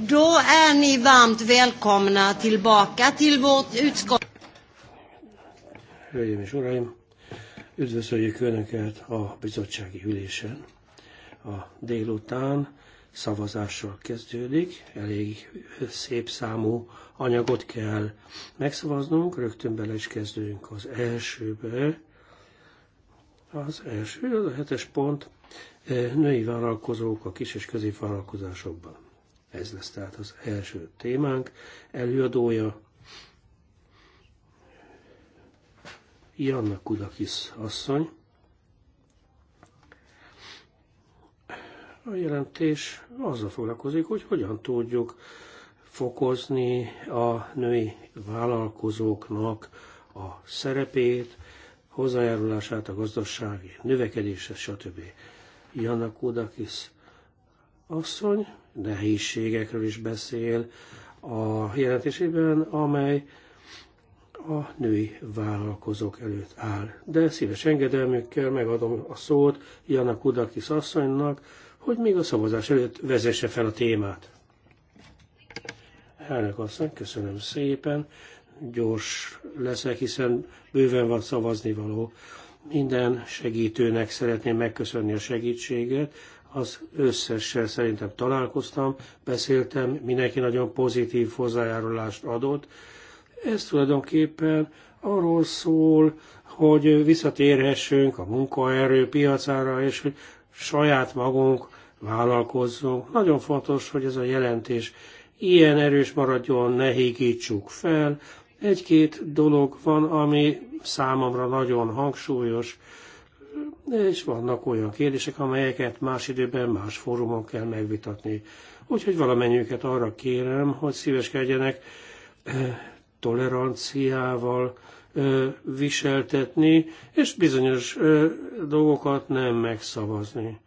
Då är ni varmt välkomna tillbaka till vårt utskott. Hölgyeim és uraim, üdvözöljük Önöket a bizottsági ülésen. A délután szavazással kezdődik, elég szép számú anyagot kell megszavaznunk, rögtön bele is kezdődünk az elsőbe. Az első, az a hetes pont, női vállalkozók a kis és középvállalkozásokban. Ez lesz tehát az első témánk. Előadója Janna Kudakis asszony. A jelentés azzal foglalkozik, hogy hogyan tudjuk fokozni a női vállalkozóknak a szerepét, hozzájárulását a gazdasági növekedéshez, stb. Janna Kudakis asszony nehézségekről is beszél a jelentésében, amely a női vállalkozók előtt áll. De szíves engedelmükkel megadom a szót Jana Kudakis asszonynak, hogy még a szavazás előtt vezesse fel a témát. Elnök asszony, köszönöm szépen. Gyors leszek, hiszen bőven van szavazni való. Minden segítőnek szeretném megköszönni a segítséget, az összessel szerintem találkoztam, beszéltem, mindenki nagyon pozitív hozzájárulást adott. Ez tulajdonképpen arról szól, hogy visszatérhessünk a munkaerő piacára, és hogy saját magunk vállalkozzunk. Nagyon fontos, hogy ez a jelentés ilyen erős maradjon, ne hígítsuk fel. Egy-két dolog van, ami számomra nagyon hangsúlyos és vannak olyan kérdések, amelyeket más időben, más fórumon kell megvitatni. Úgyhogy valamennyiüket arra kérem, hogy szíveskedjenek eh, toleranciával eh, viseltetni, és bizonyos eh, dolgokat nem megszavazni.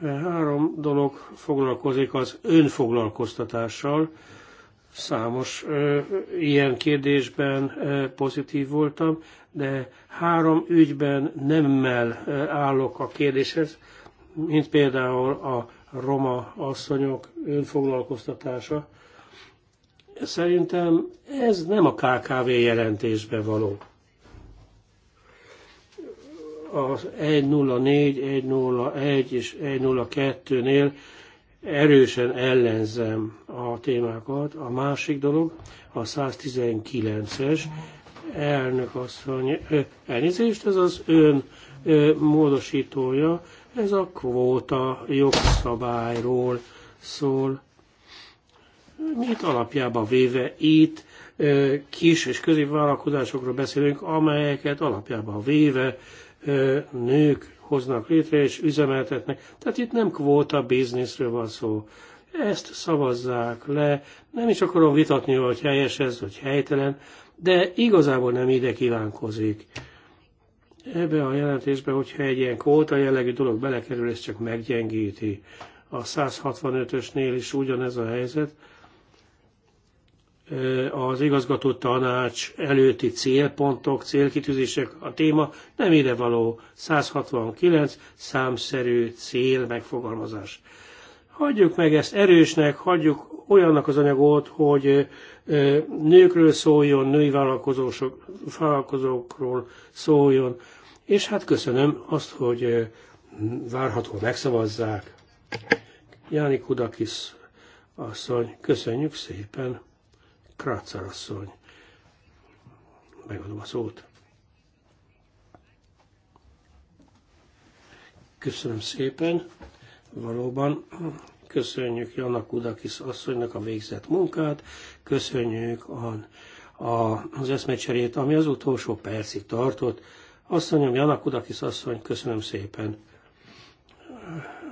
Három dolog foglalkozik az önfoglalkoztatással, Számos ö, ilyen kérdésben ö, pozitív voltam, de három ügyben nemmel ö, állok a kérdéshez, mint például a roma asszonyok önfoglalkoztatása. Szerintem ez nem a KKV jelentésbe való az 1.04, 1.01 és 1.02-nél erősen ellenzem a témákat. A másik dolog a 119-es elnök asszony, elnézést, ez az ön módosítója, ez a kvóta jogszabályról szól. Mit alapjába véve itt kis és középvállalkozásokról beszélünk, amelyeket alapjába véve nők hoznak létre és üzemeltetnek. Tehát itt nem kvóta bizniszről van szó. Ezt szavazzák le, nem is akarom vitatni, hogy helyes ez, vagy helytelen, de igazából nem ide kívánkozik. Ebbe a jelentésbe, hogyha egy ilyen kvóta jellegű dolog belekerül, ez csak meggyengíti. A 165-ösnél is ugyanez a helyzet, az igazgató tanács előtti célpontok, célkitűzések, a téma nem ide való 169 számszerű cél megfogalmazás. Hagyjuk meg ezt erősnek, hagyjuk olyannak az anyagot, hogy nőkről szóljon, női vállalkozókról szóljon, és hát köszönöm azt, hogy várható megszavazzák. Jánik Kudakis asszony, köszönjük szépen! Krácer asszony. Megadom a szót. Köszönöm szépen. Valóban köszönjük Jana Kudakis asszonynak a végzett munkát, köszönjük a, a, az eszmecserét, ami az utolsó percig tartott. Asszonyom, Jana Kudakis asszony, köszönöm szépen.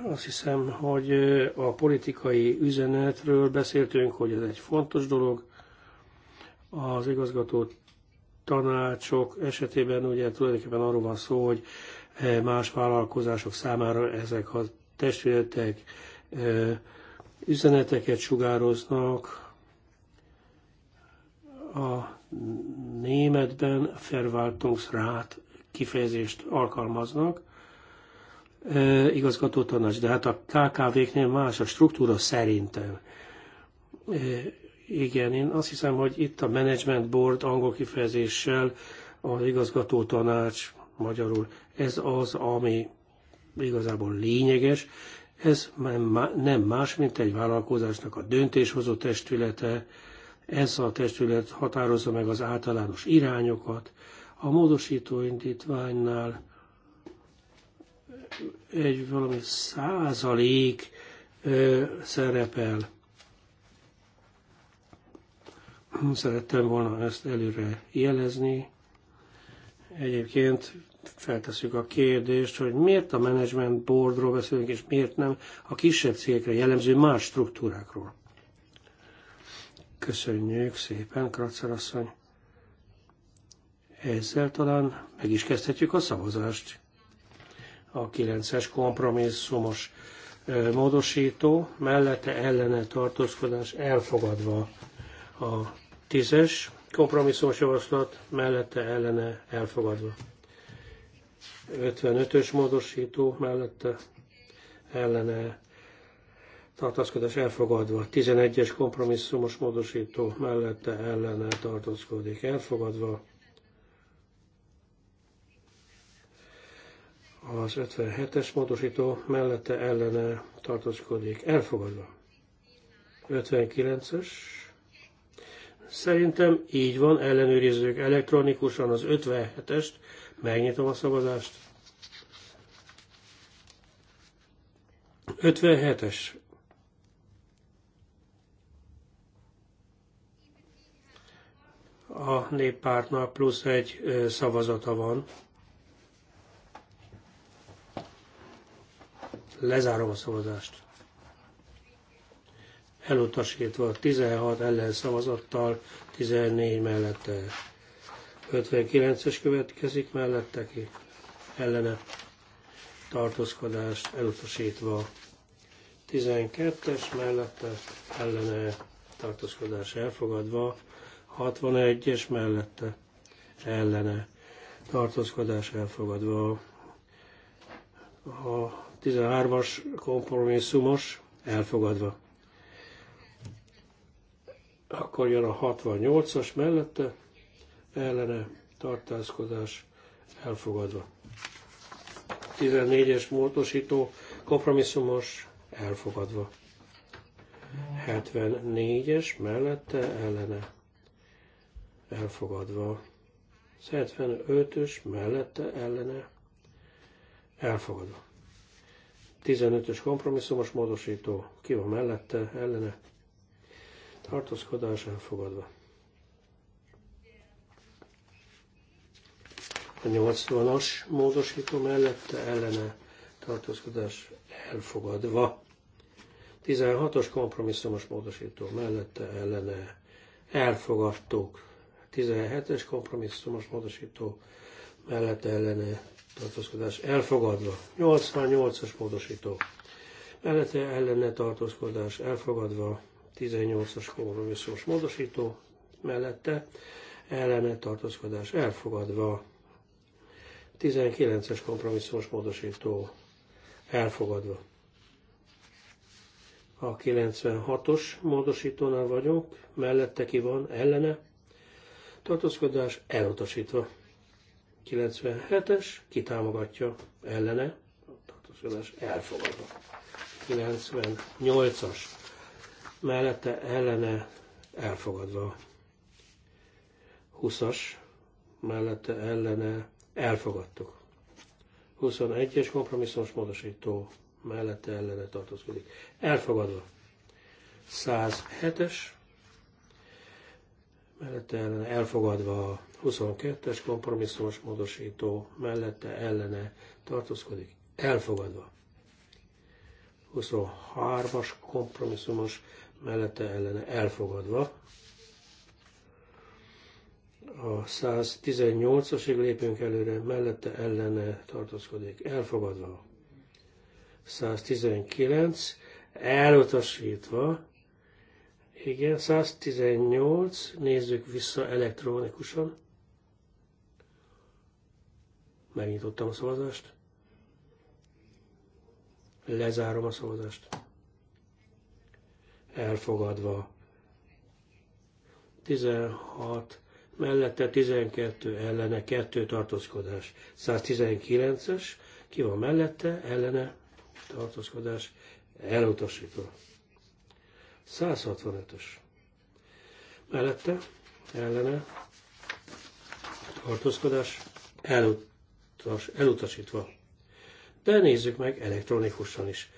Azt hiszem, hogy a politikai üzenetről beszéltünk, hogy ez egy fontos dolog, az igazgató tanácsok esetében ugye tulajdonképpen arról van szó, hogy eh, más vállalkozások számára ezek a testületek eh, üzeneteket sugároznak. A németben Verwaltungsrat kifejezést alkalmaznak, eh, igazgató tanács, de hát a KKV-knél más a struktúra szerintem igen, én azt hiszem, hogy itt a Management Board angol kifejezéssel az igazgató tanács magyarul. Ez az, ami igazából lényeges. Ez nem más, mint egy vállalkozásnak a döntéshozó testülete. Ez a testület határozza meg az általános irányokat. A módosító indítványnál egy valami százalék ö, szerepel Szerettem volna ezt előre jelezni. Egyébként feltesszük a kérdést, hogy miért a management boardról beszélünk, és miért nem a kisebb cégekre jellemző más struktúrákról. Köszönjük szépen, Kratzer asszony. Ezzel talán meg is kezdhetjük a szavazást. A 9-es kompromisszumos eh, módosító mellette ellene tartózkodás elfogadva. A tízes kompromisszumos javaslat mellette ellene elfogadva. 55-ös módosító mellette ellene tartózkodás elfogadva. 11-es kompromisszumos módosító mellette ellene tartózkodik elfogadva. Az 57-es módosító mellette ellene tartózkodik elfogadva. 59-es Szerintem így van, ellenőrizzük elektronikusan az 57-est, megnyitom a szavazást. 57-es. A néppártnak plusz egy szavazata van. Lezárom a szavazást elutasítva 16 ellen szavazattal, 14 mellette. 59-es következik mellette ki, ellene tartózkodást elutasítva. 12-es mellette ellene tartózkodás elfogadva, 61-es mellette ellene tartózkodás elfogadva. A 13-as kompromisszumos elfogadva. Akkor jön a 68-as mellette, ellene tartázkodás elfogadva. 14-es módosító, kompromisszumos, elfogadva. 74-es mellette ellene elfogadva. 75-ös mellette ellene elfogadva. 15-ös kompromisszumos módosító, ki van mellette, ellene tartózkodás elfogadva. A 80-as módosító mellette ellene tartózkodás elfogadva. 16-os kompromisszumos módosító mellette ellene elfogadtuk. 17-es kompromisszumos módosító mellette ellene tartózkodás elfogadva. 88-as módosító mellette ellene tartózkodás elfogadva. 18-as kompromisszós módosító mellette ellene tartózkodás elfogadva. 19-es kompromisszós módosító elfogadva. A 96-os módosítónál vagyunk, mellette ki van, ellene, tartózkodás elutasítva. 97-es kitámogatja, ellene, tartózkodás elfogadva. 98-as mellette ellene elfogadva. 20-as mellette ellene elfogadtuk. 21-es kompromisszumos módosító mellette ellene tartózkodik. Elfogadva. 107-es mellette ellene elfogadva. 22-es kompromisszumos módosító mellette ellene tartózkodik. Elfogadva. 23-as kompromisszumos mellette ellene elfogadva. A 118-asig lépünk előre, mellette ellene tartózkodik elfogadva. 119 elutasítva. Igen, 118, nézzük vissza elektronikusan. Megnyitottam a szavazást. Lezárom a szavazást elfogadva. 16 mellette 12 ellene 2 tartózkodás. 119-es, ki van mellette, ellene tartózkodás elutasítva. 165-ös. Mellette, ellene tartózkodás elutas, elutasítva. De nézzük meg elektronikusan is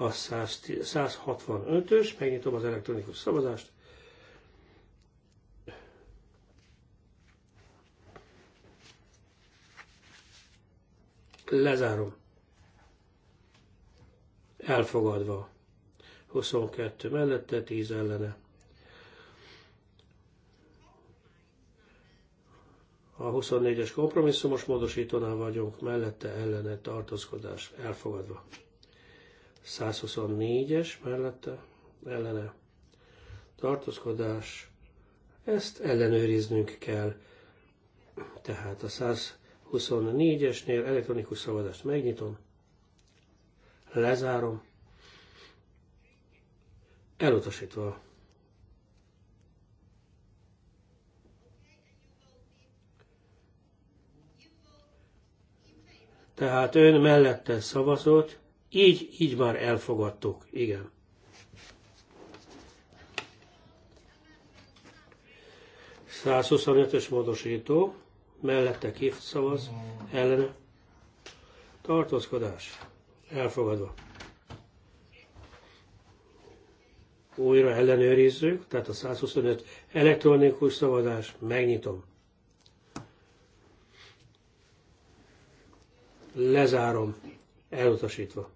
a 165-ös, megnyitom az elektronikus szavazást. Lezárom. Elfogadva. 22 mellette, 10 ellene. A 24-es kompromisszumos módosítónál vagyunk, mellette ellene tartózkodás elfogadva. 124-es mellette ellene tartózkodás, ezt ellenőriznünk kell. Tehát a 124-esnél elektronikus szavazást megnyitom, lezárom, elutasítva. Tehát ön mellette szavazott, így, így már elfogadtuk, igen. ös módosító, mellette ki szavaz, ellene, tartózkodás, elfogadva. Újra ellenőrizzük, tehát a 125 elektronikus szavazás, megnyitom. lezárom, elutasítva.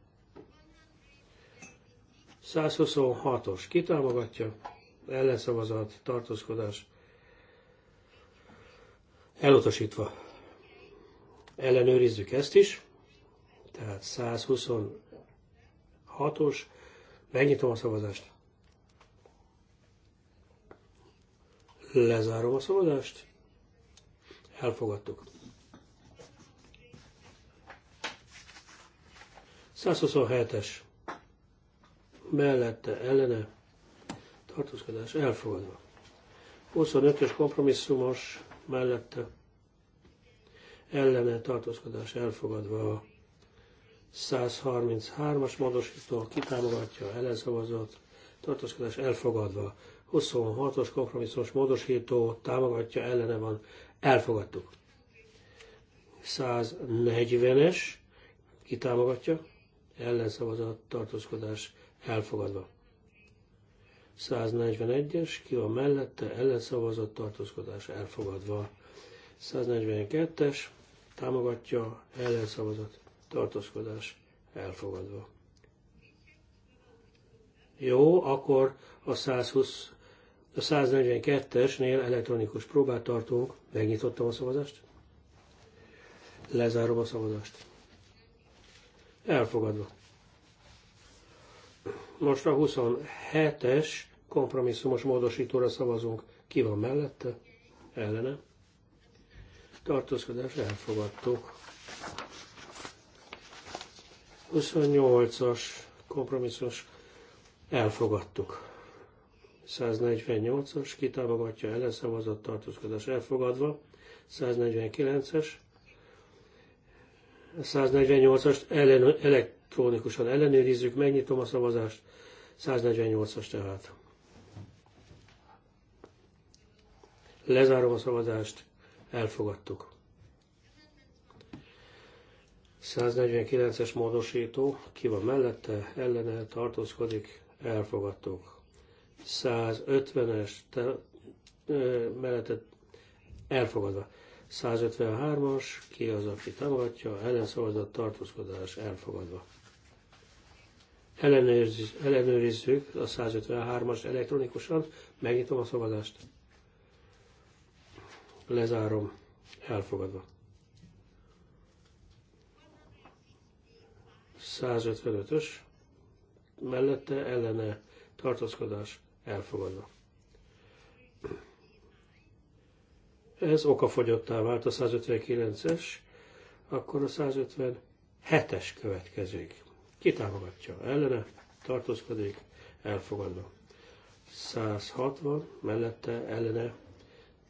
126-os kitámogatja, ellenszavazat, tartózkodás, elutasítva. Ellenőrizzük ezt is, tehát 126-os, megnyitom a szavazást. Lezárom a szavazást, elfogadtuk. 127-es mellette ellene tartózkodás elfogadva. 25-ös kompromisszumos mellette ellene tartózkodás elfogadva. 133-as módosító kitámogatja, ellenszavazat, tartózkodás elfogadva. 26-os kompromisszumos módosító támogatja, ellene van, elfogadtuk. 140-es kitámogatja, ellenszavazat, tartózkodás elfogadva. 141-es, ki van mellette, ellenszavazott tartózkodás elfogadva. 142-es, támogatja, ellenszavazott tartózkodás elfogadva. Jó, akkor a 120, a 142-esnél elektronikus próbát tartunk. Megnyitottam a szavazást. Lezárom a szavazást. Elfogadva. Most a 27-es kompromisszumos módosítóra szavazunk. Ki van mellette? Ellene. Tartózkodás elfogadtuk. 28-as kompromisszumos elfogadtuk. 148-as kitámogatja ellenszavazat tartózkodás elfogadva. 149-es 148-ast ellen, ele, elektronikusan ellenőrizzük, megnyitom a szavazást, 148-as tehát. Lezárom a szavazást, elfogadtuk. 149-es módosító, ki van mellette, ellene tartózkodik, elfogadtuk. 150-es mellette elfogadva. 153-as, ki az, aki támogatja, ellenszavazat, tartózkodás elfogadva ellenőrizzük a 153-as elektronikusan, megnyitom a szavazást. Lezárom, elfogadva. 155-ös, mellette ellene tartózkodás elfogadva. Ez okafogyottá vált a 159-es, akkor a 157-es következik kitámogatja. Ellene tartózkodik, elfogadva. 160 mellette ellene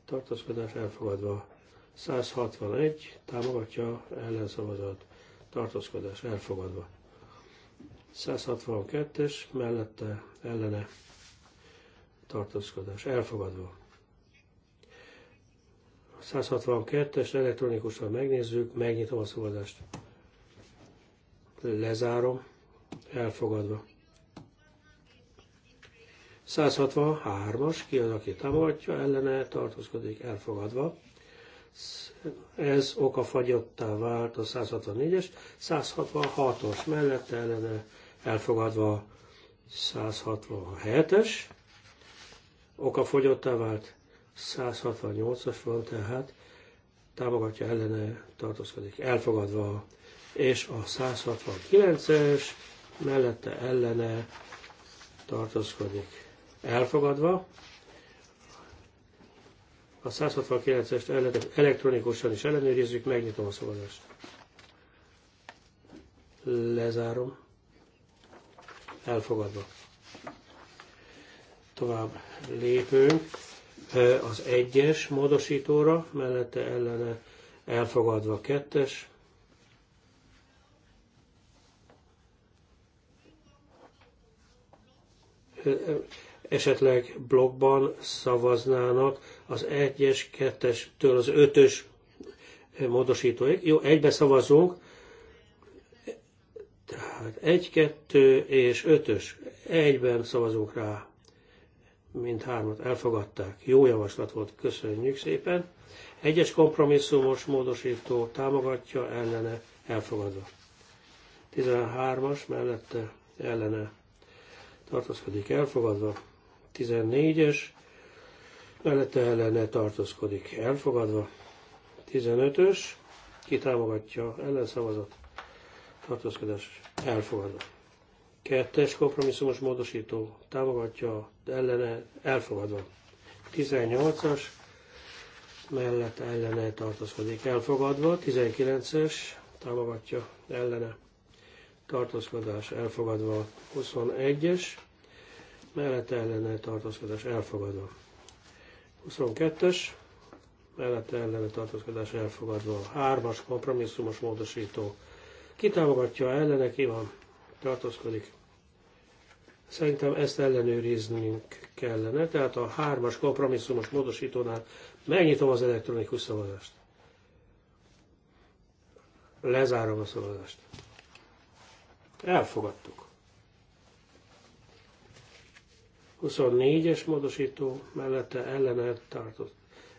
tartózkodás elfogadva. 161 támogatja ellenszavazat tartózkodás elfogadva. 162-es mellette ellene tartózkodás elfogadva. 162-es elektronikusan megnézzük, megnyitom a szavazást. Lezárom. Elfogadva. 163-as, ki az, aki támogatja, ellene tartózkodik, elfogadva. Ez fagyottá vált a 164-es, 166-os mellette ellene elfogadva 167-es, okafogyottá vált 168-as van tehát, támogatja ellene tartózkodik, elfogadva és a 169-es mellette ellene tartozkodik Elfogadva, a 169-est elektronikusan is ellenőrizzük, megnyitom a szavazást. Lezárom. Elfogadva. Tovább lépünk az egyes módosítóra, mellette ellene elfogadva 2-es. esetleg blogban szavaznának az 1-es, 2-estől az 5-ös módosítóig. Jó, egybe szavazunk. Tehát 1, 2 és 5-ös. Egyben szavazunk rá. Mind hármat elfogadták. Jó javaslat volt, köszönjük szépen. Egyes kompromisszumos módosító támogatja, ellene elfogadva. 13-as mellette ellene tartózkodik elfogadva, 14-es, mellette ellene tartózkodik elfogadva, 15-ös, ki támogatja ellenszavazat, tartózkodás elfogadva. Kettes kompromisszumos módosító támogatja ellene elfogadva. 18-as, mellett ellene tartózkodik elfogadva, 19-es támogatja ellene tartózkodás elfogadva 21-es, mellette ellene tartózkodás elfogadva 22-es, mellette ellene tartózkodás elfogadva 3-as kompromisszumos módosító, kitámogatja ellene, ki van, tartózkodik. Szerintem ezt ellenőriznünk kellene, tehát a 3-as kompromisszumos módosítónál megnyitom az elektronikus szavazást lezárom a szavazást. Elfogadtuk. 24-es módosító mellette ellene tartott,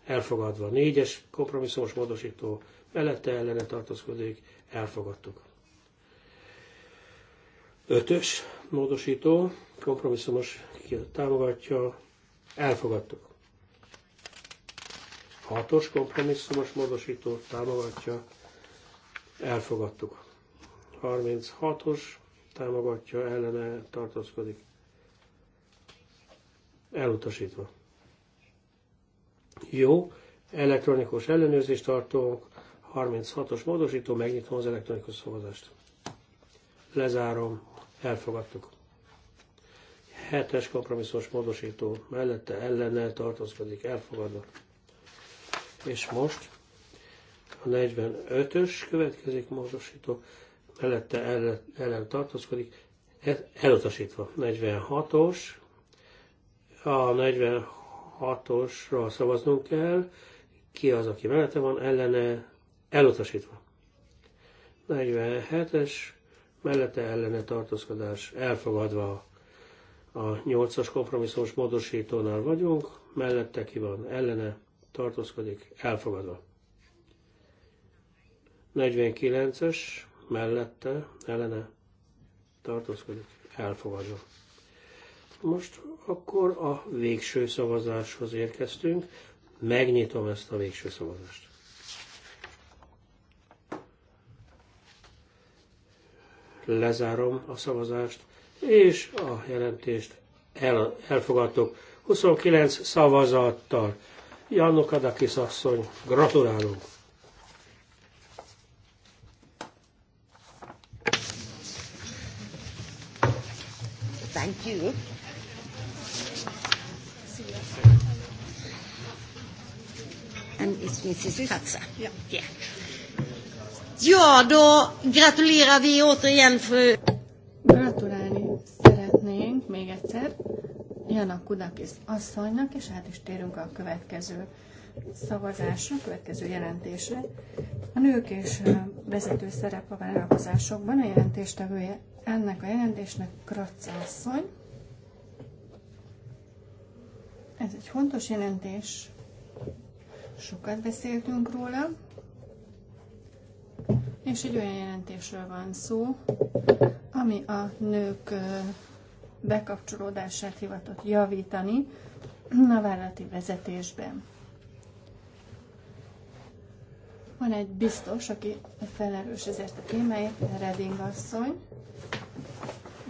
Elfogadva. 4-es kompromisszumos módosító mellette ellene tartózkodik. Elfogadtuk. 5-ös módosító kompromisszumos támogatja. Elfogadtuk. 6-os kompromisszumos módosító támogatja. Elfogadtuk. 36-os támogatja, ellene tartózkodik. Elutasítva. Jó, elektronikus ellenőrzést tartunk, 36-os módosító, megnyitom az elektronikus szavazást. Lezárom, elfogadtuk. 7-es kompromisszós módosító mellette ellene tartózkodik, elfogadva. És most a 45-ös következik módosító Mellette ellen, ellen tartózkodik, elutasítva. 46-os, a 46 osról szavaznunk kell, ki az, aki mellette van, ellene elutasítva. 47-es, mellette ellene tartózkodás elfogadva. A 8-as kompromisszumos módosítónál vagyunk, mellette ki van, ellene tartózkodik, elfogadva. 49-es, mellette ellene tartózkodik, elfogadva. Most akkor a végső szavazáshoz érkeztünk. Megnyitom ezt a végső szavazást. Lezárom a szavazást, és a jelentést el, elfogadtuk. 29 szavazattal. Jannok Adakis asszony, gratulálunk! Thank you. And it's Mrs. Katza. Yeah. Yeah. Ja, då gratulerar vi återigen fru... Gratulálni szeretnénk még egyszer Jana Kudakis asszonynak, és hát is térünk a következő szavazásra, következő jelentésre. A nők és vezető szerep a vállalkozásokban a jelentéstevője ennek a jelentésnek Kratz asszony. Ez egy fontos jelentés, sokat beszéltünk róla, és egy olyan jelentésről van szó, ami a nők bekapcsolódását hivatott javítani a vállalati vezetésben. Van egy biztos, aki felelős ezért a témáért, Reding asszony,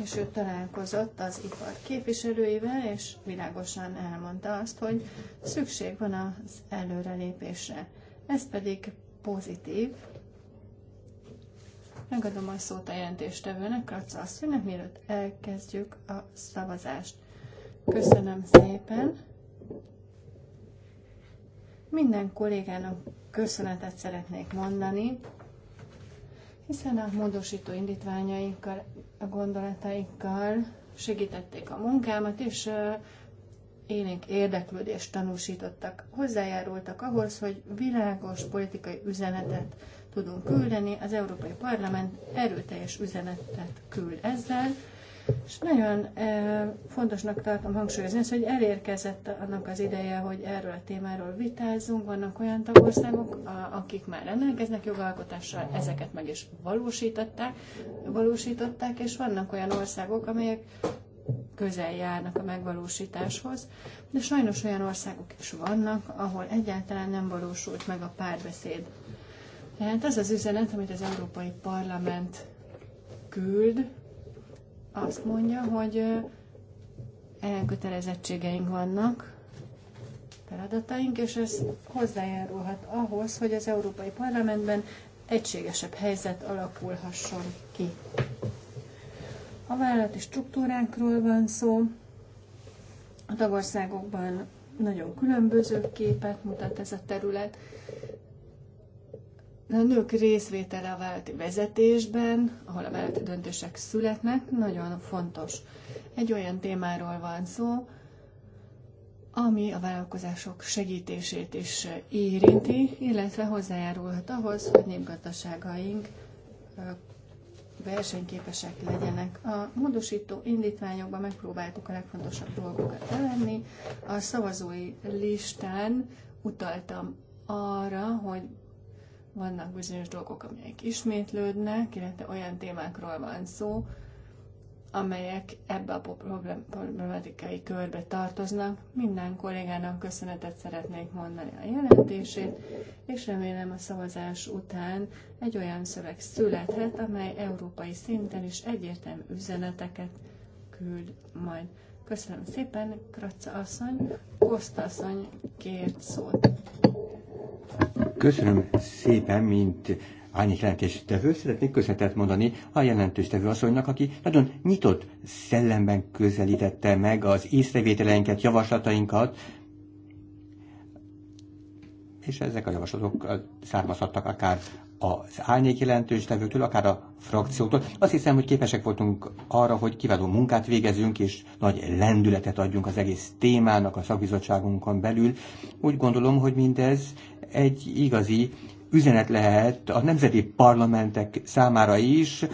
és ő találkozott az ipar képviselőivel, és világosan elmondta azt, hogy szükség van az előrelépésre. Ez pedig pozitív. Megadom a szót a jelentéstevőnek, Kratza asszonynak, mielőtt elkezdjük a szavazást. Köszönöm szépen! Minden kollégának köszönetet szeretnék mondani, hiszen a módosító indítványaikkal, a gondolataikkal segítették a munkámat, és élénk érdeklődést tanúsítottak. Hozzájárultak ahhoz, hogy világos politikai üzenetet tudunk küldeni. Az Európai Parlament erőteljes üzenetet küld ezzel, és nagyon fontosnak tartom hangsúlyozni azt, hogy elérkezett annak az ideje, hogy erről a témáról vitázzunk. Vannak olyan tagországok, akik már rendelkeznek jogalkotással, ezeket meg is valósították, valósították, és vannak olyan országok, amelyek közel járnak a megvalósításhoz, de sajnos olyan országok is vannak, ahol egyáltalán nem valósult meg a párbeszéd. Tehát ez az üzenet, amit az Európai Parlament küld, azt mondja, hogy elkötelezettségeink vannak, feladataink, és ez hozzájárulhat ahhoz, hogy az Európai Parlamentben egységesebb helyzet alakulhasson ki. A vállalati struktúrákról van szó, a tagországokban nagyon különböző képet mutat ez a terület, a nők részvétele a vállalati vezetésben, ahol a vállalati döntések születnek, nagyon fontos. Egy olyan témáról van szó, ami a vállalkozások segítését is érinti, illetve hozzájárulhat ahhoz, hogy népgazdaságaink versenyképesek legyenek. A módosító indítványokban megpróbáltuk a legfontosabb dolgokat elenni. A szavazói listán utaltam arra, hogy vannak bizonyos dolgok, amelyek ismétlődnek, illetve olyan témákról van szó, amelyek ebbe a problematikai körbe tartoznak. Minden kollégának köszönetet szeretnék mondani a jelentését, és remélem a szavazás után egy olyan szöveg születhet, amely európai szinten is egyértelmű üzeneteket küld majd. Köszönöm szépen, Kratza asszony, Koszta asszony kért szót. Köszönöm szépen, mint Ányik tevő, szeretnék köszönetet mondani a jelentős tevő asszonynak, aki nagyon nyitott szellemben közelítette meg az észrevételeinket, javaslatainkat, és ezek a javaslatok származhattak akár az árnyék jelentős tevőtől, akár a frakciótól. Azt hiszem, hogy képesek voltunk arra, hogy kiváló munkát végezünk, és nagy lendületet adjunk az egész témának a szakbizottságunkon belül. Úgy gondolom, hogy mindez egy igazi üzenet lehet a nemzeti parlamentek számára is,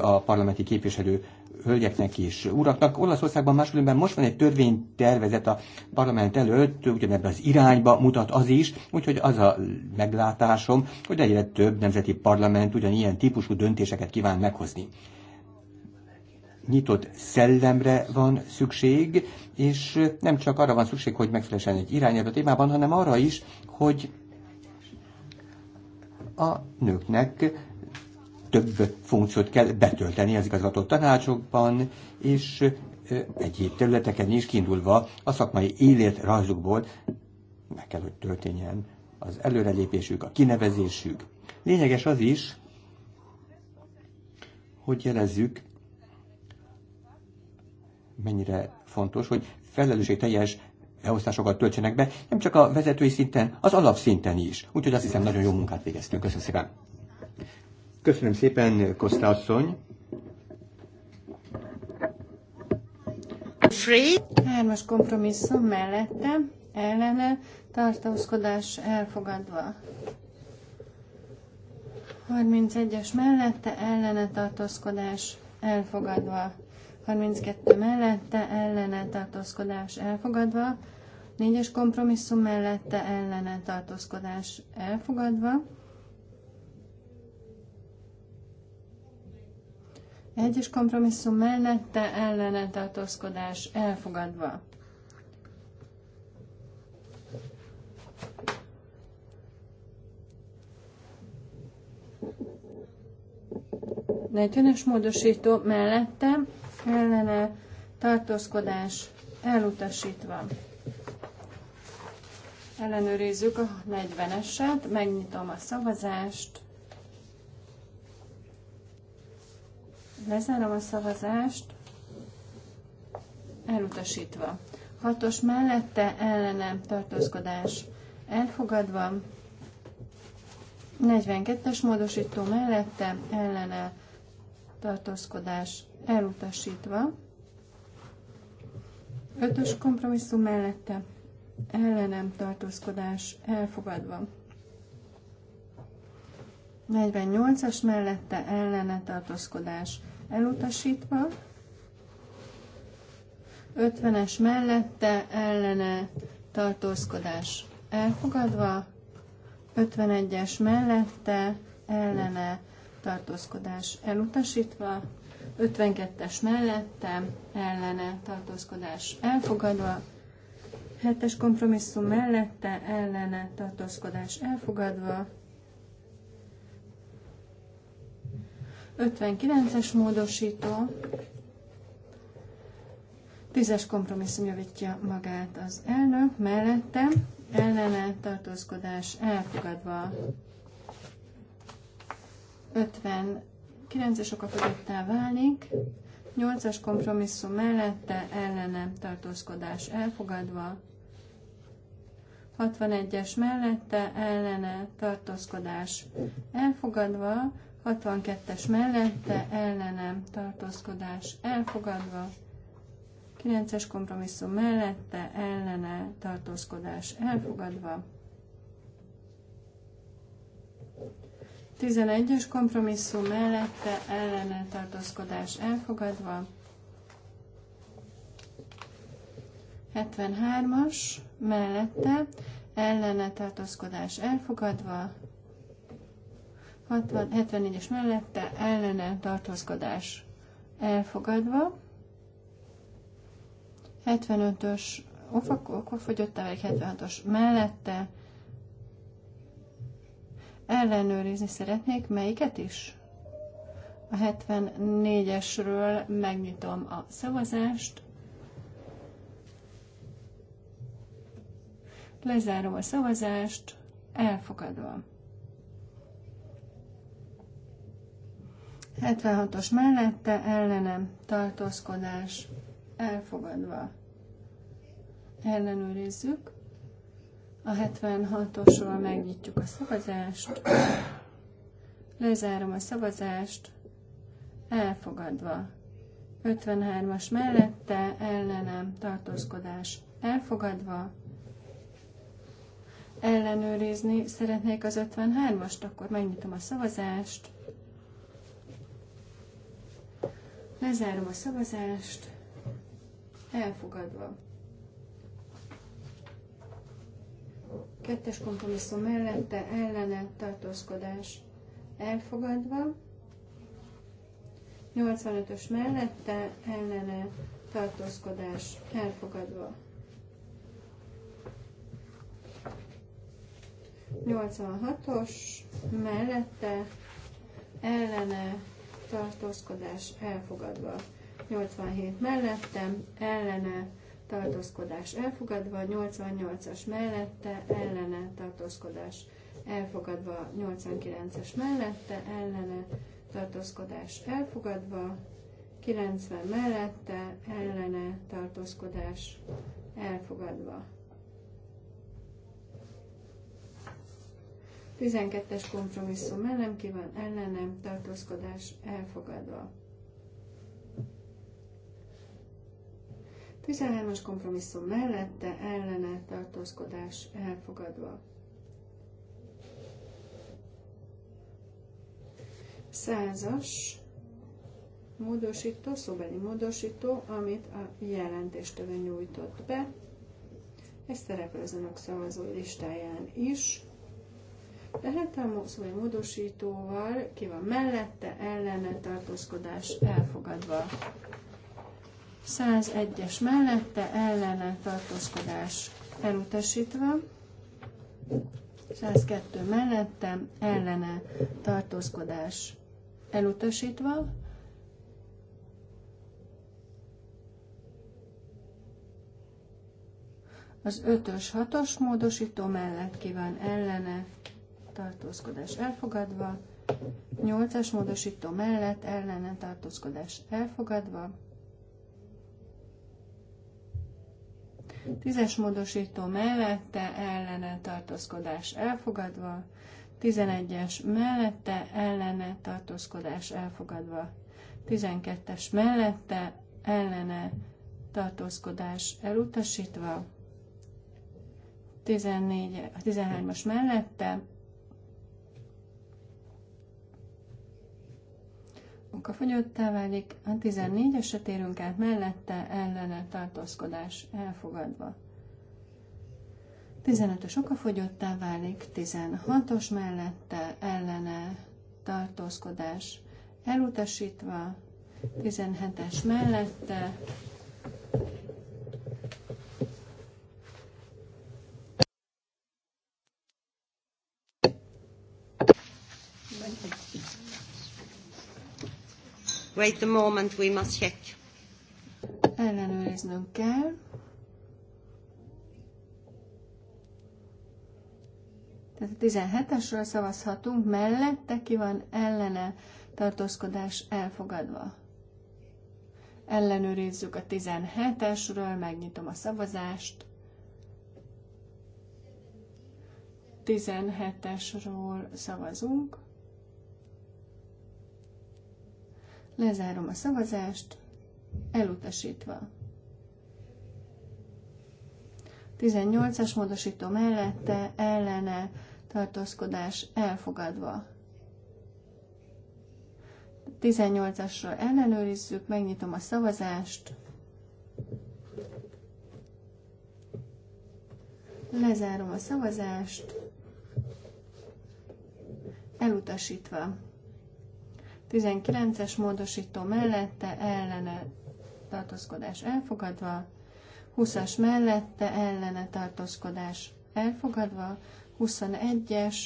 a parlamenti képviselő hölgyeknek és uraknak. Olaszországban máskülönben most van egy törvénytervezet a parlament előtt, ugyanebben az irányba mutat az is, úgyhogy az a meglátásom, hogy egyre több nemzeti parlament ugyanilyen típusú döntéseket kíván meghozni. Nyitott szellemre van szükség, és nem csak arra van szükség, hogy megfelelsen egy irányelv a témában, hanem arra is, hogy a nőknek több funkciót kell betölteni az igazgató tanácsokban, és egyéb területeken is kiindulva a szakmai élet rajzukból meg kell, hogy történjen az előrelépésük, a kinevezésük. Lényeges az is, hogy jelezzük, mennyire fontos, hogy felelősségteljes elosztásokat töltsenek be, nem csak a vezetői szinten, az alapszinten is. Úgyhogy azt hiszem, nagyon jó munkát végeztünk. Köszönöm szépen. Köszönöm szépen, Kosta asszony. Free. Hármas kompromisszum mellette, ellene, tartózkodás elfogadva. 31-es mellette, ellene tartózkodás elfogadva. 32 mellette ellene tartózkodás elfogadva, 4-es kompromisszum mellette ellene tartózkodás elfogadva, 1-es kompromisszum mellette ellene tartózkodás elfogadva. Negyvenes módosító mellette ellene tartózkodás elutasítva. Ellenőrizzük a 40-eset, megnyitom a szavazást, lezárom a szavazást, elutasítva. Hatos mellette ellene tartózkodás elfogadva, 42-es módosító mellette ellene tartózkodás elutasítva. Ötös kompromisszum mellette ellenem tartózkodás elfogadva. 48-as mellette ellene tartózkodás elutasítva. 50-es mellette ellene tartózkodás elfogadva. 51-es mellette ellene tartózkodás elutasítva. 52-es mellette, ellene tartózkodás elfogadva, 7-es kompromisszum mellette, ellene tartózkodás elfogadva, 59-es módosító, 10-es kompromisszum javítja magát az elnök, mellette ellene tartózkodás elfogadva, 50 9-es okafogyottá válnék, 8-as kompromisszum mellette ellenem tartózkodás elfogadva, 61-es mellette ellene tartózkodás elfogadva, 62-es mellette ellenem tartózkodás elfogadva, 9-es kompromisszum mellette ellene tartózkodás elfogadva, 11-es kompromisszum mellette ellene tartózkodás elfogadva. 73-as mellette ellene tartózkodás elfogadva. 74-es mellette ellene tartózkodás elfogadva. 75-ös fogyott a 76-os mellette Ellenőrizni szeretnék, melyiket is? A 74-esről megnyitom a szavazást. Lezárom a szavazást, elfogadva. 76-os mellette ellenem tartózkodás elfogadva. Ellenőrizzük. A 76-osról megnyitjuk a szavazást, lezárom a szavazást, elfogadva. 53-as mellette, ellenem, tartózkodás, elfogadva. Ellenőrizni szeretnék az 53-ast, akkor megnyitom a szavazást. Lezárom a szavazást, elfogadva. Kettes kompromisszum mellette ellene tartózkodás elfogadva. 85-ös mellette ellene tartózkodás elfogadva. 86-os mellette ellene tartózkodás elfogadva. 87 mellette ellene tartózkodás elfogadva, 88-as mellette ellene tartózkodás elfogadva, 89-es mellette ellene tartózkodás elfogadva, 90 mellette ellene tartózkodás elfogadva. 12-es kompromisszum ellen kíván ellenem tartózkodás elfogadva. 13-as kompromisszum mellette ellene tartózkodás elfogadva. Százas, módosító, szóbeli módosító, amit a jelentéstől nyújtott be. Ez szerepel az önök szavazó listáján is. Tehát a szóbeli módosítóval ki van mellette, ellene tartózkodás elfogadva. 101-es mellette ellene tartózkodás elutasítva, 102 mellette ellene tartózkodás elutasítva, az 5-ös 6-os módosító mellett kíván ellene tartózkodás elfogadva, 8-as módosító mellett ellene tartózkodás elfogadva, Tízes módosító mellette ellene tartózkodás elfogadva. tizenegyes mellette ellene tartózkodás elfogadva. tizenkettes mellette ellene tartózkodás elutasítva. 14, a 13-as mellette munka fogyottá válik, a 14-esre térünk át mellette, ellene tartózkodás elfogadva. 15-ös okafogyottá válik, 16-os mellette, ellene tartózkodás elutasítva, 17-es mellette, Wait a moment, we must check. Ellenőriznünk kell. Tehát a 17-esről szavazhatunk, mellette ki van ellene tartózkodás elfogadva. Ellenőrizzük a 17-esről, megnyitom a szavazást. 17-esről szavazunk. Lezárom a szavazást, elutasítva. 18-as módosító mellette, ellene, tartózkodás elfogadva. 18 asra ellenőrizzük, megnyitom a szavazást. Lezárom a szavazást. Elutasítva. 19-es módosító mellette ellene tartózkodás elfogadva, 20-as mellette ellene tartózkodás elfogadva, 21-es,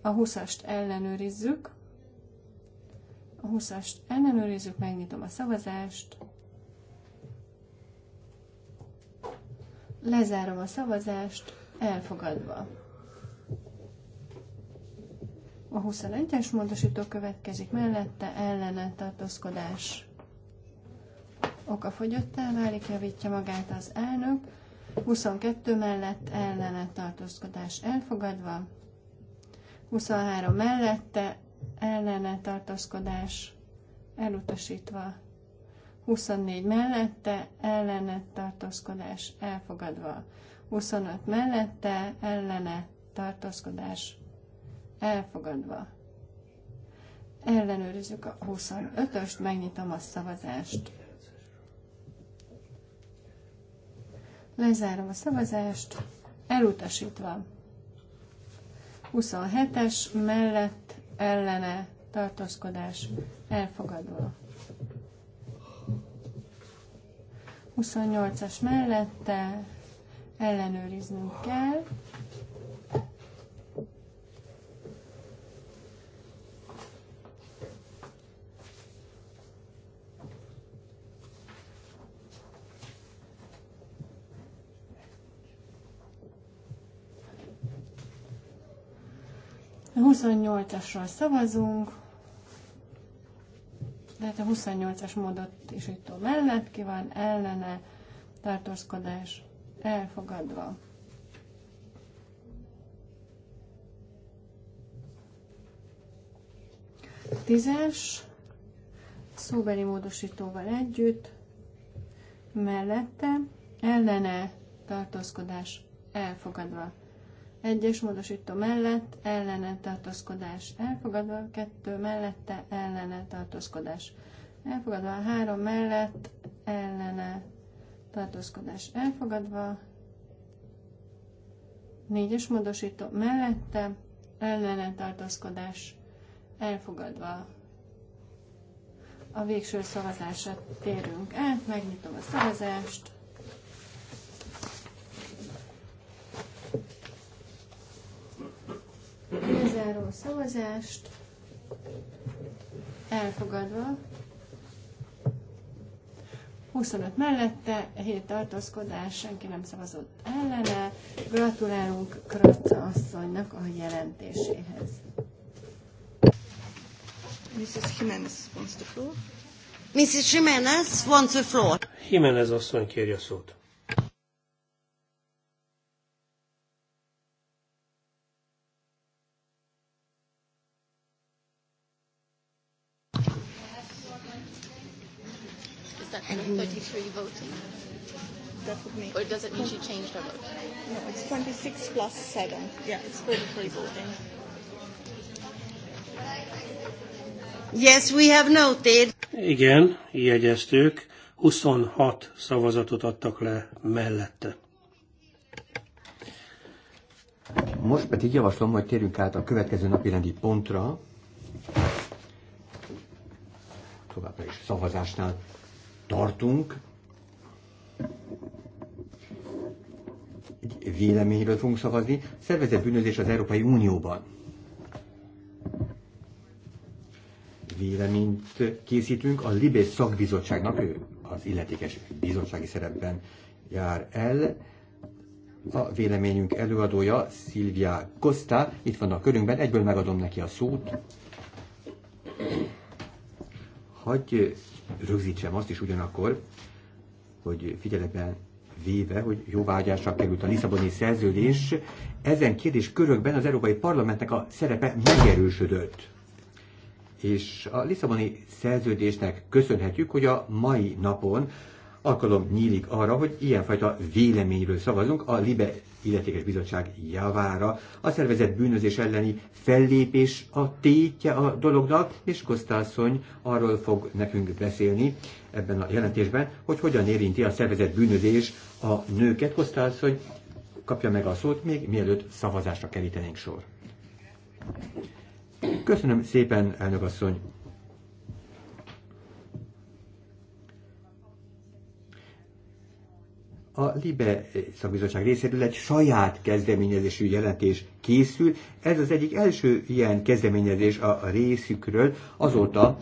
a 20-ast ellenőrizzük, a 20-ast ellenőrizzük, megnyitom a szavazást, lezárom a szavazást, elfogadva. A 21-es módosító következik mellette, ellene tartózkodás okafogyottá válik, javítja magát az elnök. 22 mellett ellene tartózkodás elfogadva. 23 mellette ellene tartózkodás elutasítva. 24 mellette ellene tartózkodás elfogadva. 25 mellette ellene tartózkodás elfogadva. Ellenőrizzük a 25-öst, megnyitom a szavazást. Lezárom a szavazást, elutasítva. 27-es mellett ellene tartózkodás elfogadva. 28-as mellette ellenőriznünk kell. 28-asról szavazunk, tehát a 28-as is módosító mellett ki van ellene tartózkodás elfogadva. Tízes szóbeli módosítóval együtt mellette ellene tartózkodás elfogadva. Egyes módosító mellett ellene tartózkodás elfogadva, kettő mellette ellene tartózkodás elfogadva, három mellett ellene tartózkodás elfogadva, négyes módosító mellette ellene tartózkodás elfogadva. A végső szavazásra térünk át, megnyitom a szavazást. Lezárom szavazást. Elfogadva. 25 mellette, 7 tartózkodás, senki nem szavazott ellene. Gratulálunk Kratza asszonynak a jelentéséhez. Mrs. Jimenez wants the floor. Mrs. Jimenez wants the floor. Jimenez asszony kérje szót. Voting. Definitely. Or does it mean she changed her vote? No, it's 26 plus 7. Yeah, it's 43 voting. Yes, we have noted. Igen, jegyeztük. 26 szavazatot adtak le mellette. Most pedig javaslom, hogy térjünk át a következő napi rendi pontra. Továbbra is szavazásnál tartunk. egy véleményről fogunk szavazni, szervezett bűnözés az Európai Unióban. Véleményt készítünk a Libé szakbizottságnak, ő az illetékes bizottsági szerepben jár el. A véleményünk előadója Szilvia Costa, itt van a körünkben, egyből megadom neki a szót. Hagy rögzítsem azt is ugyanakkor, hogy figyelemben véve, hogy jóvágyásra került a Lisszaboni szerződés, ezen kérdés körökben az Európai Parlamentnek a szerepe megerősödött. És a Lisszaboni szerződésnek köszönhetjük, hogy a mai napon alkalom nyílik arra, hogy ilyenfajta véleményről szavazunk a Libe illetékes bizottság javára. A szervezet bűnözés elleni fellépés a tétje a dolognak, és Kosztászony arról fog nekünk beszélni, ebben a jelentésben, hogy hogyan érinti a szervezet bűnözés a nőket. Kosztálsz, hogy kapja meg a szót még, mielőtt szavazásra kerítenénk sor. Köszönöm szépen, elnök asszony! a LIBE szakbizottság részéről egy saját kezdeményezésű jelentés készül. Ez az egyik első ilyen kezdeményezés a részükről azóta,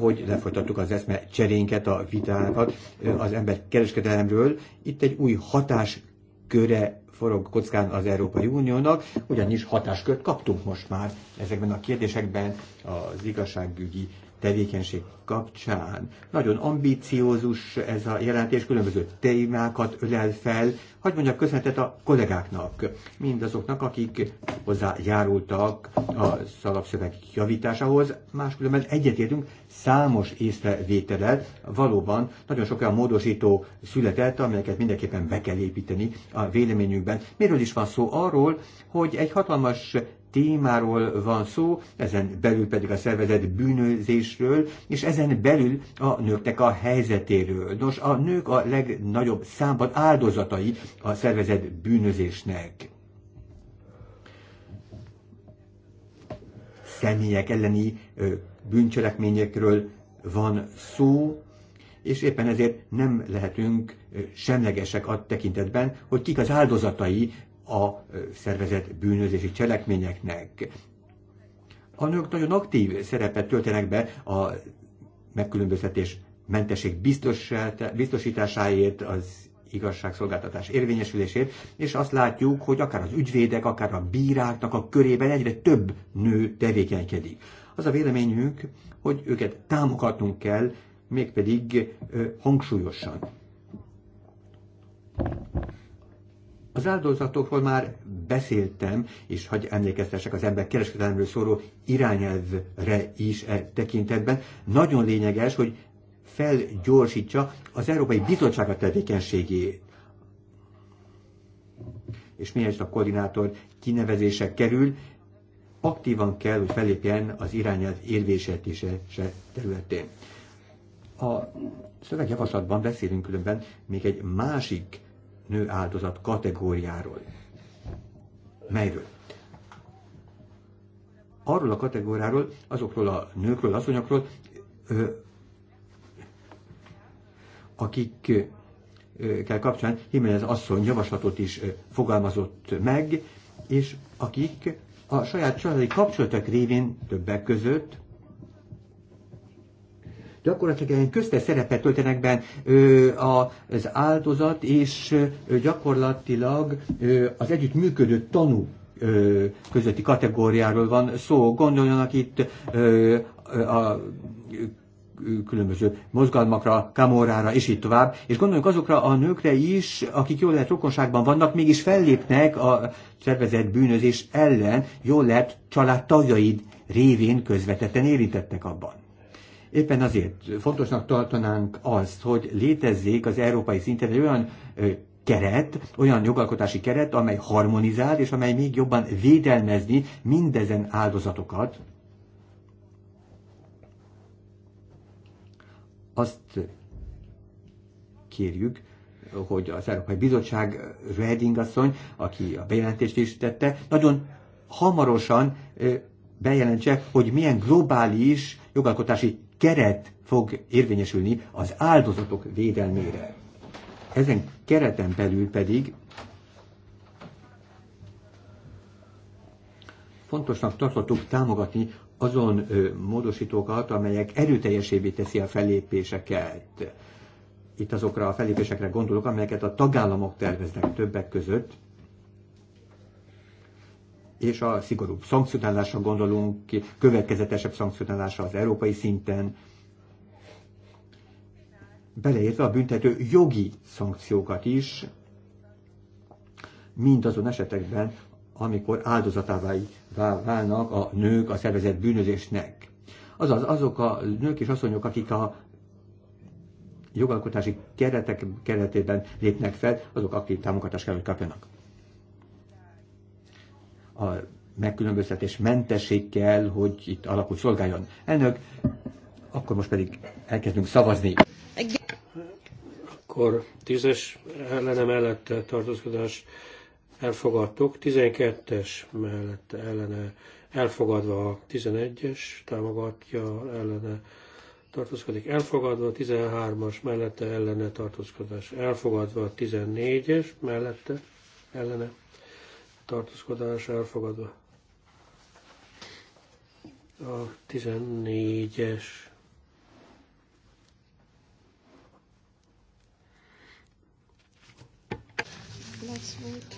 hogy lefolytattuk az eszme cserénket, a vitákat az ember kereskedelemről. Itt egy új hatásköre forog kockán az Európai Uniónak, ugyanis hatáskört kaptunk most már ezekben a kérdésekben az igazságügyi tevékenység kapcsán. Nagyon ambíciózus ez a jelentés, különböző témákat ölel fel. Hagy mondjak köszönetet a kollégáknak, mindazoknak, akik hozzájárultak a szalapszöveg javításához. Máskülönben egyetértünk számos észrevételet, Valóban nagyon sok olyan módosító született, amelyeket mindenképpen be kell építeni a véleményünkben. Miről is van szó? Arról, hogy egy hatalmas témáról van szó, ezen belül pedig a szervezet bűnözésről, és ezen belül a nőknek a helyzetéről. Nos, a nők a legnagyobb számban áldozatai a szervezet bűnözésnek. Személyek elleni bűncselekményekről van szó, és éppen ezért nem lehetünk semlegesek a tekintetben, hogy kik az áldozatai a szervezet bűnözési cselekményeknek. A nők nagyon aktív szerepet töltenek be a megkülönböztetés mentesség biztosításáért, az igazságszolgáltatás érvényesülését, és azt látjuk, hogy akár az ügyvédek, akár a bíráknak a körében egyre több nő tevékenykedik. Az a véleményünk, hogy őket támogatnunk kell, mégpedig ö, hangsúlyosan. Az áldozatokról már beszéltem, és hagy emlékeztessek az ember kereskedelemről szóló irányelvre is e tekintetben. Nagyon lényeges, hogy felgyorsítsa az Európai Bizottság a tevékenységét. És miért a koordinátor kinevezése kerül, aktívan kell, hogy felépjen az irányelv érvésítése területén. A szövegjavaslatban beszélünk különben még egy másik nő áldozat kategóriáról. Melyről? Arról a kategóriáról, azokról a nőkről, asszonyokról, akik kell kapcsán Jiménez asszony javaslatot is fogalmazott meg, és akik a saját családi kapcsolatok révén többek között gyakorlatilag egy köztes szerepet töltenek ben az áldozat, és gyakorlatilag az együttműködő tanú közötti kategóriáról van szó. Gondoljanak itt a különböző mozgalmakra, kamorára, és így tovább. És gondoljunk azokra a nőkre is, akik jól lehet rokonságban vannak, mégis fellépnek a szervezett bűnözés ellen, jól lehet családtagjaid révén közvetetten érintettek abban. Éppen azért fontosnak tartanánk azt, hogy létezzék az európai szinten egy olyan keret, olyan jogalkotási keret, amely harmonizál, és amely még jobban védelmezni mindezen áldozatokat. Azt kérjük, hogy az Európai Bizottság Reding asszony, aki a bejelentést is tette, nagyon hamarosan bejelentse, hogy milyen globális jogalkotási keret fog érvényesülni az áldozatok védelmére. Ezen kereten belül pedig fontosnak tartottuk támogatni azon módosítókat, amelyek erőteljesévé teszi a fellépéseket. Itt azokra a fellépésekre gondolok, amelyeket a tagállamok terveznek többek között, és a szigorúbb szankcionálásra gondolunk következetesebb szankcionálásra az európai szinten, beleértve a büntető jogi szankciókat is, mind azon esetekben, amikor áldozatává válnak a nők a szervezett bűnözésnek. Azaz azok a nők és asszonyok, akik a jogalkotási keretek keretében lépnek fel, azok aktív támogatást kell, hogy kapjanak a megkülönböztetés mentesség kell, hogy itt alapul szolgáljon. Elnök, akkor most pedig elkezdünk szavazni. Akkor tízes ellene mellett tartózkodás elfogadtuk, 12-es mellett ellene elfogadva a 11-es támogatja ellene tartózkodik elfogadva, 13-as mellette ellene tartózkodás elfogadva, 14-es mellette ellene tartózkodás elfogadva. A 14-es Let's wait.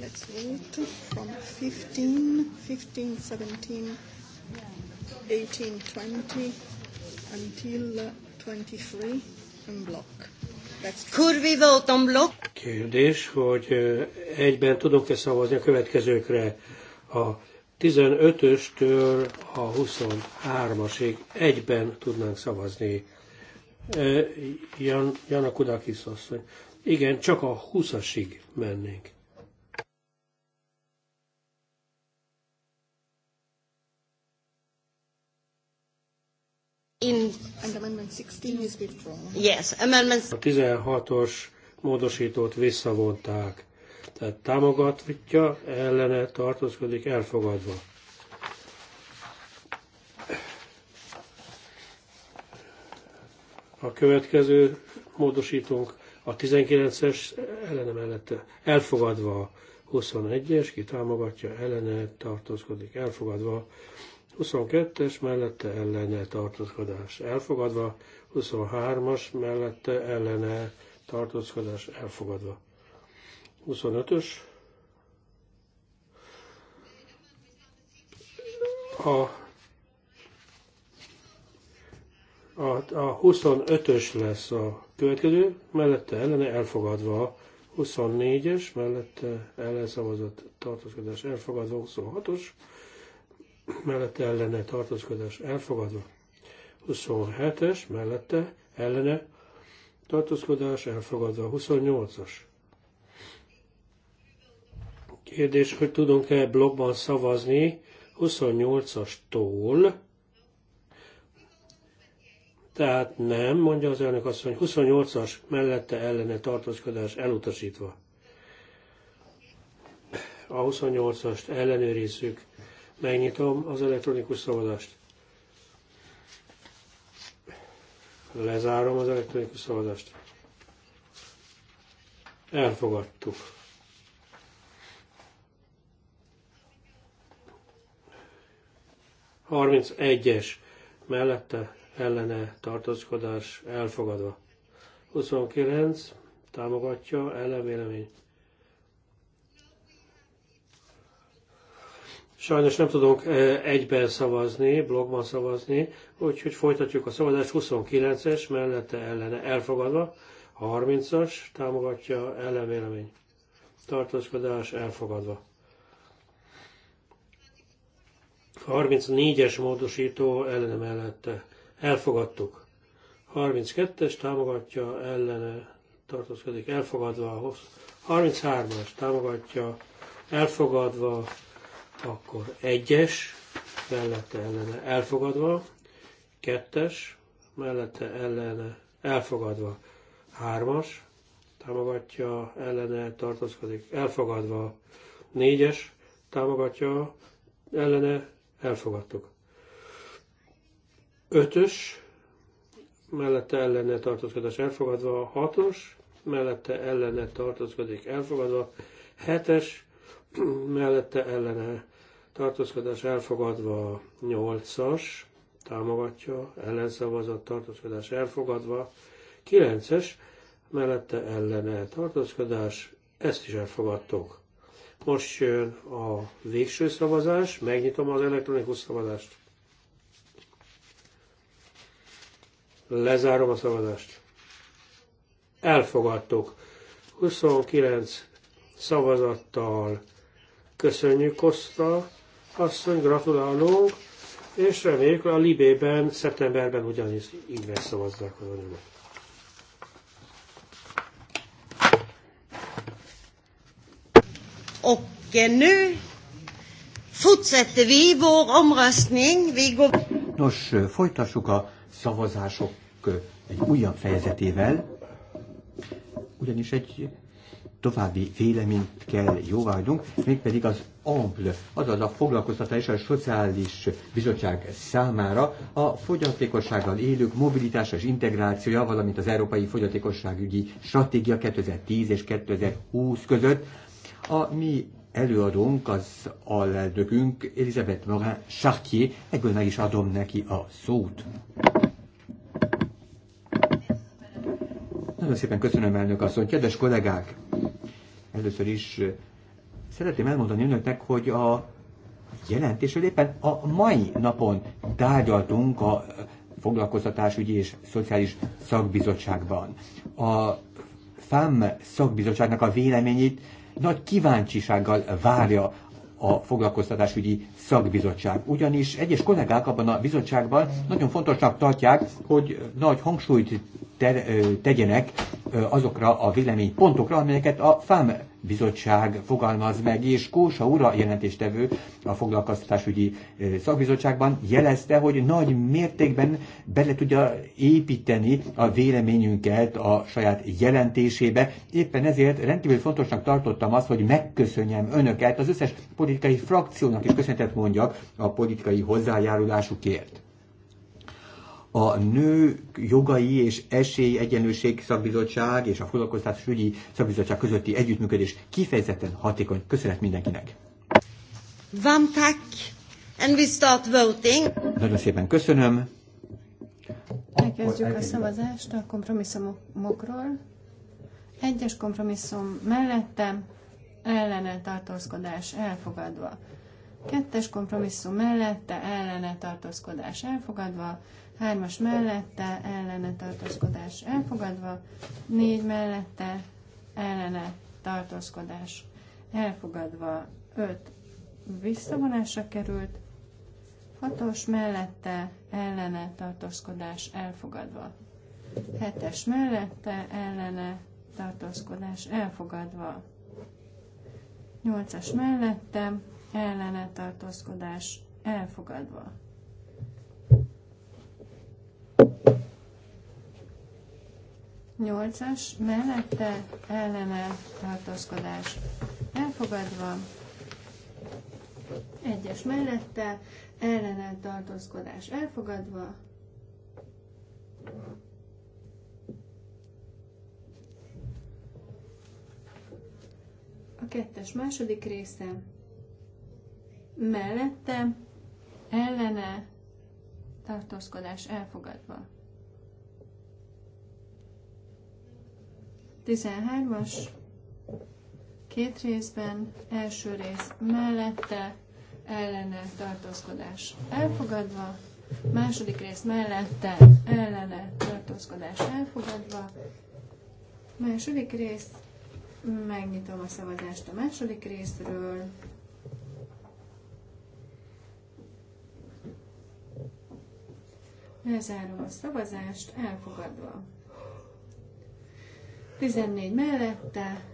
Let's wait from 15, 15, 17, 18, 20 until 23 and block. Kérdés, hogy egyben tudok-e szavazni a következőkre a 15-östől a 23-asig egyben tudnánk szavazni. Jan, Jana Kudakis asszony. Igen, csak a 20-asig mennénk. In... amendment 16 is withdrawn. Yes, amendment... A 16-os módosítót visszavonták. Tehát támogatja, ellene tartózkodik, elfogadva. A következő módosítunk a 19-es ellene mellette elfogadva. 21-es, ki támogatja, ellene tartózkodik, elfogadva. 22-es mellette ellene tartózkodás elfogadva, 23-as mellette ellene tartózkodás elfogadva. 25-ös. A, a, a 25-ös lesz a következő, mellette ellene elfogadva. 24-es, mellette ellenszavazat tartózkodás elfogadva. 26-os mellette ellene tartózkodás elfogadva. 27-es mellette ellene tartózkodás elfogadva. 28-as. Kérdés, hogy tudunk-e blogban szavazni 28-astól, tehát nem, mondja az elnök asszony, 28-as mellette ellene tartózkodás elutasítva. A 28-ast ellenőrizzük Megnyitom az elektronikus szavazást. Lezárom az elektronikus szavazást. Elfogadtuk. Harminc egyes mellette ellene tartózkodás elfogadva. 29 támogatja ellenvélemény Sajnos nem tudunk egyben szavazni, blogban szavazni, úgyhogy folytatjuk a szavazást 29-es, mellette ellene elfogadva, 30-as támogatja ellenvélemény. Tartózkodás elfogadva. 34-es módosító ellene mellette. Elfogadtuk. 32-es támogatja ellene tartózkodik, elfogadva 33-as támogatja, elfogadva akkor egyes, mellette ellene elfogadva, kettes, mellette ellene elfogadva, hármas, támogatja, ellene tartózkodik, elfogadva, négyes, támogatja, ellene elfogadtuk. Ötös, mellette ellene tartózkodás elfogadva, hatos, mellette ellene tartózkodik elfogadva, hetes, mellette ellene tartózkodás elfogadva 8-as, támogatja, ellenszavazat, tartózkodás elfogadva 9-es, mellette ellene tartózkodás, ezt is elfogadtuk. Most jön a végső szavazás, megnyitom az elektronikus szavazást. Lezárom a szavazást. Elfogadtuk. 29 szavazattal köszönjük Kosta, asszony, gratulálunk, és reméljük a Libében szeptemberben ugyanis így megszavazzák az anyagot. Oké, eh, nő. fortsätter vi vår Nos, eh, folytassuk a szavazások eh, egy újabb fejezetével, ugyanis egy további véleményt kell jóvágynunk, mégpedig az AMPL, azaz a Foglalkoztatás és a Szociális Bizottság számára a fogyatékossággal élők mobilitása és integrációja, valamint az Európai Fogyatékosságügyi Stratégia 2010 és 2020 között. A mi előadónk, az alelnökünk, Elizabeth Morin Chartier, egyből meg is adom neki a szót. Nagyon szépen köszönöm, elnök asszony. Kedves kollégák, Először is szeretném elmondani önöknek, hogy a jelentésről éppen a mai napon tárgyaltunk a foglalkoztatásügyi és szociális szakbizottságban. A FAM szakbizottságnak a véleményét nagy kíváncsisággal várja a foglalkoztatásügyi szakbizottság. Ugyanis egyes kollégák abban a bizottságban nagyon fontosnak tartják, hogy nagy hangsúlyt te, tegyenek azokra a véleménypontokra, amelyeket a FAM bizottság fogalmaz meg, és Kósa ura jelentéstevő a foglalkoztatásügyi szakbizottságban jelezte, hogy nagy mértékben bele tudja építeni a véleményünket a saját jelentésébe. Éppen ezért rendkívül fontosnak tartottam azt, hogy megköszönjem önöket, az összes politikai frakciónak is köszönetet mondjak a politikai hozzájárulásukért a nő jogai és esély egyenlőség szakbizottság és a foglalkoztatás ügyi szakbizottság közötti együttműködés kifejezetten hatékony. Köszönet mindenkinek! Vám tak, and we start voting. Nagyon szépen köszönöm. Elkezdjük a szavazást a kompromisszumokról. Egyes kompromisszum mellettem, ellene tartózkodás elfogadva. Kettes kompromisszum mellette, ellene tartózkodás elfogadva hármas mellette ellene tartózkodás elfogadva, négy mellette ellene tartózkodás elfogadva, öt visszavonásra került, hatos mellette ellene tartózkodás elfogadva, hetes mellette ellene tartózkodás elfogadva, nyolcas mellette ellene tartózkodás elfogadva. 8-as mellette ellene tartózkodás elfogadva, 1-es mellette ellene tartózkodás elfogadva, a es második része mellette ellene tartózkodás elfogadva. 13-as, két részben, első rész mellette, ellene tartózkodás elfogadva, második rész mellette, ellene tartózkodás elfogadva, második rész, megnyitom a szavazást a második részről, lezárom a szavazást elfogadva. 14 mellette,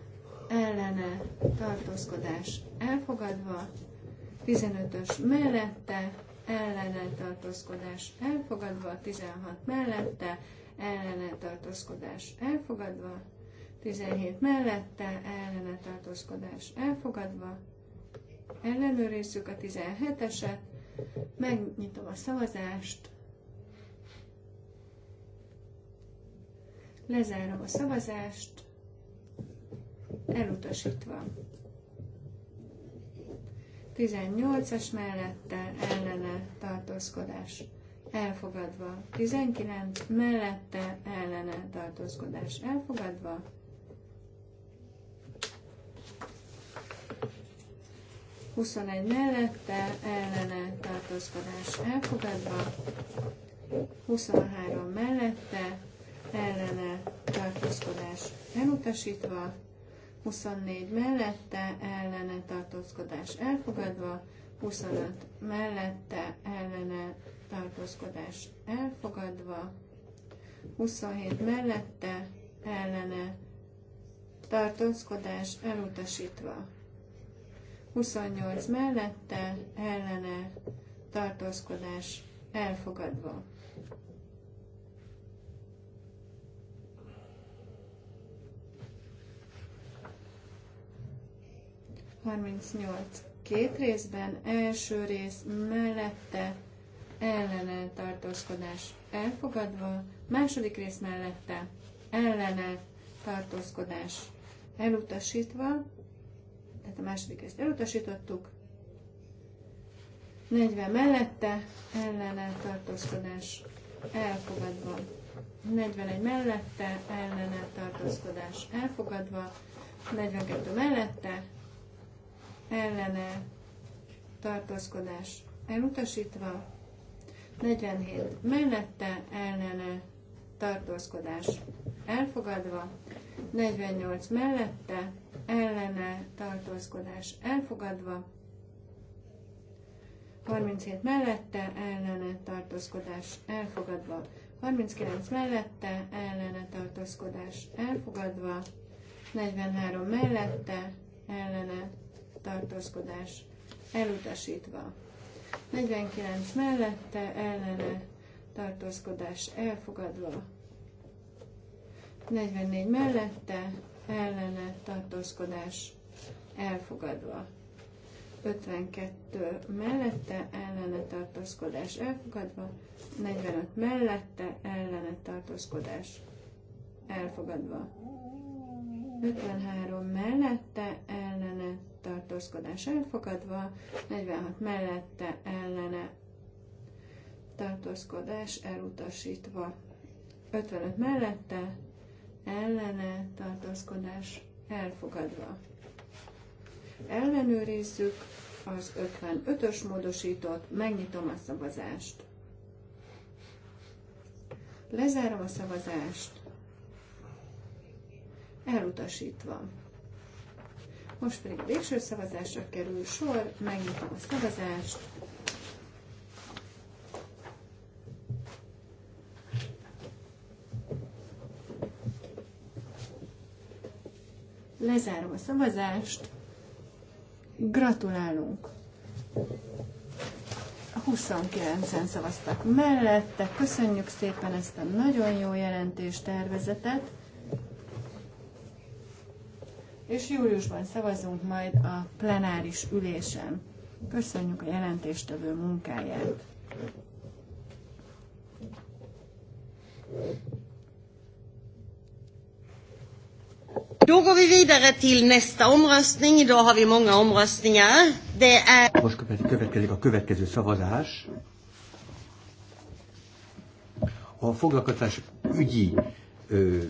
ellene, tartózkodás elfogadva, 15-ös mellette, ellene tartózkodás elfogadva, 16 mellette, ellene tartózkodás elfogadva, 17 mellette, ellene tartózkodás elfogadva, ellenőrizzük a 17-eset, megnyitom a szavazást, Lezárom a szavazást, elutasítva. 18-as mellette ellene tartózkodás elfogadva. 19 mellette ellene tartózkodás elfogadva. Huszonegy mellette ellene tartózkodás elfogadva. 23 mellette ellene tartózkodás elutasítva, 24 mellette ellene tartózkodás elfogadva, 25 mellette ellene tartózkodás elfogadva, 27 mellette ellene tartózkodás elutasítva, 28 mellette ellene tartózkodás elfogadva. 38 két részben, első rész mellette ellene tartózkodás elfogadva, második rész mellette ellene tartózkodás elutasítva, tehát a második részt elutasítottuk, 40 mellette ellene tartózkodás elfogadva, 41 mellette ellene tartózkodás elfogadva, 42 mellette ellene tartózkodás elutasítva, 47 mellette ellene tartózkodás elfogadva, 48 mellette ellene tartózkodás elfogadva, 37 mellette ellene tartózkodás elfogadva, 39 mellette ellene tartózkodás elfogadva, 43 mellette ellene tartózkodás elutasítva. 49 mellette ellene tartózkodás elfogadva. 44 mellette ellene tartózkodás elfogadva. 52 mellette ellene tartózkodás elfogadva, 45 mellette ellene tartózkodás elfogadva. 53 mellette ellene ellene tartózkodás elfogadva, 46 mellette ellene tartózkodás elutasítva, 55 mellette ellene tartózkodás elfogadva. Ellenőrizzük az 55-ös módosított, megnyitom a szavazást. Lezárom a szavazást. Elutasítva. Most pedig a végső szavazásra kerül sor, megnyitom a szavazást. Lezárom a szavazást. Gratulálunk! 29-en szavaztak mellette. Köszönjük szépen ezt a nagyon jó jelentéstervezetet és júliusban szavazunk majd a plenáris ülésen. Köszönjük a jelentéstevő munkáját! Då går vi vidare till nästa omröstning. Idag har vi många omröstningar. Det är... Most következik a következő szavazás. A foglalkozás ügyi ö,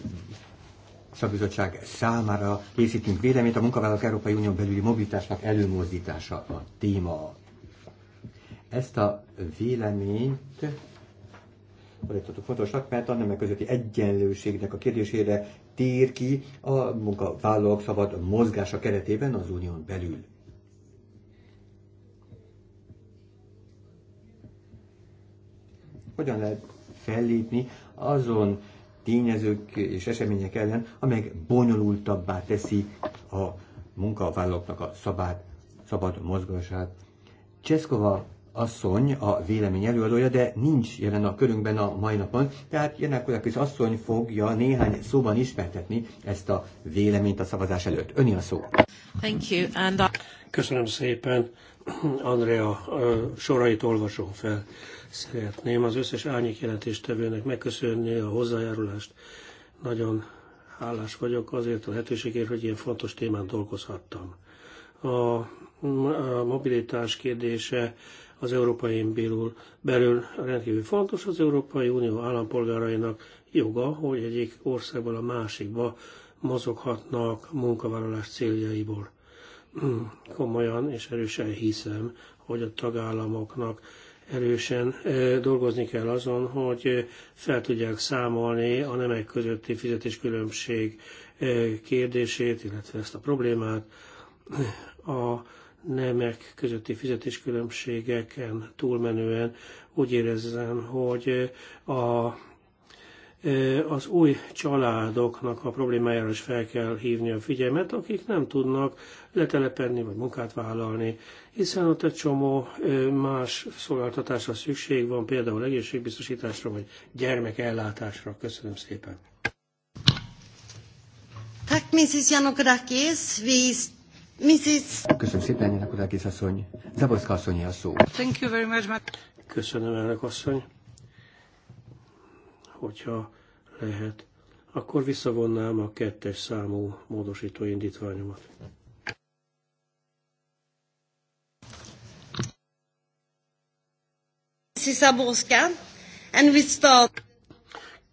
szakbizottság számára készítünk véleményt, a munkavállalók Európai unió belüli mobilitásnak előmozdítása a téma. Ezt a véleményt azért fontosnak, mert a nemek közötti egyenlőségnek a kérdésére tér ki a munkavállalók szabad mozgása keretében az unión belül. Hogyan lehet fellépni azon tényezők és események ellen, amelyek bonyolultabbá teszi a munkavállalóknak a szabad, szabad mozgását. Cseszkova asszony a vélemény előadója, de nincs jelen a körünkben a mai napon, tehát olyan kis asszony fogja néhány szóban ismertetni ezt a véleményt a szavazás előtt. Öni a szó. Thank you, and I... Köszönöm szépen, Andrea, sorait olvasom fel. Szeretném az összes árnyék jelentéstevőnek megköszönni a hozzájárulást. Nagyon hálás vagyok azért a lehetőségért, hogy ilyen fontos témán dolgozhattam. A, a mobilitás kérdése az európai belül, belül rendkívül fontos az Európai Unió állampolgárainak joga, hogy egyik országból a másikba mozoghatnak munkavállalás céljaiból. Komolyan és erősen hiszem, hogy a tagállamoknak erősen dolgozni kell azon, hogy fel tudják számolni a nemek közötti fizetéskülönbség kérdését, illetve ezt a problémát. A nemek közötti fizetéskülönbségeken túlmenően úgy érezzem, hogy a Eh, az új családoknak a problémájára is fel kell hívni a figyelmet, akik nem tudnak letelepedni vagy munkát vállalni, hiszen ott egy csomó eh, más szolgáltatásra szükség van, például egészségbiztosításra vagy gyermekellátásra. Köszönöm szépen! Köszönöm szépen, Janakodakis asszony. Zaborszka asszonyi a szó. Thank you very much, Köszönöm, elnök asszony hogyha lehet, akkor visszavonnám a kettes számú módosító indítványomat.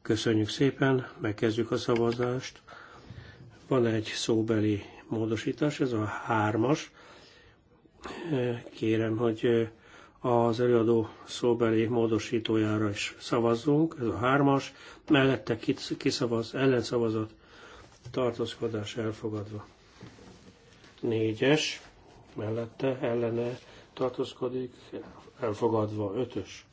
Köszönjük szépen, megkezdjük a szavazást. Van egy szóbeli módosítás, ez a hármas. Kérem, hogy az előadó szóbeli módosítójára is szavazzunk, ez a hármas, mellette kiszavaz, ellenszavazat, tartózkodás elfogadva. Négyes, mellette ellene tartózkodik, elfogadva. Ötös,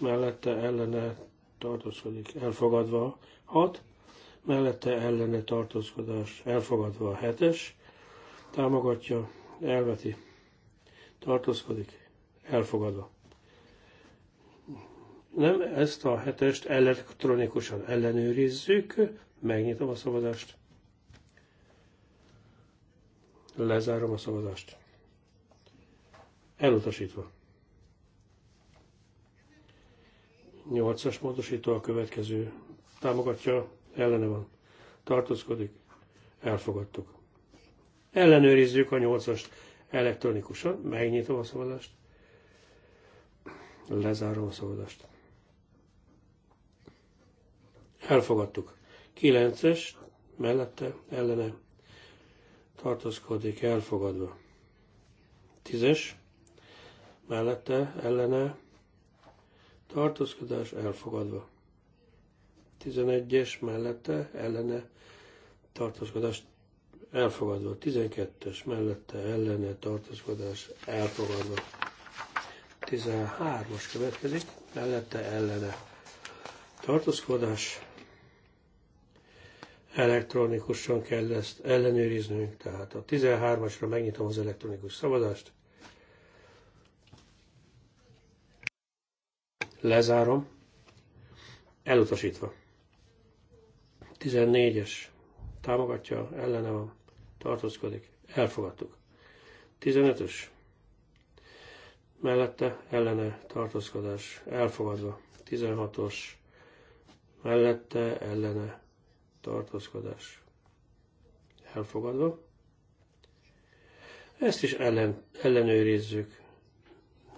mellette ellene tartózkodik, elfogadva. Hat, mellette ellene tartózkodás, elfogadva. Hetes, támogatja, elveti, tartózkodik, elfogadva. Nem, ezt a hetest elektronikusan ellenőrizzük, megnyitom a szavazást. Lezárom a szavazást. Elutasítva. 8-as módosító a következő. Támogatja, ellene van. Tartózkodik, elfogadtuk. Ellenőrizzük a 8-ast elektronikusan, megnyitom a szavazást. Lezárom a Elfogadtuk. 9-es mellette ellene tartózkodik elfogadva. 10-es mellette ellene tartózkodás elfogadva. 11-es mellette ellene tartózkodás elfogadva. 12-es mellette ellene tartózkodás elfogadva. 13-as következik, mellette ellene tartózkodás. Elektronikusan kell ezt ellenőriznünk, tehát a 13-asra megnyitom az elektronikus szavazást. Lezárom. Elutasítva. 14-es támogatja, ellene van, tartózkodik, elfogadtuk. 15-ös mellette ellene tartózkodás elfogadva. 16-os mellette ellene tartózkodás elfogadva. Ezt is ellen, ellenőrizzük.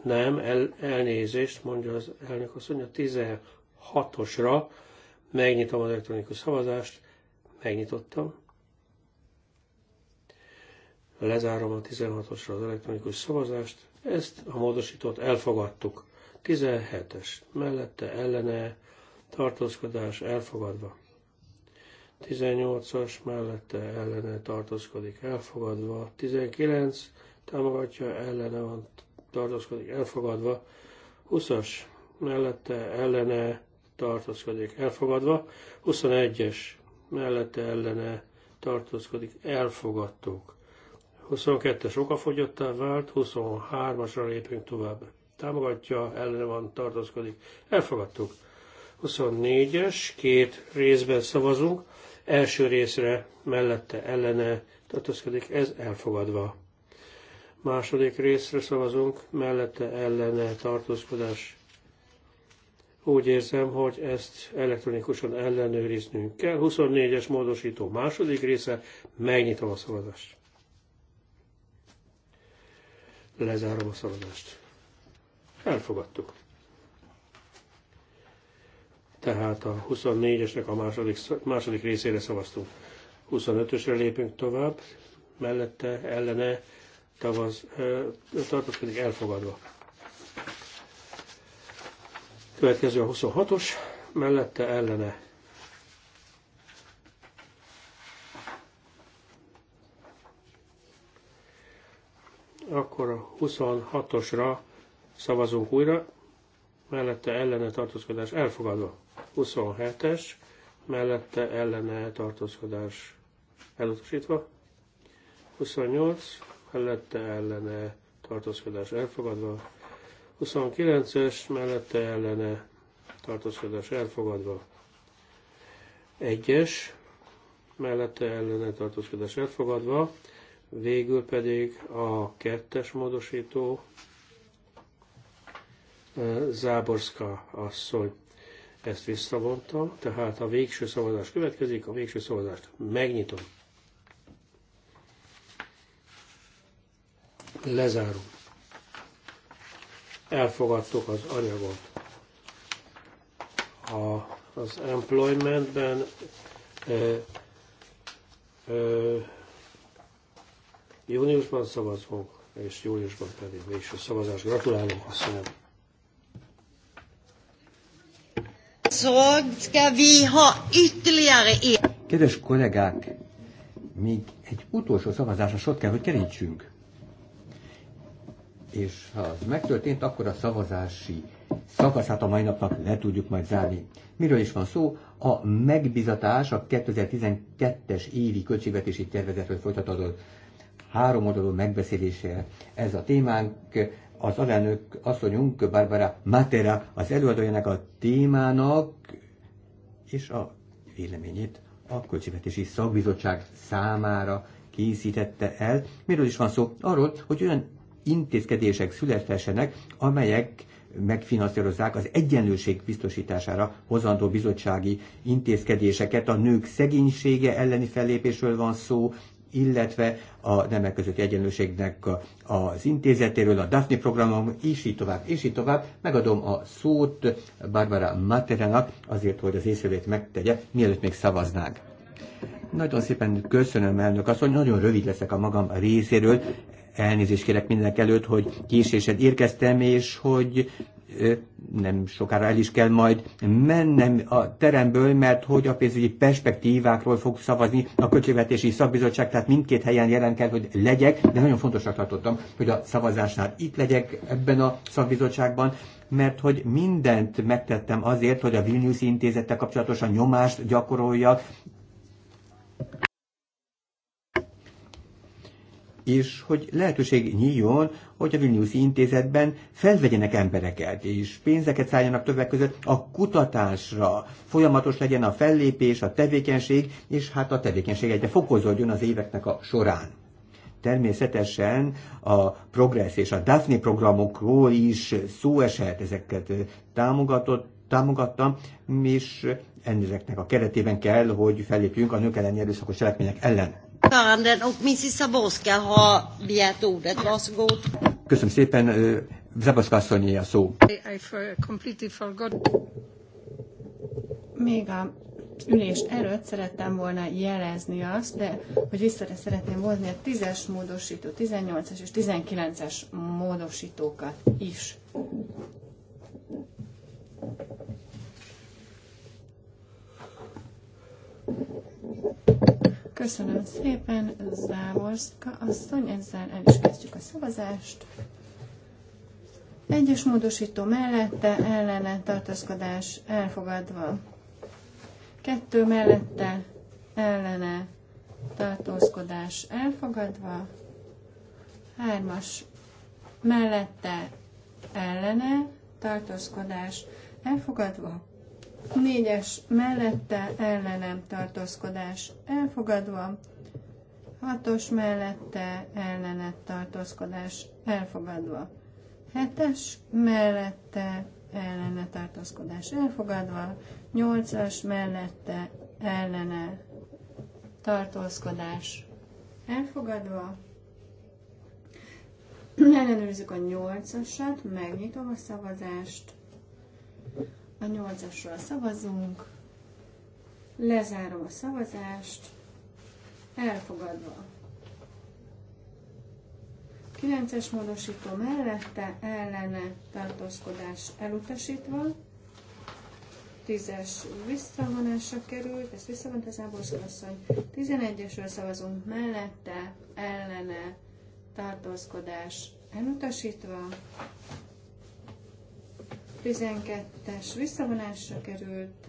Nem, el, elnézést, mondja az elnök azt a 16-osra megnyitom az elektronikus szavazást, megnyitottam. Lezárom a 16-osra az elektronikus szavazást, ezt a módosítót elfogadtuk. 17-es. Mellette ellene tartózkodás elfogadva. 18-as mellette ellene tartózkodik elfogadva. 19 támogatja ellene van tartózkodik elfogadva. 20-as mellette ellene tartózkodik elfogadva. 21-es mellette ellene tartózkodik elfogadtuk. 22-es okafogyottá vált, 23-asra lépünk tovább. Támogatja, ellen van, tartozkodik. Elfogadtuk. 24-es, két részben szavazunk. Első részre mellette ellene tartozkodik, ez elfogadva. Második részre szavazunk, mellette ellene tartózkodás. Úgy érzem, hogy ezt elektronikusan ellenőriznünk kell. 24-es módosító második része, megnyitom a szavazást. Lezárom a szavazást. Elfogadtuk. Tehát a 24-esnek a második, második részére szavaztunk. 25-ösre lépünk tovább, mellette, ellene, tavaz, pedig elfogadva. Következő a 26-os, mellette, ellene, Akkor a 26-osra szavazunk újra, mellette ellene tartózkodás elfogadva. 27-es, mellette ellene tartózkodás elutasítva. 28, mellette ellene tartózkodás elfogadva. 29-es, mellette ellene tartózkodás elfogadva. 1-es, mellette ellene tartózkodás elfogadva. Végül pedig a kettes módosító Záborszka asszony. Ezt visszavonta, tehát a végső szavazás következik, a végső szavazást megnyitom. Lezárom. Elfogadtuk az anyagot. A, az employmentben e, e, Júniusban szavazunk, és júliusban pedig végső szavazás. Gratulálunk, asszonyom! Kedves kollégák, még egy utolsó szavazásra sot kell, hogy kerítsünk. És ha az megtörtént, akkor a szavazási szakaszát a mai napnak le tudjuk majd zárni. Miről is van szó? A megbizatás a 2012-es évi költségvetési tervezetről folytatódott három oldalú megbeszélése ez a témánk. Az alelnök asszonyunk Barbara Matera az előadójának a témának, és a véleményét a Költségvetési Szakbizottság számára készítette el. Miről is van szó? Arról, hogy olyan intézkedések születhessenek, amelyek megfinanszírozzák az egyenlőség biztosítására hozandó bizottsági intézkedéseket. A nők szegénysége elleni fellépésről van szó, illetve a nemek közötti egyenlőségnek az intézetéről, a DAFNI programom, és így tovább, és így tovább. Megadom a szót Barbara Materának azért, hogy az észrevét megtegye, mielőtt még szavaznánk. Nagyon szépen köszönöm, elnök hogy nagyon rövid leszek a magam részéről elnézést kérek mindenek előtt, hogy késésed érkeztem, és hogy nem sokára el is kell majd mennem a teremből, mert hogy a pénzügyi perspektívákról fog szavazni a Költségvetési Szakbizottság, tehát mindkét helyen jelen kell, hogy legyek, de nagyon fontosnak tartottam, hogy a szavazásnál itt legyek ebben a szakbizottságban, mert hogy mindent megtettem azért, hogy a Vilnius intézettel kapcsolatosan nyomást gyakorolja, és hogy lehetőség nyíljon, hogy a Vilniuszi intézetben felvegyenek embereket, és pénzeket szálljanak többek között a kutatásra. Folyamatos legyen a fellépés, a tevékenység, és hát a tevékenység egyre fokozódjon az éveknek a során természetesen a Progress és a Daphne programokról is szó esett, ezeket támogatott, támogattam, és ezeknek a keretében kell, hogy fellépjünk a nők elleni erőszakos cselekmények ellen. Ordföranden och Mrs. Zaborska har begärt ordet. Varsågod. Köszönöm szépen, Zaborska asszonyé a szó. I completely forgot. Még a ülés előtt szerettem volna jelezni azt, de hogy visszare szeretném hozni a 10-es módosító, 18 es és 19-es módosítókat is. Köszönöm szépen, Závorszka asszony, ezzel el is kezdjük a szavazást. Egyes módosító mellette, ellene tartózkodás elfogadva. Kettő mellette, ellene tartózkodás elfogadva. Hármas mellette, ellene tartózkodás elfogadva Négyes mellette ellenem tartózkodás elfogadva. Hatos mellette ellenet tartózkodás elfogadva. Hetes mellette ellene tartózkodás elfogadva. Nyolcas mellette ellene tartózkodás elfogadva. Ellenőrizzük a nyolcasat, megnyitom a szavazást. A nyolcasról szavazunk. Lezárom a szavazást. Elfogadva. 9-es módosító mellette ellene tartózkodás elutasítva. 10-es visszavonásra került, ezt visszavonta az áborszalasszony. 11-esről szavazunk mellette ellene tartózkodás elutasítva. 12-es visszavonásra került,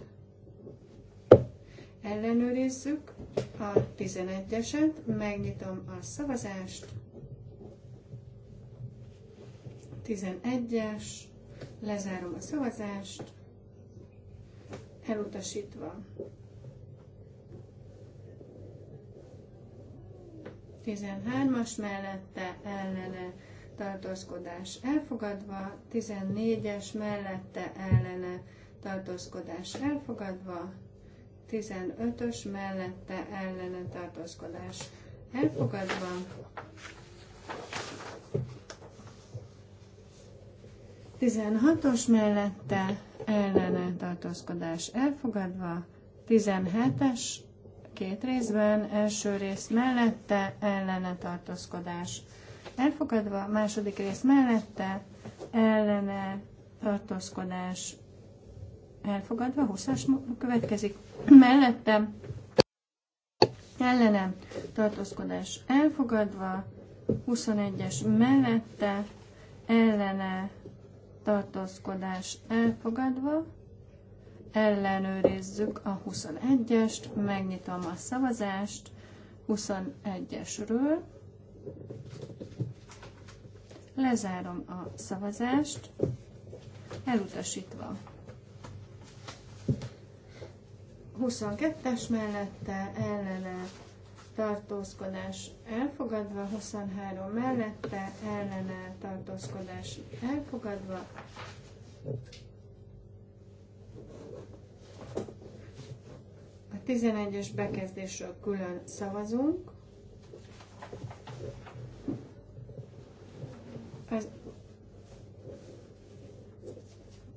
ellenőrizzük a 11-eset, megnyitom a szavazást, 11-es, lezárom a szavazást, elutasítva. 13-as mellette ellene tartózkodás elfogadva, 14-es mellette ellene tartózkodás elfogadva, 15-ös mellette ellene tartózkodás elfogadva, Tizenhatos mellette ellene tartózkodás elfogadva, 17-es két részben, első rész mellette ellene tartózkodás elfogadva elfogadva, második rész mellette, ellene, tartózkodás, elfogadva, 20-as következik, mellette, ellene, tartózkodás, elfogadva, 21-es mellette, ellene, tartózkodás, elfogadva, ellenőrizzük a 21-est, megnyitom a szavazást 21-esről, Lezárom a szavazást, elutasítva. 22-es mellette ellene tartózkodás elfogadva, 23 mellette ellene tartózkodás elfogadva. A 11-es bekezdésről külön szavazunk. Ez,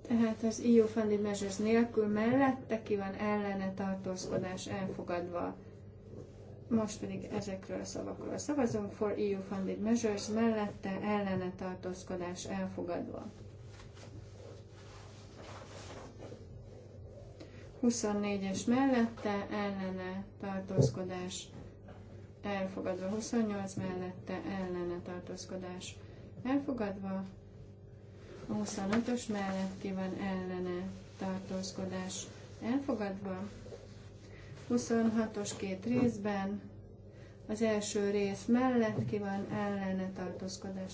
tehát az EU funded measures nélkül mellette ki van ellene tartózkodás elfogadva. Most pedig ezekről a szavakról szavazunk. For EU funded measures mellette ellene tartózkodás elfogadva. 24-es mellette ellene tartózkodás elfogadva. 28 mellette ellene tartózkodás elfogadva elfogadva, a 25-ös mellett kíván van ellene tartózkodás elfogadva, 26-os két részben, az első rész mellett ki van ellene tartózkodás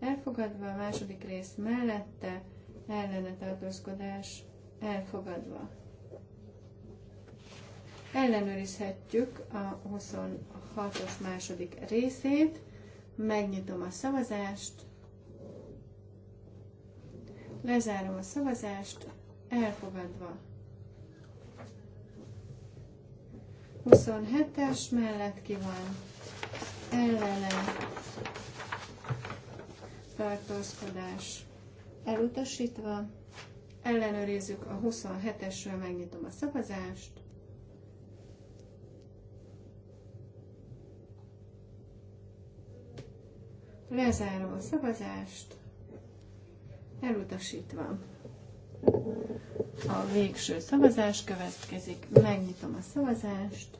elfogadva, a második rész mellette ellene tartózkodás elfogadva. Ellenőrizhetjük a 26-os második részét, Megnyitom a szavazást, lezárom a szavazást, elfogadva. 27-es mellett ki van, ellene tartózkodás elutasítva. Ellenőrizzük a 27-esről, megnyitom a szavazást. Lezárom a szavazást. Elutasítva. A végső szavazás következik. Megnyitom a szavazást.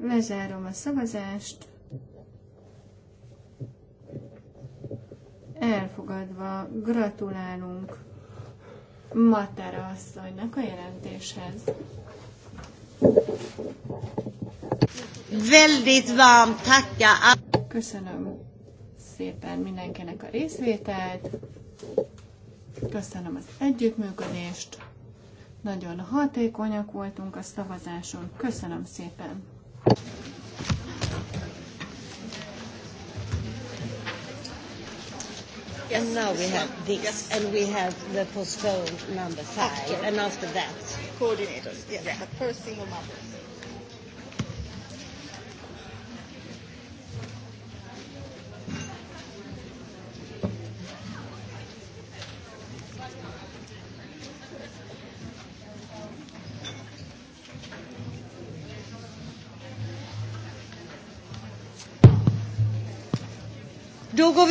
Lezárom a szavazást. Elfogadva gratulálunk Matera asszonynak a jelentéshez. Köszönöm szépen mindenkinek a részvételt. Köszönöm az együttműködést. Nagyon hatékonyak voltunk a szavazáson. Köszönöm szépen! Yes, and now we have this, yes. and we have the postponed number five, after. and after that. Coordinators, yes, yeah. the first single number.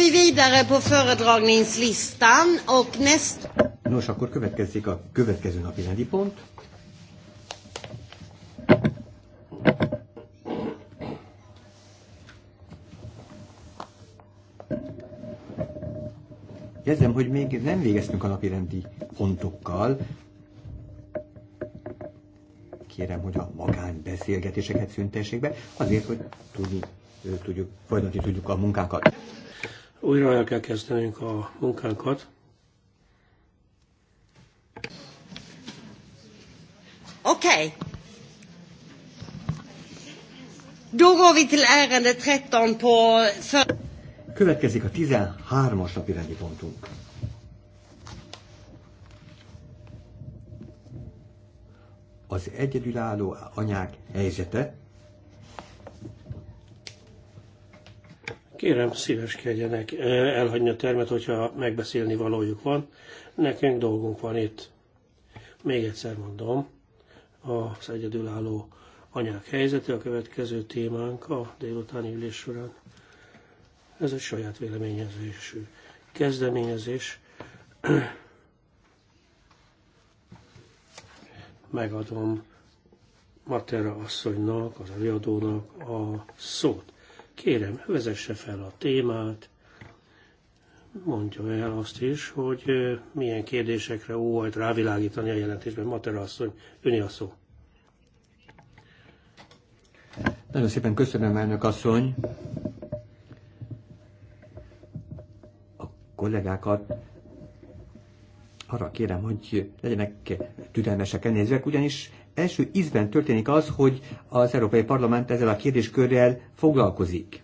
vi vidare på föredragningslistan och näst... Nos, akkor következik a következő napi pont. Jegyzem, hogy még nem végeztünk a napirendi pontokkal. Kérem, hogy a magánbeszélgetéseket szüntessék be, azért, hogy tudni, tudjuk, folytatni tudjuk a munkánkat újra el kell kezdenünk a munkánkat. Oké. Okay. Következik a 13-as napi rendi pontunk. Az egyedülálló anyák helyzete Kérem, szíveskedjenek eh, elhagyni a termet, hogyha megbeszélni valójuk van. Nekünk dolgunk van itt. Még egyszer mondom, az egyedülálló anyák helyzete a következő témánk a délutáni ülés során. Ez egy saját véleményezésű kezdeményezés. Megadom Matera asszonynak, az előadónak a szót. Kérem, vezesse fel a témát, mondja el azt is, hogy milyen kérdésekre óhajt rávilágítani a jelentésben. Matera asszony, öné a szó. Nagyon szépen köszönöm, elnök asszony. A kollégákat arra kérem, hogy legyenek türelmesek elnézőek, ugyanis első ízben történik az, hogy az Európai Parlament ezzel a kérdéskörrel foglalkozik.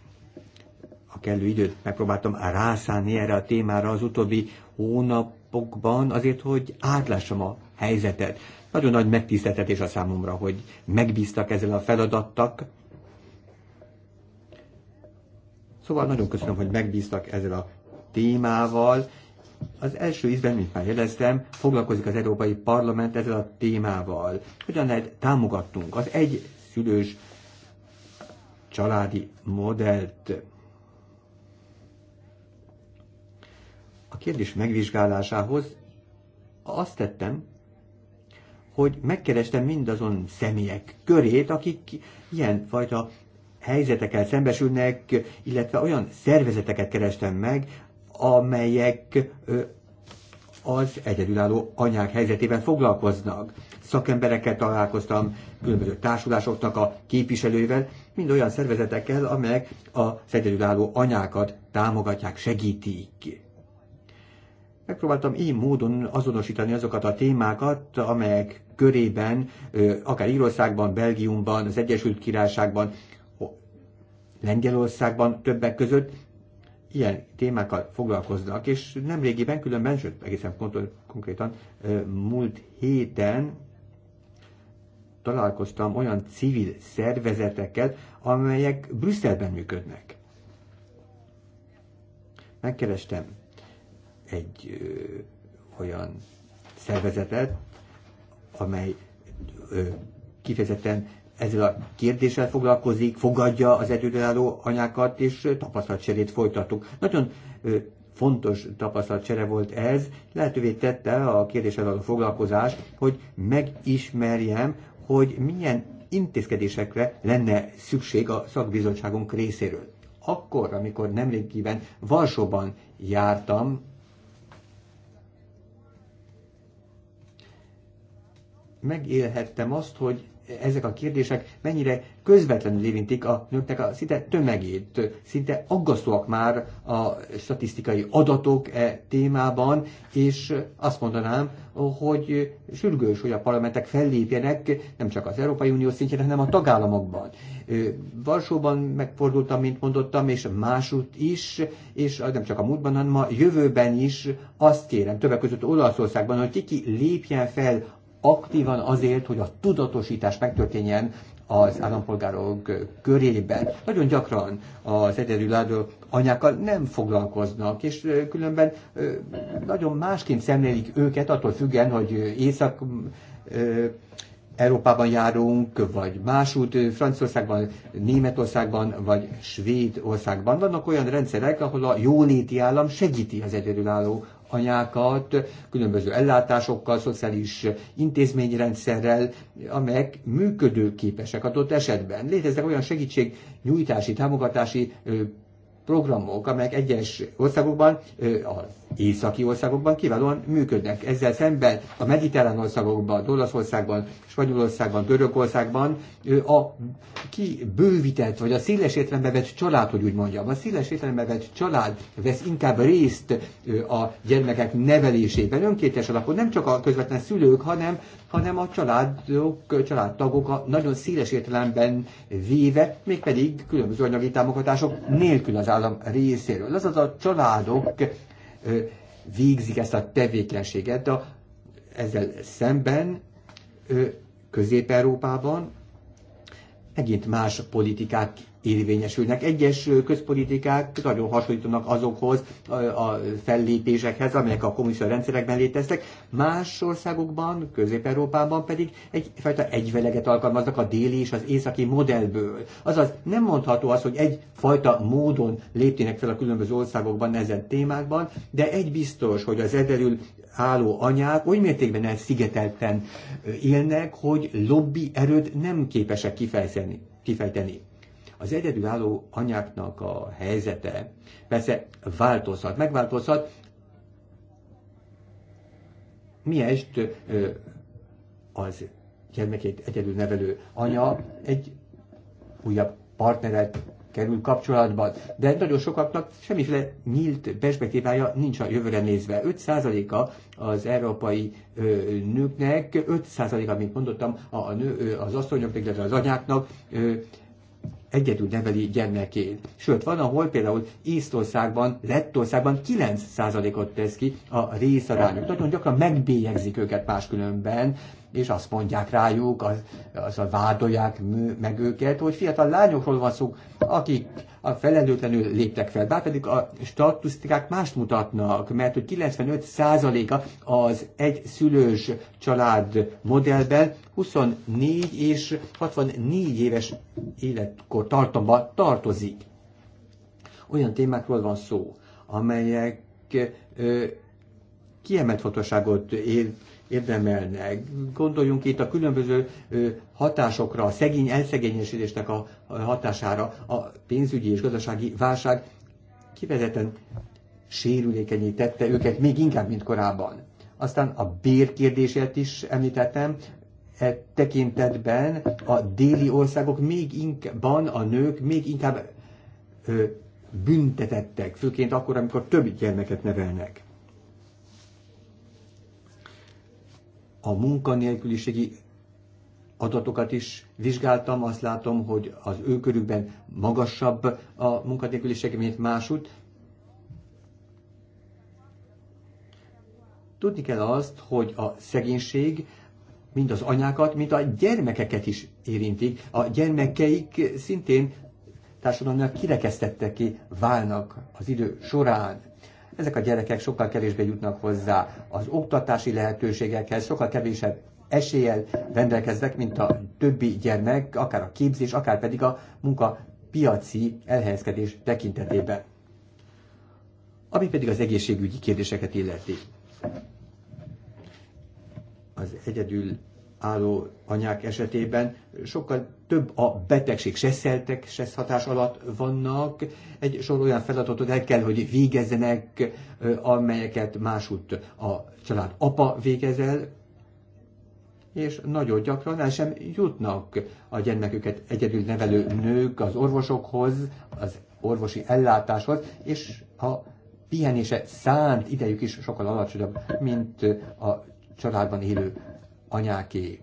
A kellő időt megpróbáltam rászállni erre a témára az utóbbi hónapokban, azért, hogy átlássam a helyzetet. Nagyon nagy megtiszteltetés a számomra, hogy megbíztak ezzel a feladattak. Szóval nagyon köszönöm, hogy megbíztak ezzel a témával, az első ízben, mint már jeleztem, foglalkozik az Európai Parlament ezzel a témával. Hogyan lehet támogatnunk az egy szülős családi modellt? A kérdés megvizsgálásához azt tettem, hogy megkerestem mindazon személyek körét, akik ilyen fajta helyzetekkel szembesülnek, illetve olyan szervezeteket kerestem meg, amelyek az egyedülálló anyák helyzetében foglalkoznak. Szakemberekkel találkoztam, különböző társulásoknak a képviselőivel, mind olyan szervezetekkel, amelyek az egyedülálló anyákat támogatják, segítik. Megpróbáltam így módon azonosítani azokat a témákat, amelyek körében, akár Írországban, Belgiumban, az Egyesült Királyságban, Lengyelországban többek között ilyen témákkal foglalkoznak, és nemrégiben, különben, sőt egészen konkrétan múlt héten találkoztam olyan civil szervezetekkel, amelyek Brüsszelben működnek. Megkerestem egy ö, olyan szervezetet, amely ö, kifejezetten ezzel a kérdéssel foglalkozik, fogadja az egyedülálló anyákat, és tapasztalatcserét folytatunk. Nagyon fontos tapasztalatcsere volt ez, lehetővé tette a kérdéssel a foglalkozás, hogy megismerjem, hogy milyen intézkedésekre lenne szükség a szakbizottságunk részéről. Akkor, amikor nemrégiben Varsóban jártam, megélhettem azt, hogy ezek a kérdések mennyire közvetlenül érintik a nőknek a szinte tömegét. Szinte aggasztóak már a statisztikai adatok e témában, és azt mondanám, hogy sürgős, hogy a parlamentek fellépjenek nem csak az Európai Unió szintjén, hanem a tagállamokban. Varsóban megfordultam, mint mondottam, és másút is, és nem csak a múltban, hanem a jövőben is azt kérem, többek között Olaszországban, hogy ki lépjen fel aktívan azért, hogy a tudatosítás megtörténjen az állampolgárok körében. Nagyon gyakran az egyedülálló anyákkal nem foglalkoznak, és különben nagyon másként szemlélik őket, attól függen, hogy észak Európában járunk, vagy másút, Franciaországban, Németországban, vagy Svédországban. Vannak olyan rendszerek, ahol a jóléti állam segíti az egyedülálló anyákat különböző ellátásokkal, szociális intézményrendszerrel, amelyek működőképesek adott esetben. Léteznek olyan segítség támogatási programok, amelyek egyes országokban, az északi országokban kiválóan működnek. Ezzel szemben a mediterrán országokban, Olaszországban, Spanyolországban, Görögországban a kibővített, vagy a széles értelembe vett család, hogy úgy mondjam, a széles értelembe vett család vesz inkább részt a gyermekek nevelésében, önkétes alapon, nem csak a közvetlen szülők, hanem, hanem a családok, családtagok a nagyon széles értelemben véve, mégpedig különböző anyagi támogatások nélkül az állam állam részéről. Azaz a családok végzik ezt a tevékenységet, de ezzel szemben Közép-Európában megint más politikák érvényesülnek. Egyes közpolitikák nagyon hasonlítanak azokhoz a fellépésekhez, amelyek a kommunista rendszerekben léteztek, más országokban, Közép-Európában pedig egyfajta egyveleget alkalmaznak a déli és az északi modellből. Azaz nem mondható az, hogy egyfajta módon léptének fel a különböző országokban ezen témákban, de egy biztos, hogy az ederül álló anyák oly mértékben elszigetelten élnek, hogy lobby erőt nem képesek kifejteni. kifejteni. Az egyedülálló anyáknak a helyzete persze változhat, megváltozhat, est az gyermekét egyedül nevelő anya egy újabb partneret kerül kapcsolatban, de nagyon sokaknak semmiféle nyílt perspektívája nincs a jövőre nézve. 5%-a az európai ö, nőknek, 5%-a, mint mondottam, a, a nő, az asszonyoknak, illetve az anyáknak ö, egyedül neveli gyermekét. Sőt, van, ahol például Észtországban, Lettországban 9%-ot tesz ki a részarányok. Nagyon gyakran megbélyegzik őket máskülönben, és azt mondják rájuk, az, a vádolják meg őket, hogy fiatal lányokról van szó, akik a felelőtlenül léptek fel, bár pedig a statisztikák mást mutatnak, mert hogy 95%-a az egy szülős család modellben 24 és 64 éves életkor tartomba tartozik. Olyan témákról van szó, amelyek ö, kiemelt fontosságot él, érdemelne. Gondoljunk itt a különböző hatásokra, a szegény elszegényesítésnek a hatására, a pénzügyi és gazdasági válság kivezetten sérülékenyé tette őket még inkább, mint korábban. Aztán a bérkérdését is említettem, e tekintetben a déli országok még inkább, a nők még inkább ö, büntetettek, főként akkor, amikor több gyermeket nevelnek. a munkanélküliségi adatokat is vizsgáltam, azt látom, hogy az ő körükben magasabb a munkanélküliség, mint másút. Tudni kell azt, hogy a szegénység mind az anyákat, mind a gyermekeket is érintik. A gyermekeik szintén társadalomnak kirekesztettek ki válnak az idő során ezek a gyerekek sokkal kevésbé jutnak hozzá az oktatási lehetőségekhez, sokkal kevésebb eséllyel rendelkeznek, mint a többi gyermek, akár a képzés, akár pedig a munkapiaci elhelyezkedés tekintetében. Ami pedig az egészségügyi kérdéseket illeti. Az egyedül álló anyák esetében sokkal több a betegség, se szeltek, se hatás alatt vannak. Egy sor olyan feladatot el kell, hogy végezzenek, amelyeket másút a család apa végezel, és nagyon gyakran el sem jutnak a gyermeküket egyedül nevelő nők az orvosokhoz, az orvosi ellátáshoz, és a pihenése szánt idejük is sokkal alacsonyabb, mint a családban élő anyáké.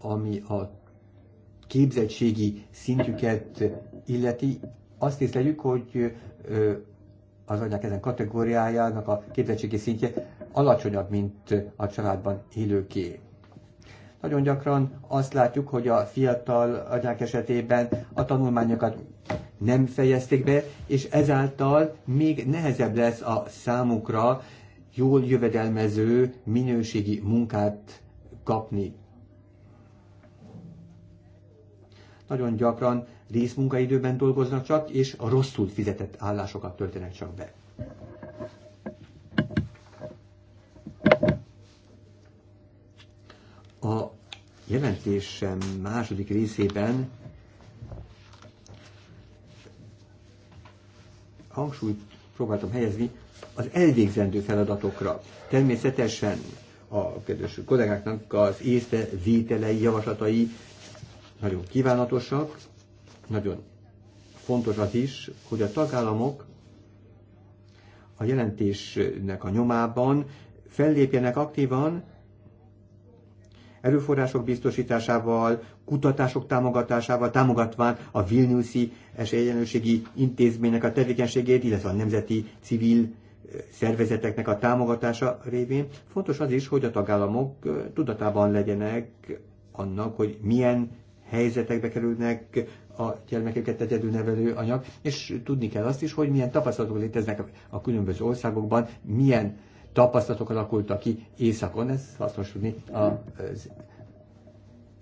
Ami a képzettségi szintjüket illeti, azt észleljük, hogy az anyák ezen kategóriájának a képzettségi szintje alacsonyabb, mint a családban élőké. Nagyon gyakran azt látjuk, hogy a fiatal anyák esetében a tanulmányokat nem fejezték be, és ezáltal még nehezebb lesz a számukra jól jövedelmező, minőségi munkát kapni. Nagyon gyakran részmunkaidőben dolgoznak csak, és a rosszul fizetett állásokat töltenek csak be. A jelentésem második részében hangsúlyt próbáltam helyezni az elvégzendő feladatokra. Természetesen a kedves kollégáknak az vételei, javaslatai nagyon kívánatosak, nagyon fontos az is, hogy a tagállamok a jelentésnek a nyomában fellépjenek aktívan, erőforrások biztosításával, kutatások támogatásával, támogatván a Vilniuszi Esélyegyenlőségi Intézménynek a tevékenységét, illetve a nemzeti civil szervezeteknek a támogatása révén. Fontos az is, hogy a tagállamok tudatában legyenek annak, hogy milyen helyzetekbe kerülnek a gyermekeket egyedülnevelő anyag, és tudni kell azt is, hogy milyen tapasztalatok léteznek a különböző országokban, milyen tapasztalatok alakultak ki északon, ez hasznos tudni az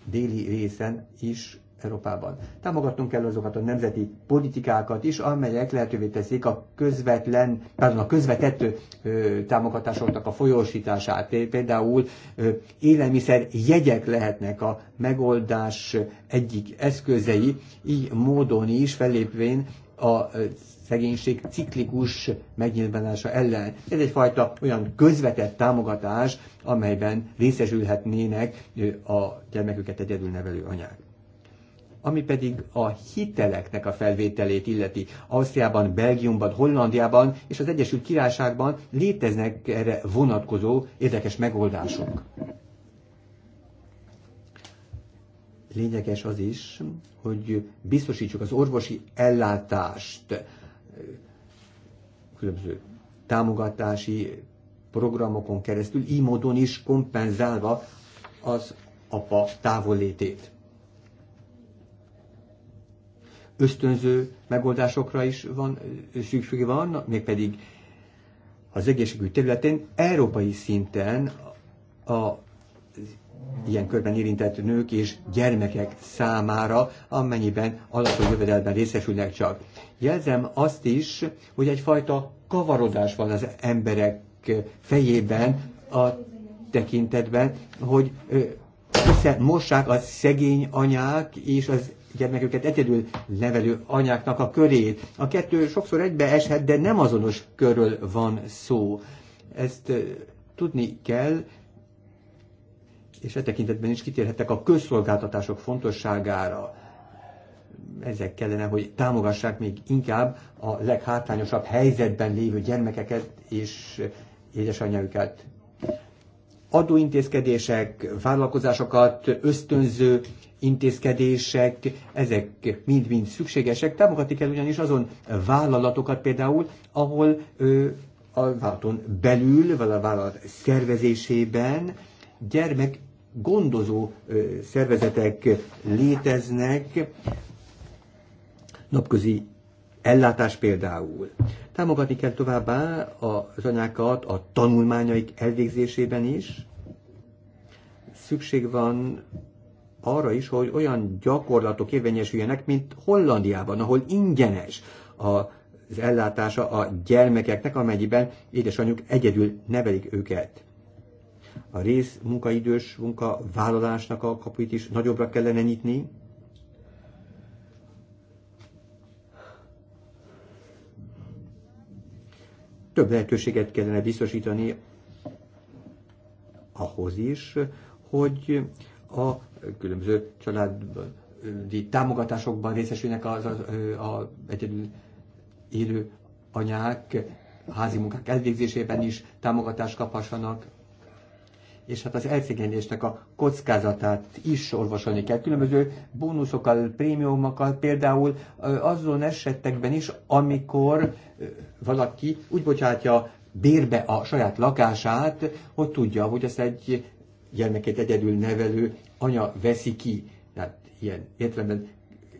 déli részen is Európában. Támogatnunk kell azokat a nemzeti politikákat is, amelyek lehetővé teszik a közvetlen, pardon, a közvetett ö, támogatásoknak a folyósítását. Például ö, élelmiszer jegyek lehetnek a megoldás egyik eszközei, így módon is fellépvén a szegénység ciklikus megnyilvánulása ellen. Ez egyfajta olyan közvetett támogatás, amelyben részesülhetnének a gyermeküket egyedül nevelő anyák ami pedig a hiteleknek a felvételét illeti. Ausztriában, Belgiumban, Hollandiában és az Egyesült Királyságban léteznek erre vonatkozó érdekes megoldások. Lényeges az is, hogy biztosítsuk az orvosi ellátást különböző támogatási programokon keresztül, így módon is kompenzálva az apa távollétét. Ösztönző megoldásokra is van szüksége van, mégpedig az egészségügy területén, európai szinten a ilyen körben érintett nők és gyermekek számára, amennyiben alacsony jövedelben részesülnek csak. Jelzem azt is, hogy egyfajta kavarodás van az emberek eh, fejében a tekintetben, hogy eh, mossák a szegény anyák és az gyermeküket egyedül nevelő anyáknak a körét. A kettő sokszor egybe eshet, de nem azonos körről van szó. Ezt eh, tudni kell, és e tekintetben is kitérhettek a közszolgáltatások fontosságára. Ezek kellene, hogy támogassák még inkább a leghátrányosabb helyzetben lévő gyermekeket és édesanyjukat. Adóintézkedések, vállalkozásokat ösztönző intézkedések, ezek mind-mind szükségesek. Támogatni kell ugyanis azon vállalatokat például, ahol ö, a vállalaton belül, vagy a vállalat szervezésében gyermek gondozó szervezetek léteznek, napközi ellátás például. Támogatni kell továbbá az anyákat a tanulmányaik elvégzésében is. Szükség van arra is, hogy olyan gyakorlatok érvényesüljenek, mint Hollandiában, ahol ingyenes az ellátása a gyermekeknek, amennyiben édesanyjuk egyedül nevelik őket a rész munkaidős munkavállalásnak a kapuit is nagyobbra kellene nyitni. Több lehetőséget kellene biztosítani ahhoz is, hogy a különböző családi támogatásokban részesülnek az, az, az egyedül élő anyák házi munkák elvégzésében is támogatást kaphassanak, és hát az elszigetelésnek a kockázatát is orvosolni kell. Különböző bónuszokkal, prémiumokkal, például azon esetekben is, amikor valaki úgy bocsátja bérbe a saját lakását, hogy tudja, hogy ezt egy gyermekét egyedül nevelő anya veszi ki. Tehát ilyen értelemben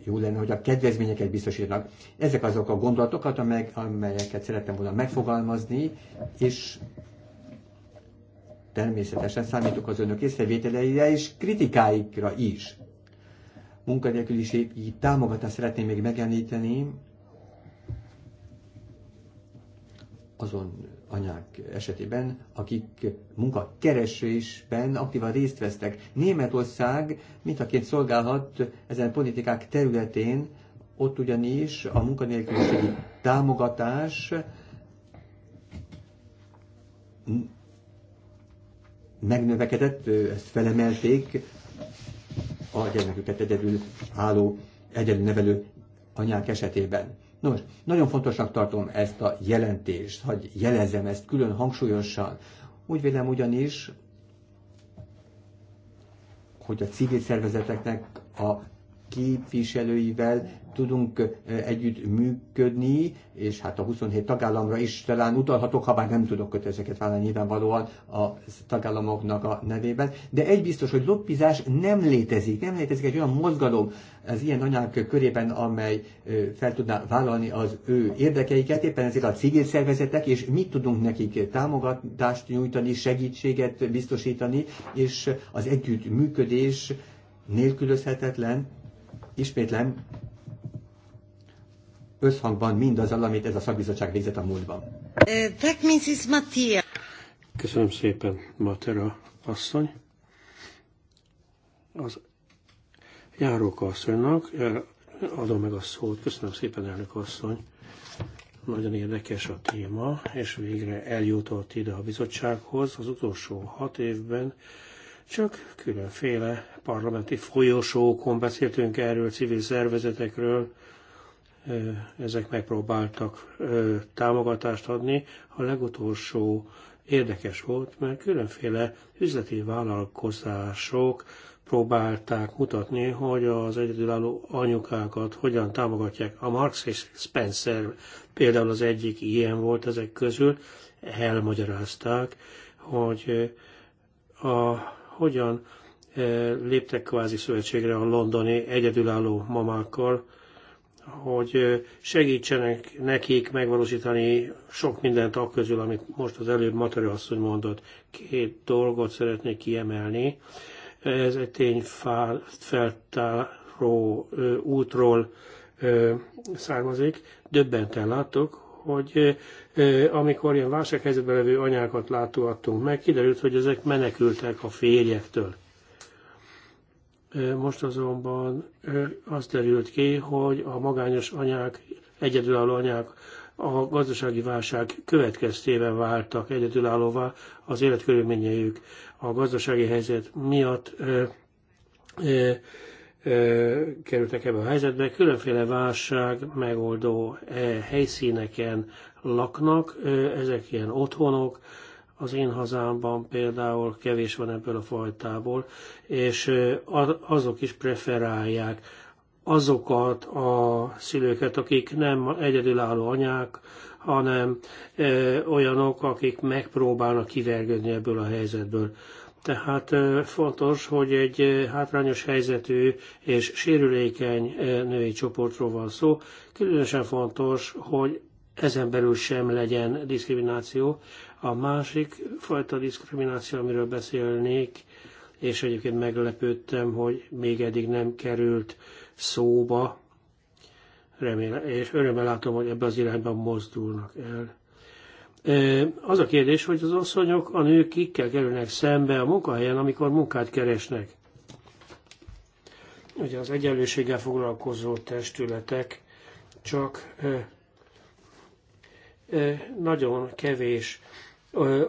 jó lenne, hogy a kedvezményeket biztosítanak. Ezek azok a gondolatokat, amelyeket szerettem volna megfogalmazni, és Természetesen számítok az önök észrevételeire és kritikáikra is. Munkanélküliségi támogatást szeretném még megemlíteni azon anyák esetében, akik munkakeresésben aktívan részt vesztek. Németország mint mintaként szolgálhat ezen politikák területén, ott ugyanis a munkanélküliségi támogatás megnövekedett, ezt felemelték a gyermeküket egyedül álló, egyedül nevelő anyák esetében. Nos, nagyon fontosnak tartom ezt a jelentést, hogy jelezem ezt külön hangsúlyosan. Úgy vélem ugyanis, hogy a civil szervezeteknek a képviselőivel tudunk együtt működni, és hát a 27 tagállamra is talán utalhatok, ha bár nem tudok kötelezeket vállalni nyilvánvalóan a tagállamoknak a nevében. De egy biztos, hogy lobbizás nem létezik. Nem létezik egy olyan mozgalom az ilyen anyák körében, amely fel tudná vállalni az ő érdekeiket. Éppen ezért a civil szervezetek, és mit tudunk nekik támogatást nyújtani, segítséget biztosítani, és az együttműködés nélkülözhetetlen, ismétlem, összhangban mindazzal, amit ez a szakbizottság végzett a múltban. Eh, tak, Mrs. matia Köszönöm szépen, Matera asszony. Az járók asszonynak eh, adom meg a szót. Köszönöm szépen, elnök asszony. Nagyon érdekes a téma, és végre eljutott ide a bizottsághoz. Az utolsó hat évben csak különféle parlamenti folyosókon beszéltünk erről, civil szervezetekről, ezek megpróbáltak támogatást adni. A legutolsó érdekes volt, mert különféle üzleti vállalkozások próbálták mutatni, hogy az egyedülálló anyukákat hogyan támogatják. A Marx és Spencer például az egyik ilyen volt ezek közül, elmagyarázták, hogy a, hogyan Eh, léptek kvázi szövetségre a londoni egyedülálló mamákkal, hogy eh, segítsenek nekik megvalósítani sok mindent a közül, amit most az előbb Matari asszony mondott. Két dolgot szeretnék kiemelni. Ez egy tényfeltáró útról származik. Döbbenten láttuk, hogy amikor ilyen válsághelyzetben levő anyákat látogattunk meg, kiderült, hogy ezek menekültek a férjektől. Most azonban az derült ki, hogy a magányos anyák, egyedülálló anyák a gazdasági válság következtében váltak egyedülállóvá az életkörülményeik a gazdasági helyzet miatt ö, ö, ö, kerültek ebbe a helyzetbe. Különféle válság megoldó e, helyszíneken laknak, ö, ezek ilyen otthonok, az én hazámban például kevés van ebből a fajtából, és azok is preferálják azokat a szülőket, akik nem egyedülálló anyák, hanem ö, olyanok, akik megpróbálnak kivergődni ebből a helyzetből. Tehát ö, fontos, hogy egy hátrányos helyzetű és sérülékeny ö, női csoportról van szó. Különösen fontos, hogy ezen belül sem legyen diszkrimináció, a másik fajta diszkrimináció, amiről beszélnék, és egyébként meglepődtem, hogy még eddig nem került szóba, remélem, és örömmel látom, hogy ebbe az irányban mozdulnak el. Az a kérdés, hogy az asszonyok, a nők kikkel kerülnek szembe a munkahelyen, amikor munkát keresnek. Ugye az egyenlőséggel foglalkozó testületek csak nagyon kevés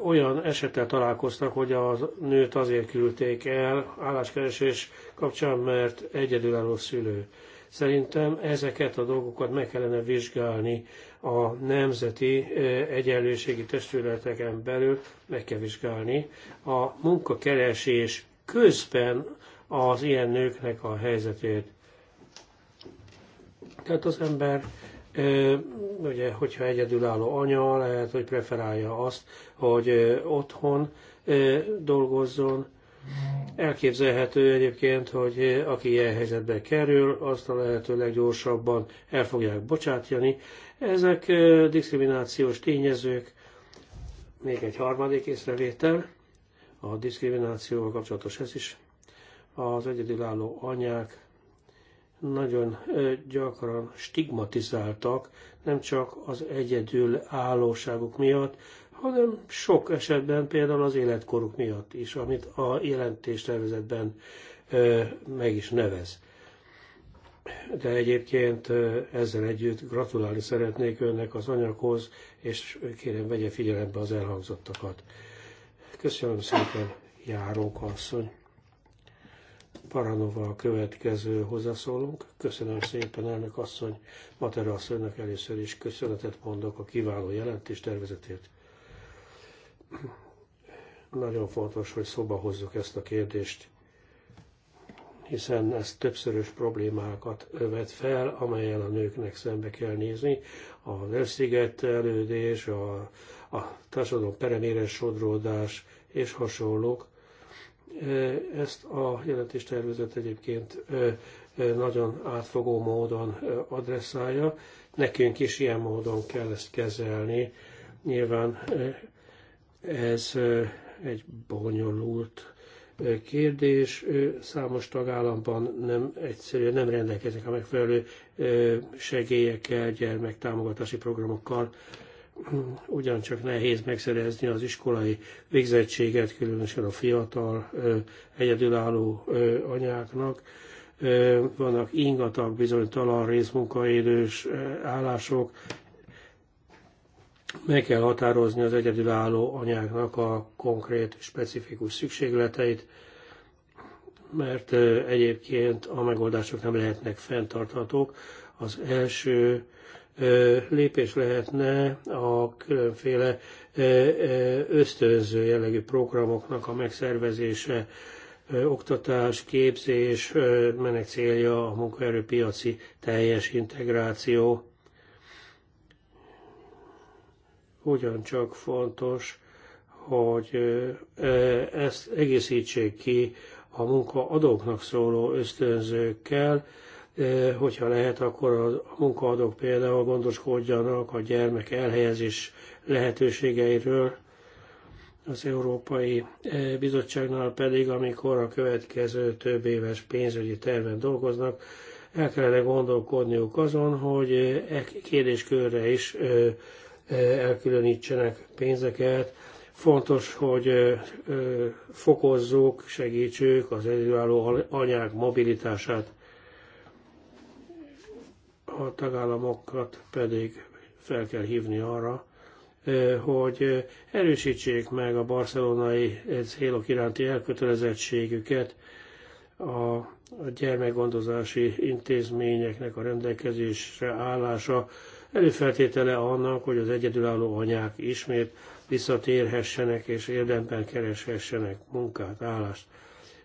olyan esettel találkoztak, hogy a nőt azért küldték el álláskeresés kapcsán, mert egyedülálló szülő. Szerintem ezeket a dolgokat meg kellene vizsgálni a nemzeti egyenlőségi testületeken belül, meg kell vizsgálni a munkakeresés közben az ilyen nőknek a helyzetét. Tehát az ember Ugye, hogyha egyedülálló anya, lehet, hogy preferálja azt, hogy otthon dolgozzon. Elképzelhető egyébként, hogy aki ilyen helyzetbe kerül, azt a lehető leggyorsabban el fogják bocsátjani. Ezek diszkriminációs tényezők. Még egy harmadik észrevétel a diszkriminációval kapcsolatos ez is. Az egyedülálló anyák nagyon gyakran stigmatizáltak, nem csak az egyedül állóságuk miatt, hanem sok esetben például az életkoruk miatt is, amit a jelentéstervezetben meg is nevez. De egyébként ezzel együtt gratulálni szeretnék önnek az anyaghoz, és kérem vegye figyelembe az elhangzottakat. Köszönöm szépen, járók asszony! Paranova a következő hozzászólunk. Köszönöm szépen, elnök asszony, Matera asszonynak először is köszönetet mondok a kiváló jelentés tervezetét. Nagyon fontos, hogy szóba hozzuk ezt a kérdést, hiszen ez többszörös problémákat övet fel, amelyen a nőknek szembe kell nézni. A elszigetelődés, a, a társadalom peremére sodródás és hasonlók ezt a jelentéstervezet egyébként nagyon átfogó módon adresszálja. Nekünk is ilyen módon kell ezt kezelni. Nyilván ez egy bonyolult kérdés. Számos tagállamban nem egyszerűen nem rendelkeznek a megfelelő segélyekkel, gyermektámogatási programokkal ugyancsak nehéz megszerezni az iskolai végzettséget, különösen a fiatal, egyedülálló anyáknak. Vannak ingatag, talán részmunkaidős állások. Meg kell határozni az egyedülálló anyáknak a konkrét, specifikus szükségleteit, mert egyébként a megoldások nem lehetnek fenntarthatók. Az első lépés lehetne a különféle ösztönző jellegű programoknak a megszervezése, oktatás, képzés, menek célja a munkaerőpiaci teljes integráció. Ugyancsak fontos, hogy ezt egészítsék ki a munkaadóknak szóló ösztönzőkkel, Eh, hogyha lehet, akkor a munkaadók például gondoskodjanak a gyermek elhelyezés lehetőségeiről. Az Európai eh, Bizottságnál pedig, amikor a következő több éves pénzügyi terven dolgoznak, el kellene gondolkodniuk azon, hogy eh, e kérdéskörre is elkülönítsenek pénzeket. Fontos, hogy fokozzuk, segítsük az előálló anyák mobilitását a tagállamokat pedig fel kell hívni arra, eh, hogy erősítsék meg a barcelonai eh, célok iránti elkötelezettségüket a gyermekgondozási intézményeknek a rendelkezésre állása előfeltétele annak, hogy az egyedülálló anyák ismét visszatérhessenek és érdemben kereshessenek munkát, állást.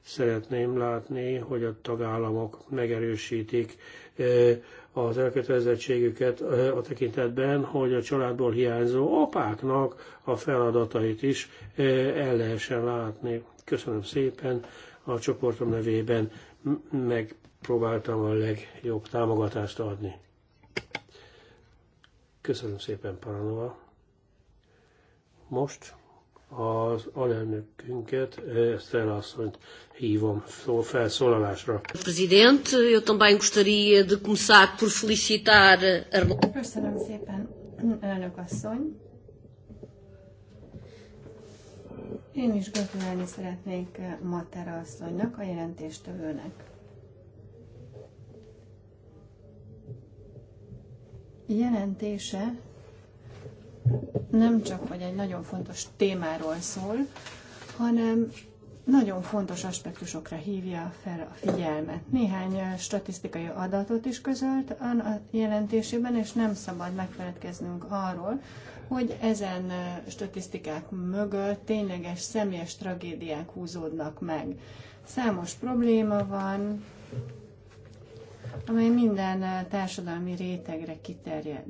Szeretném látni, hogy a tagállamok megerősítik eh, az elkötelezettségüket a tekintetben, hogy a családból hiányzó apáknak a feladatait is el lehessen látni. Köszönöm szépen a csoportom nevében, megpróbáltam a legjobb támogatást adni. Köszönöm szépen, Pánova. Most az alelnökünket, Eszter asszonyt hívom felszólalásra. Presidente, eu também gostaria de começar por felicitar a... Köszönöm szépen, elnök asszony. Én is gratulálni szeretnék Matera asszonynak, a jelentéstevőnek. Jelentése nem csak, hogy egy nagyon fontos témáról szól, hanem nagyon fontos aspektusokra hívja fel a figyelmet. Néhány statisztikai adatot is közölt a jelentésében, és nem szabad megfeledkeznünk arról, hogy ezen statisztikák mögött tényleges személyes tragédiák húzódnak meg. Számos probléma van, amely minden társadalmi rétegre kiterjed.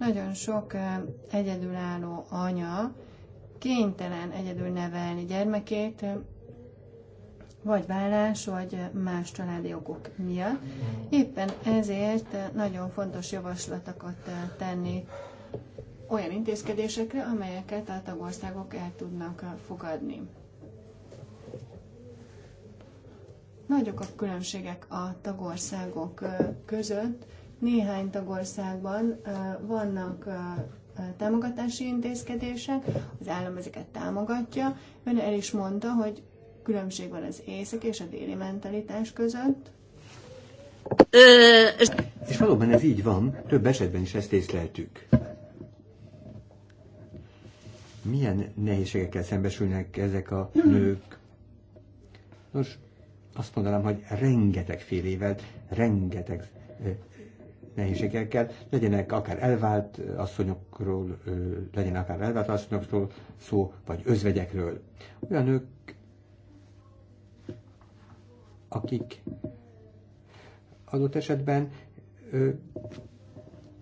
Nagyon sok egyedülálló anya kénytelen egyedül nevelni gyermekét, vagy vállás, vagy más családi okok miatt. Éppen ezért nagyon fontos javaslatokat tenni olyan intézkedésekre, amelyeket a tagországok el tudnak fogadni. Nagyok a különbségek a tagországok között, néhány tagországban vannak támogatási intézkedések, az állam ezeket támogatja. Ön el is mondta, hogy különbség van az észak és a déli mentalitás között. És valóban ez így van, több esetben is ezt észleltük. Milyen nehézségekkel szembesülnek ezek a nők? Nos, azt mondanám, hogy rengeteg fél évet, rengeteg nehézségekkel, legyenek akár elvált asszonyokról, legyen akár elvált asszonyokról szó, vagy özvegyekről. Olyan nők, akik adott esetben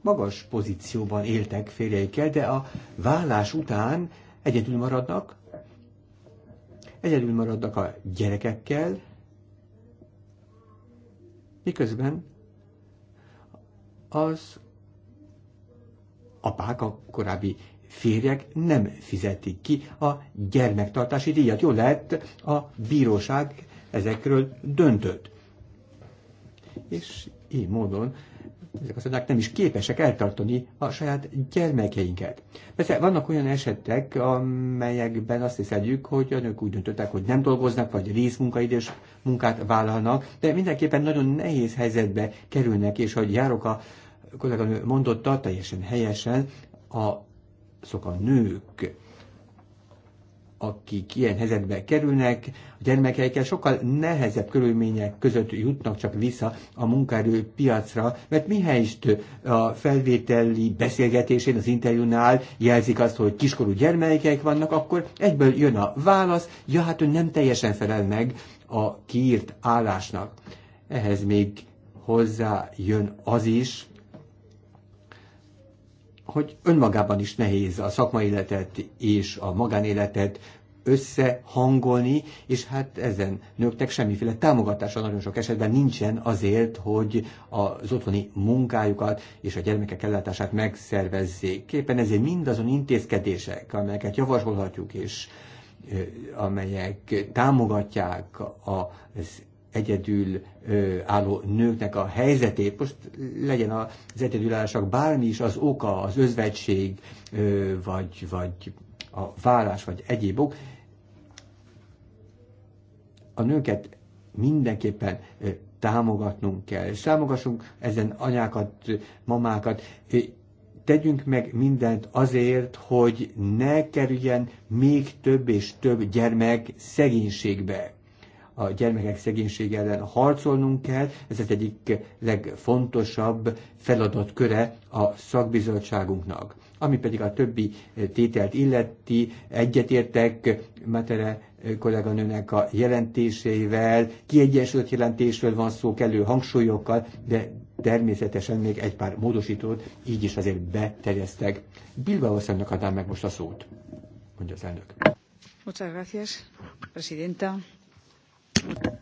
magas pozícióban éltek férjeikkel, de a vállás után egyedül maradnak, egyedül maradnak a gyerekekkel, miközben az apák, a korábbi férjek nem fizetik ki a gyermektartási díjat. Jó lett, a bíróság ezekről döntött. És így módon ezek a szadák nem is képesek eltartani a saját gyermekeinket. Persze vannak olyan esetek, amelyekben azt hiszedjük, hogy a nők úgy döntöttek, hogy nem dolgoznak, vagy részmunkaidős munkát vállalnak, de mindenképpen nagyon nehéz helyzetbe kerülnek, és hogy járok a kolléganő mondotta, teljesen helyesen, a, azok a nők, akik ilyen helyzetbe kerülnek, a gyermekeikkel sokkal nehezebb körülmények között jutnak csak vissza a piacra, mert mihelyst a felvételi beszélgetésén, az interjúnál jelzik azt, hogy kiskorú gyermekeik vannak, akkor egyből jön a válasz, ja hát ő nem teljesen felel meg a kiírt állásnak. Ehhez még hozzá jön az is, hogy önmagában is nehéz a szakmai életet és a magánéletet összehangolni, és hát ezen nőknek semmiféle támogatása nagyon sok esetben nincsen azért, hogy az otthoni munkájukat és a gyermekek ellátását megszervezzék. Éppen ezért mindazon intézkedések, amelyeket javasolhatjuk, és amelyek támogatják az egyedül álló nőknek a helyzetét, most legyen az egyedülállásak bármi is az oka, az özvegység, vagy, vagy a vállás, vagy egyéb ok, a nőket mindenképpen támogatnunk kell, és támogassunk ezen anyákat, mamákat, tegyünk meg mindent azért, hogy ne kerüljen még több és több gyermek szegénységbe a gyermekek szegénysége ellen harcolnunk kell, ez az egyik legfontosabb feladatköre a szakbizottságunknak. Ami pedig a többi tételt illeti, egyetértek Matere kolléganőnek a jelentésével, kiegyensúlyozott jelentésről van szó kellő hangsúlyokkal, de természetesen még egy pár módosítót így is azért beterjesztek. Bilbao asszonynak adnám meg most a szót, mondja az elnök. Muchas gracias, presidenta.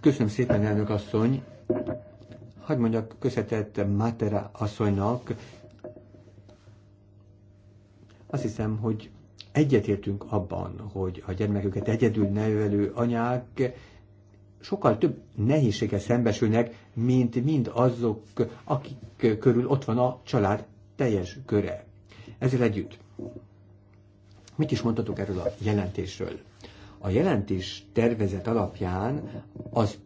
Köszönöm szépen, elnök asszony. Hagy mondjak köszönetet Matera asszonynak. Azt hiszem, hogy egyetértünk abban, hogy a gyermeküket egyedül nevelő anyák sokkal több nehézséggel szembesülnek, mint mind azok, akik körül ott van a család teljes köre. Ezzel együtt, mit is mondhatok erről a jelentésről? A jelentés tervezet alapján az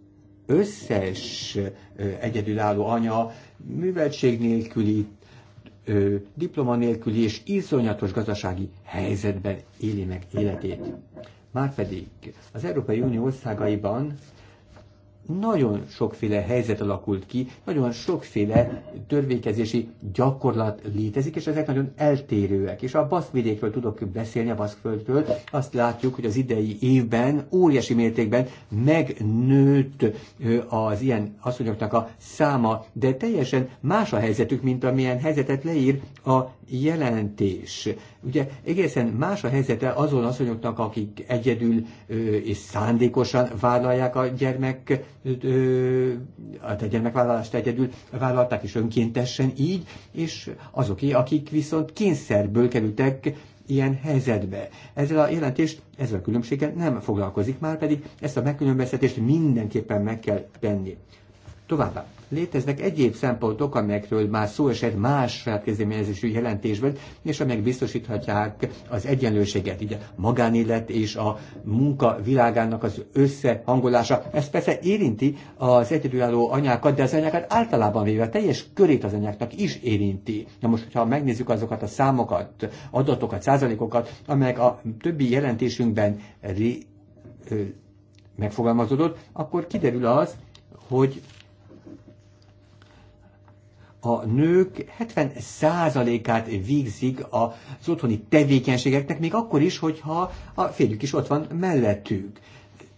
összes egyedülálló anya műveltség nélküli, diploma nélküli és iszonyatos gazdasági helyzetben éli meg életét. Márpedig az Európai Unió országaiban nagyon sokféle helyzet alakult ki, nagyon sokféle törvénykezési gyakorlat létezik, és ezek nagyon eltérőek. És a baszkvidékről tudok beszélni, a baszkföldről, azt látjuk, hogy az idei évben óriási mértékben megnőtt az ilyen asszonyoknak a száma, de teljesen más a helyzetük, mint amilyen helyzetet leír a jelentés. Ugye egészen más a helyzete azon asszonyoknak, akik egyedül ö, és szándékosan vállalják a gyermek, ö, a gyermekvállalást egyedül vállalták, és önkéntesen így, és azoké, akik viszont kényszerből kerültek ilyen helyzetbe. Ezzel a jelentést, ezzel a különbséggel nem foglalkozik már, pedig ezt a megkülönböztetést mindenképpen meg kell tenni. Továbbá léteznek egyéb szempontok, amelyekről már szó esett más saját kezdeményezésű jelentésben, és amelyek biztosíthatják az egyenlőséget, így a magánélet és a munka világának az összehangolása. Ez persze érinti az egyedülálló anyákat, de az anyákat általában véve teljes körét az anyáknak is érinti. Na most, ha megnézzük azokat a számokat, adatokat, százalékokat, amelyek a többi jelentésünkben ö, megfogalmazódott, akkor kiderül az, hogy a nők 70%-át végzik az otthoni tevékenységeknek, még akkor is, hogyha a férjük is ott van mellettük.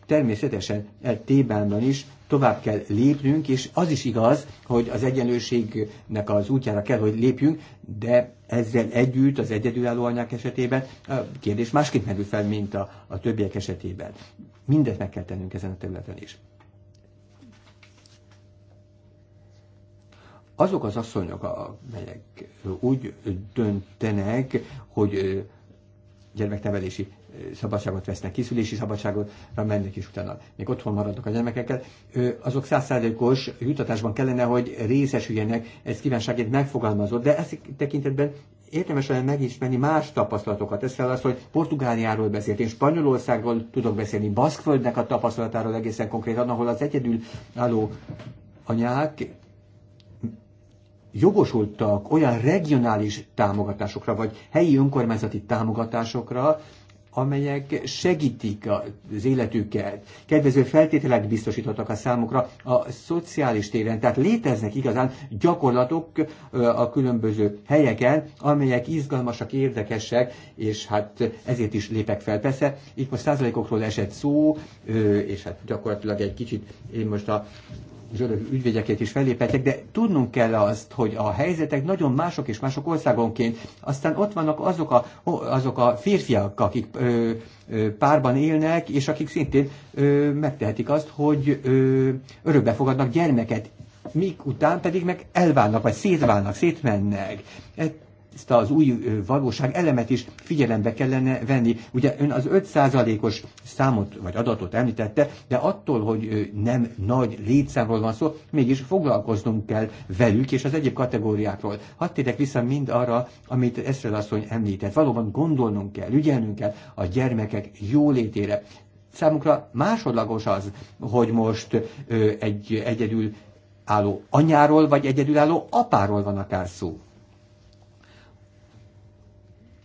Természetesen e tébánban is tovább kell lépnünk, és az is igaz, hogy az egyenlőségnek az útjára kell, hogy lépjünk, de ezzel együtt az egyedülálló anyák esetében a kérdés másképp merül fel, mint a, a többiek esetében. Mindet meg kell tennünk ezen a területen is. azok az asszonyok, amelyek úgy döntenek, hogy gyermeknevelési szabadságot vesznek, készülési szabadságotra mennek, és utána még otthon maradnak a gyermekekkel, azok százszázalékos jutatásban kellene, hogy részesüljenek, ez kívánságét megfogalmazott, de ezt tekintetben érdemes lenne megismerni más tapasztalatokat. Ez fel az, hogy Portugáliáról beszélt, én Spanyolországról tudok beszélni, Baszkföldnek a tapasztalatáról egészen konkrétan, ahol az egyedül álló anyák jogosultak olyan regionális támogatásokra, vagy helyi önkormányzati támogatásokra, amelyek segítik az életüket, kedvező feltételek biztosítottak a számukra a szociális téren. Tehát léteznek igazán gyakorlatok a különböző helyeken, amelyek izgalmasak, érdekesek, és hát ezért is lépek fel. Persze itt most százalékokról esett szó, és hát gyakorlatilag egy kicsit én most a zsörög ügyvédjeként is felléphetnek, de tudnunk kell azt, hogy a helyzetek nagyon mások és mások országonként. Aztán ott vannak azok a, azok a férfiak, akik ö, ö, párban élnek, és akik szintén ö, megtehetik azt, hogy ö, örökbe fogadnak gyermeket, míg után pedig meg elválnak, vagy szétválnak, szétmennek ezt az új valóság elemet is figyelembe kellene venni. Ugye ön az 5%-os számot vagy adatot említette, de attól, hogy nem nagy létszámról van szó, mégis foglalkoznunk kell velük és az egyéb kategóriákról. Hadd tétek vissza mind arra, amit Eszred asszony említett. Valóban gondolnunk kell, ügyelnünk kell a gyermekek jólétére. Számukra másodlagos az, hogy most egy egyedül álló anyáról, vagy egyedülálló apáról van akár szó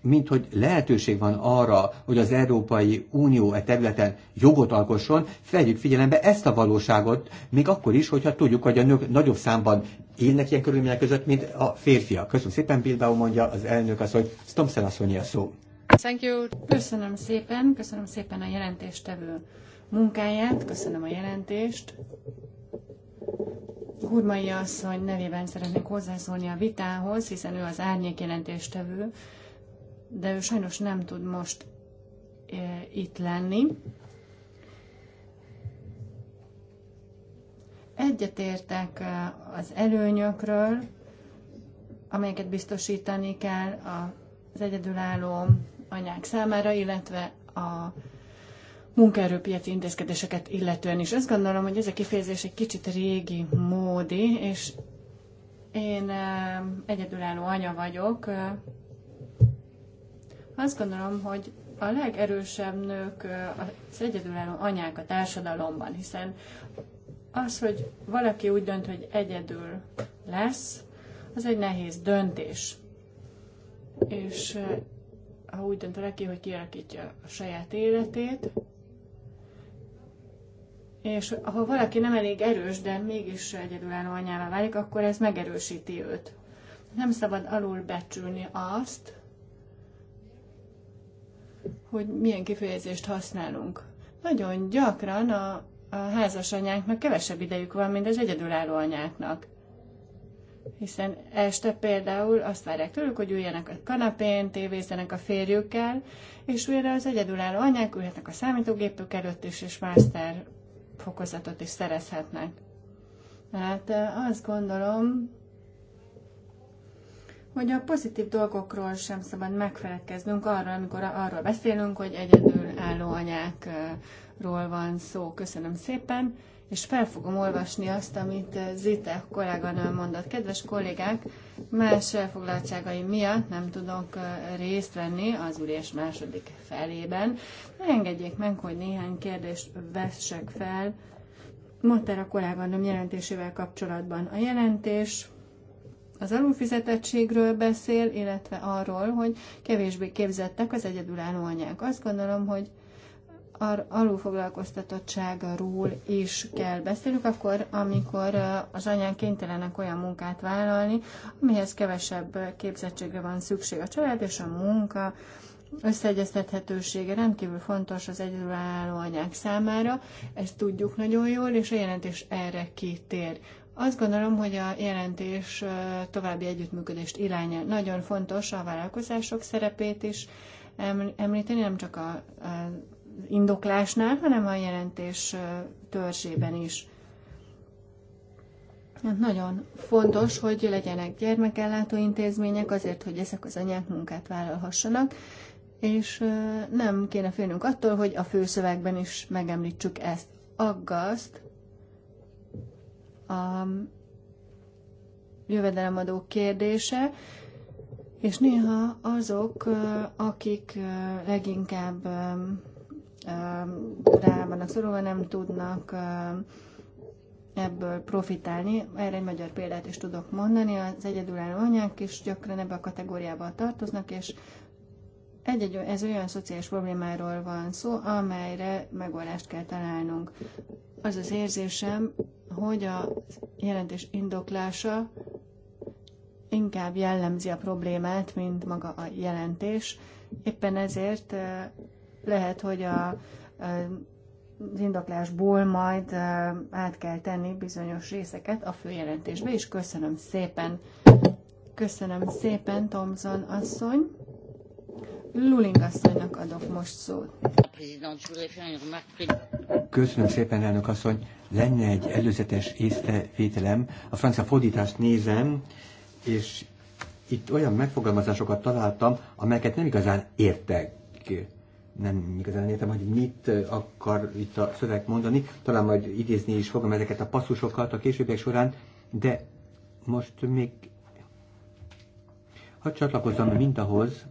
mint hogy lehetőség van arra, hogy az Európai Unió e területen jogot alkosson, vegyük figyelembe ezt a valóságot, még akkor is, hogyha tudjuk, hogy a nők nagyobb számban élnek ilyen körülmények között, mint a férfiak. Köszönöm szépen, Bilbao mondja az elnök az, hogy Stomszen asszony a szó. Thank you. Köszönöm szépen, köszönöm szépen a jelentéstevő munkáját, köszönöm a jelentést. Hurmai asszony nevében szeretnék hozzászólni a vitához, hiszen ő az árnyék jelentéstevő, de ő sajnos nem tud most e, itt lenni. Egyetértek e, az előnyökről, amelyeket biztosítani kell az egyedülálló anyák számára, illetve a munkaerőpiaci intézkedéseket illetően is. Azt gondolom, hogy ez a kifejezés egy kicsit régi módi, és én e, egyedülálló anya vagyok, azt gondolom, hogy a legerősebb nők az egyedülálló anyák a társadalomban, hiszen az, hogy valaki úgy dönt, hogy egyedül lesz, az egy nehéz döntés. És ha úgy dönt valaki, hogy kialakítja a saját életét, és ha valaki nem elég erős, de mégis egyedülálló anyává válik, akkor ez megerősíti őt. Nem szabad alul becsülni azt, hogy milyen kifejezést használunk. Nagyon gyakran a, a házas anyáknak kevesebb idejük van, mint az egyedülálló anyáknak. Hiszen este például azt várják tőlük, hogy üljenek a kanapén, tévézzenek a férjükkel, és újra az egyedülálló anyák ülhetnek a számítógépük előtt is, és master fokozatot is szerezhetnek. Hát azt gondolom, hogy a pozitív dolgokról sem szabad megfelelkeznünk arra, amikor arról beszélünk, hogy egyedül álló anyákról van szó. Köszönöm szépen, és fel fogom olvasni azt, amit Zite kolléganő mondott. Kedves kollégák, más elfoglaltságai miatt nem tudok részt venni az ülés második felében. Engedjék meg, hogy néhány kérdést vessek fel Matera kolléganőm jelentésével kapcsolatban. A jelentés az alulfizetettségről beszél, illetve arról, hogy kevésbé képzettek az egyedülálló anyák. Azt gondolom, hogy alulfoglalkoztatottságról is kell beszélünk, akkor, amikor az anyák kénytelenek olyan munkát vállalni, amihez kevesebb képzettségre van szükség. A család és a munka összeegyeztethetősége rendkívül fontos az egyedülálló anyák számára, ezt tudjuk nagyon jól, és a jelentés erre kitér. Azt gondolom, hogy a jelentés további együttműködést irányel. Nagyon fontos a vállalkozások szerepét is említeni, nem csak a, indoklásnál, hanem a jelentés törzsében is. Hát nagyon fontos, hogy legyenek gyermekellátó intézmények azért, hogy ezek az anyák munkát vállalhassanak, és nem kéne félnünk attól, hogy a főszövegben is megemlítsük ezt. Aggaszt, a jövedelemadó kérdése, és néha azok, akik leginkább rá vannak szorulva, nem tudnak ebből profitálni. Erre egy magyar példát is tudok mondani. Az egyedülálló anyák is gyakran ebbe a kategóriába tartoznak, és egy-egy, ez olyan szociális problémáról van szó, amelyre megoldást kell találnunk. Az az érzésem, hogy a jelentés indoklása inkább jellemzi a problémát, mint maga a jelentés. Éppen ezért lehet, hogy a, az indoklásból majd át kell tenni bizonyos részeket a főjelentésbe, és köszönöm szépen. Köszönöm szépen, Tomson asszony. Luling asszonynak adok most szót. Köszönöm szépen, elnök asszony. Lenne egy előzetes észrevételem. A francia fordítást nézem, és itt olyan megfogalmazásokat találtam, amelyeket nem igazán értek. Nem igazán értem, hogy mit akar itt a szöveg mondani. Talán majd idézni is fogom ezeket a passzusokat a későbbiek során, de most még hadd csatlakozzam mindahhoz,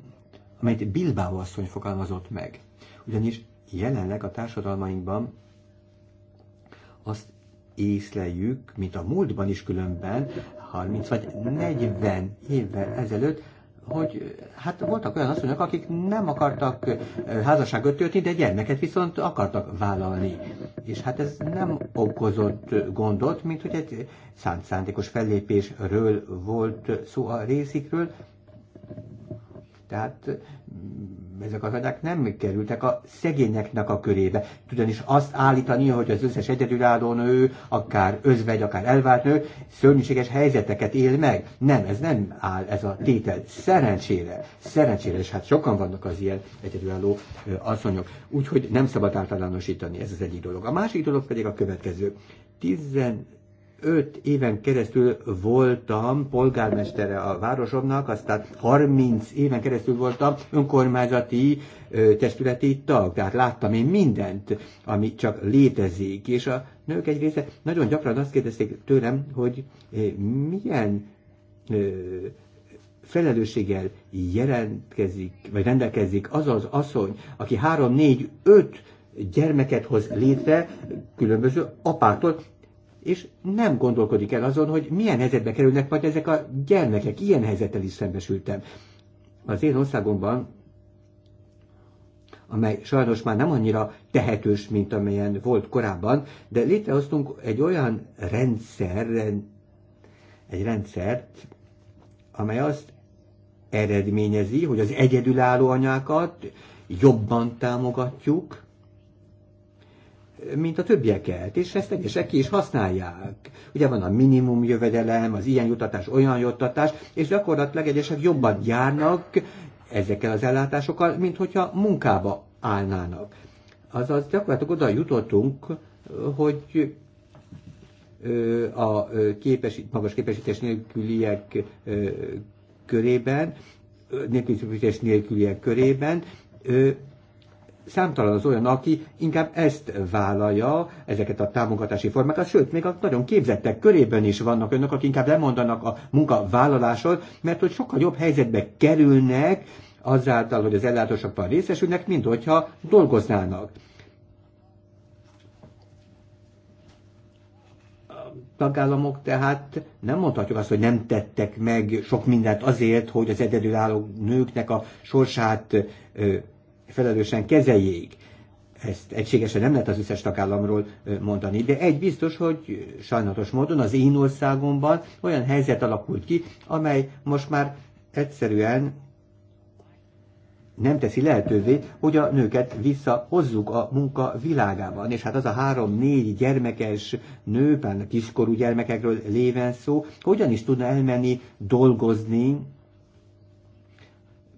amelyet Bilbao asszony fogalmazott meg. Ugyanis jelenleg a társadalmainkban azt észleljük, mint a múltban is különben, 30 vagy 40 évvel ezelőtt, hogy hát voltak olyan asszonyok, akik nem akartak házasságot történni, de gyermeket viszont akartak vállalni. És hát ez nem okozott gondot, mint hogy egy szánt szándékos fellépésről volt szó a részikről, tehát mm, ezek az anyák nem kerültek a szegényeknek a körébe. Ugyanis azt állítani, hogy az összes egyedülálló nő, akár özvegy, akár elvált nő, szörnyűséges helyzeteket él meg. Nem, ez nem áll ez a tétel. Szerencsére, szerencsére, és hát sokan vannak az ilyen egyedülálló asszonyok. Úgyhogy nem szabad általánosítani, ez az egyik dolog. A másik dolog pedig a következő. Tizen öt éven keresztül voltam polgármestere a városomnak, aztán 30 éven keresztül voltam önkormányzati testületi tag, tehát láttam én mindent, ami csak létezik, és a nők egy része nagyon gyakran azt kérdezték tőlem, hogy milyen felelősséggel jelentkezik, vagy rendelkezik az az asszony, aki három, négy, öt gyermeket hoz létre különböző apától, és nem gondolkodik el azon, hogy milyen helyzetbe kerülnek majd ezek a gyermekek. Ilyen helyzettel is szembesültem. Az én országomban, amely sajnos már nem annyira tehetős, mint amilyen volt korábban, de létrehoztunk egy olyan rendszer, egy rendszert, amely azt eredményezi, hogy az egyedülálló anyákat jobban támogatjuk, mint a többieket, és ezt egyesek ki is használják. Ugye van a minimum jövedelem, az ilyen jutatás, olyan juttatás, és gyakorlatilag egyesek jobban járnak ezekkel az ellátásokkal, mint hogyha munkába állnának. Azaz gyakorlatilag oda jutottunk, hogy a képes, magas képesítés nélküliek körében, nélkülisítés nélküliek körében számtalan az olyan, aki inkább ezt vállalja, ezeket a támogatási formákat, sőt, még a nagyon képzettek körében is vannak önök, akik inkább lemondanak a munkavállalásról, mert hogy sokkal jobb helyzetbe kerülnek, azáltal, hogy az ellátósokban részesülnek, mint hogyha dolgoznának. tagállamok tehát nem mondhatjuk azt, hogy nem tettek meg sok mindent azért, hogy az egyedülálló nőknek a sorsát felelősen kezeljék. Ezt egységesen nem lehet az összes tagállamról mondani, de egy biztos, hogy sajnálatos módon az én országomban olyan helyzet alakult ki, amely most már egyszerűen nem teszi lehetővé, hogy a nőket visszahozzuk a munka világában. És hát az a három-négy gyermekes nő, a kiskorú gyermekekről léven szó, hogyan is tudna elmenni dolgozni,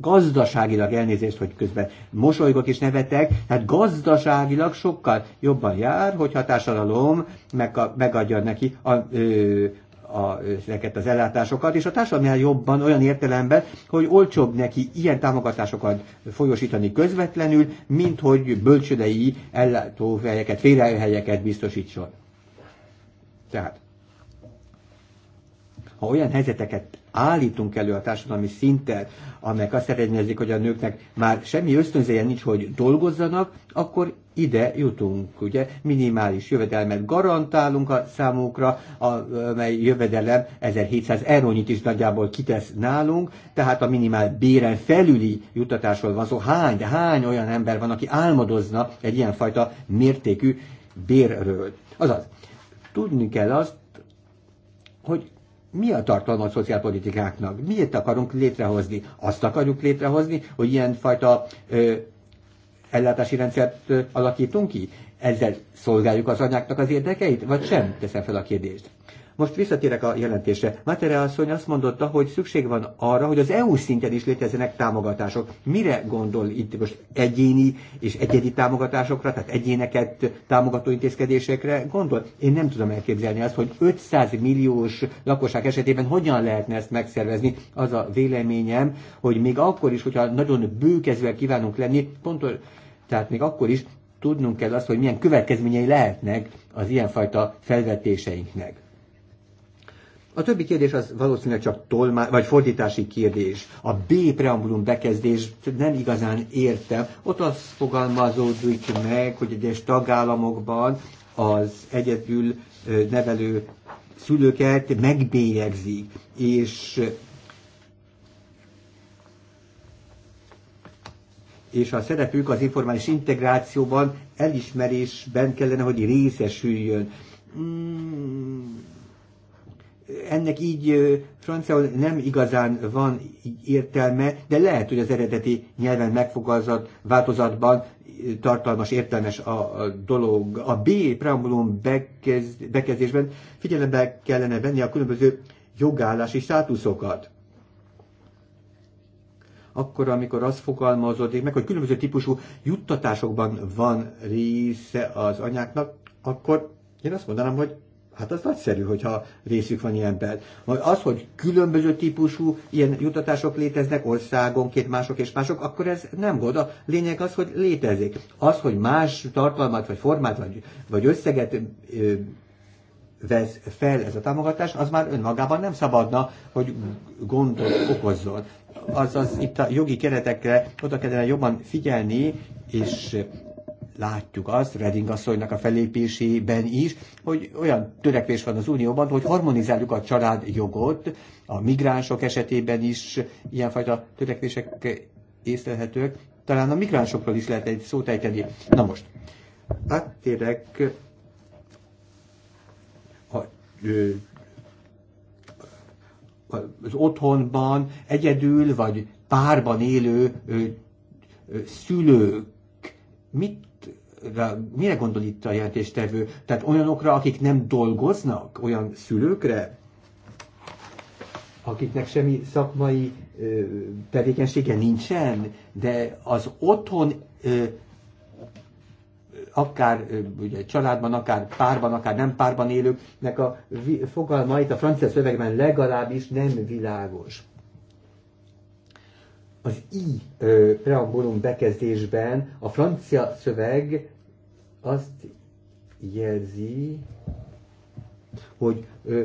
gazdaságilag elnézést, hogy közben mosolygok és nevetek, tehát gazdaságilag sokkal jobban jár, hogy társadalom meg, megadja neki a, ö, a, ezeket az ellátásokat, és a jár jobban olyan értelemben, hogy olcsóbb neki ilyen támogatásokat folyosítani közvetlenül, mint hogy bölcsödei ellátóhelyeket, félrehelyeket biztosítson. Tehát ha olyan helyzeteket állítunk elő a társadalmi szinten, amelyek azt eredményezik, hogy a nőknek már semmi ösztönzéje nincs, hogy dolgozzanak, akkor ide jutunk, ugye, minimális jövedelmet garantálunk a számukra, amely jövedelem 1700 eurónyit is nagyjából kitesz nálunk, tehát a minimál béren felüli juttatásról van szó. Hány, de hány olyan ember van, aki álmodozna egy ilyenfajta mértékű bérről? Azaz, tudni kell azt, hogy mi a tartalma a szociálpolitikáknak? Miért akarunk létrehozni? Azt akarjuk létrehozni, hogy ilyenfajta ö, ellátási rendszert ö, alakítunk ki? Ezzel szolgáljuk az anyáknak az érdekeit, vagy sem? Teszem fel a kérdést. Most visszatérek a jelentésre. Matere asszony azt mondotta, hogy szükség van arra, hogy az EU szinten is létezzenek támogatások. Mire gondol itt most egyéni és egyedi támogatásokra, tehát egyéneket támogató intézkedésekre gondol? Én nem tudom elképzelni azt, hogy 500 milliós lakosság esetében hogyan lehetne ezt megszervezni. Az a véleményem, hogy még akkor is, hogyha nagyon bőkezően kívánunk lenni, pontos, tehát még akkor is tudnunk kell azt, hogy milyen következményei lehetnek az ilyenfajta felvetéseinknek. A többi kérdés az valószínűleg csak tolmá, vagy fordítási kérdés. A B preambulum bekezdés nem igazán értem. Ott az fogalmazódik meg, hogy egyes tagállamokban az egyedül nevelő szülőket megbélyegzik, és és a szerepük az informális integrációban elismerésben kellene, hogy részesüljön. Hmm ennek így franciául nem igazán van értelme, de lehet, hogy az eredeti nyelven megfogalmazott változatban tartalmas, értelmes a, a dolog. A B preambulum bekez, bekezdésben figyelembe kellene venni a különböző jogállási státuszokat. Akkor, amikor az fogalmazódik meg, hogy különböző típusú juttatásokban van része az anyáknak, akkor én azt mondanám, hogy Hát az nagyszerű, hogyha részük van ilyenben. Majd az, hogy különböző típusú ilyen jutatások léteznek országonként mások és mások, akkor ez nem gond. A lényeg az, hogy létezik. Az, hogy más tartalmat, vagy formát, vagy, vagy összeget ö, vesz fel ez a támogatás, az már önmagában nem szabadna, hogy gondot okozzon. Azaz itt a jogi keretekre oda kellene jobban figyelni, és látjuk azt, Reding asszonynak a felépésében is, hogy olyan törekvés van az Unióban, hogy harmonizáljuk a család jogot, a migránsok esetében is ilyenfajta törekvések észlelhetők. Talán a migránsokról is lehet egy szót ejteni. Na most, áttérek a ö, az otthonban egyedül vagy párban élő ö, ö, szülők mit mire gondol itt a jelentéstevő? Tehát olyanokra, akik nem dolgoznak, olyan szülőkre, akiknek semmi szakmai ö, tevékenysége nincsen, de az otthon ö, akár ugye, családban, akár párban, akár nem párban élőknek a fogalmait a francia szövegben legalábbis nem világos az i ö, preambulum bekezdésben a francia szöveg azt jelzi, hogy ö,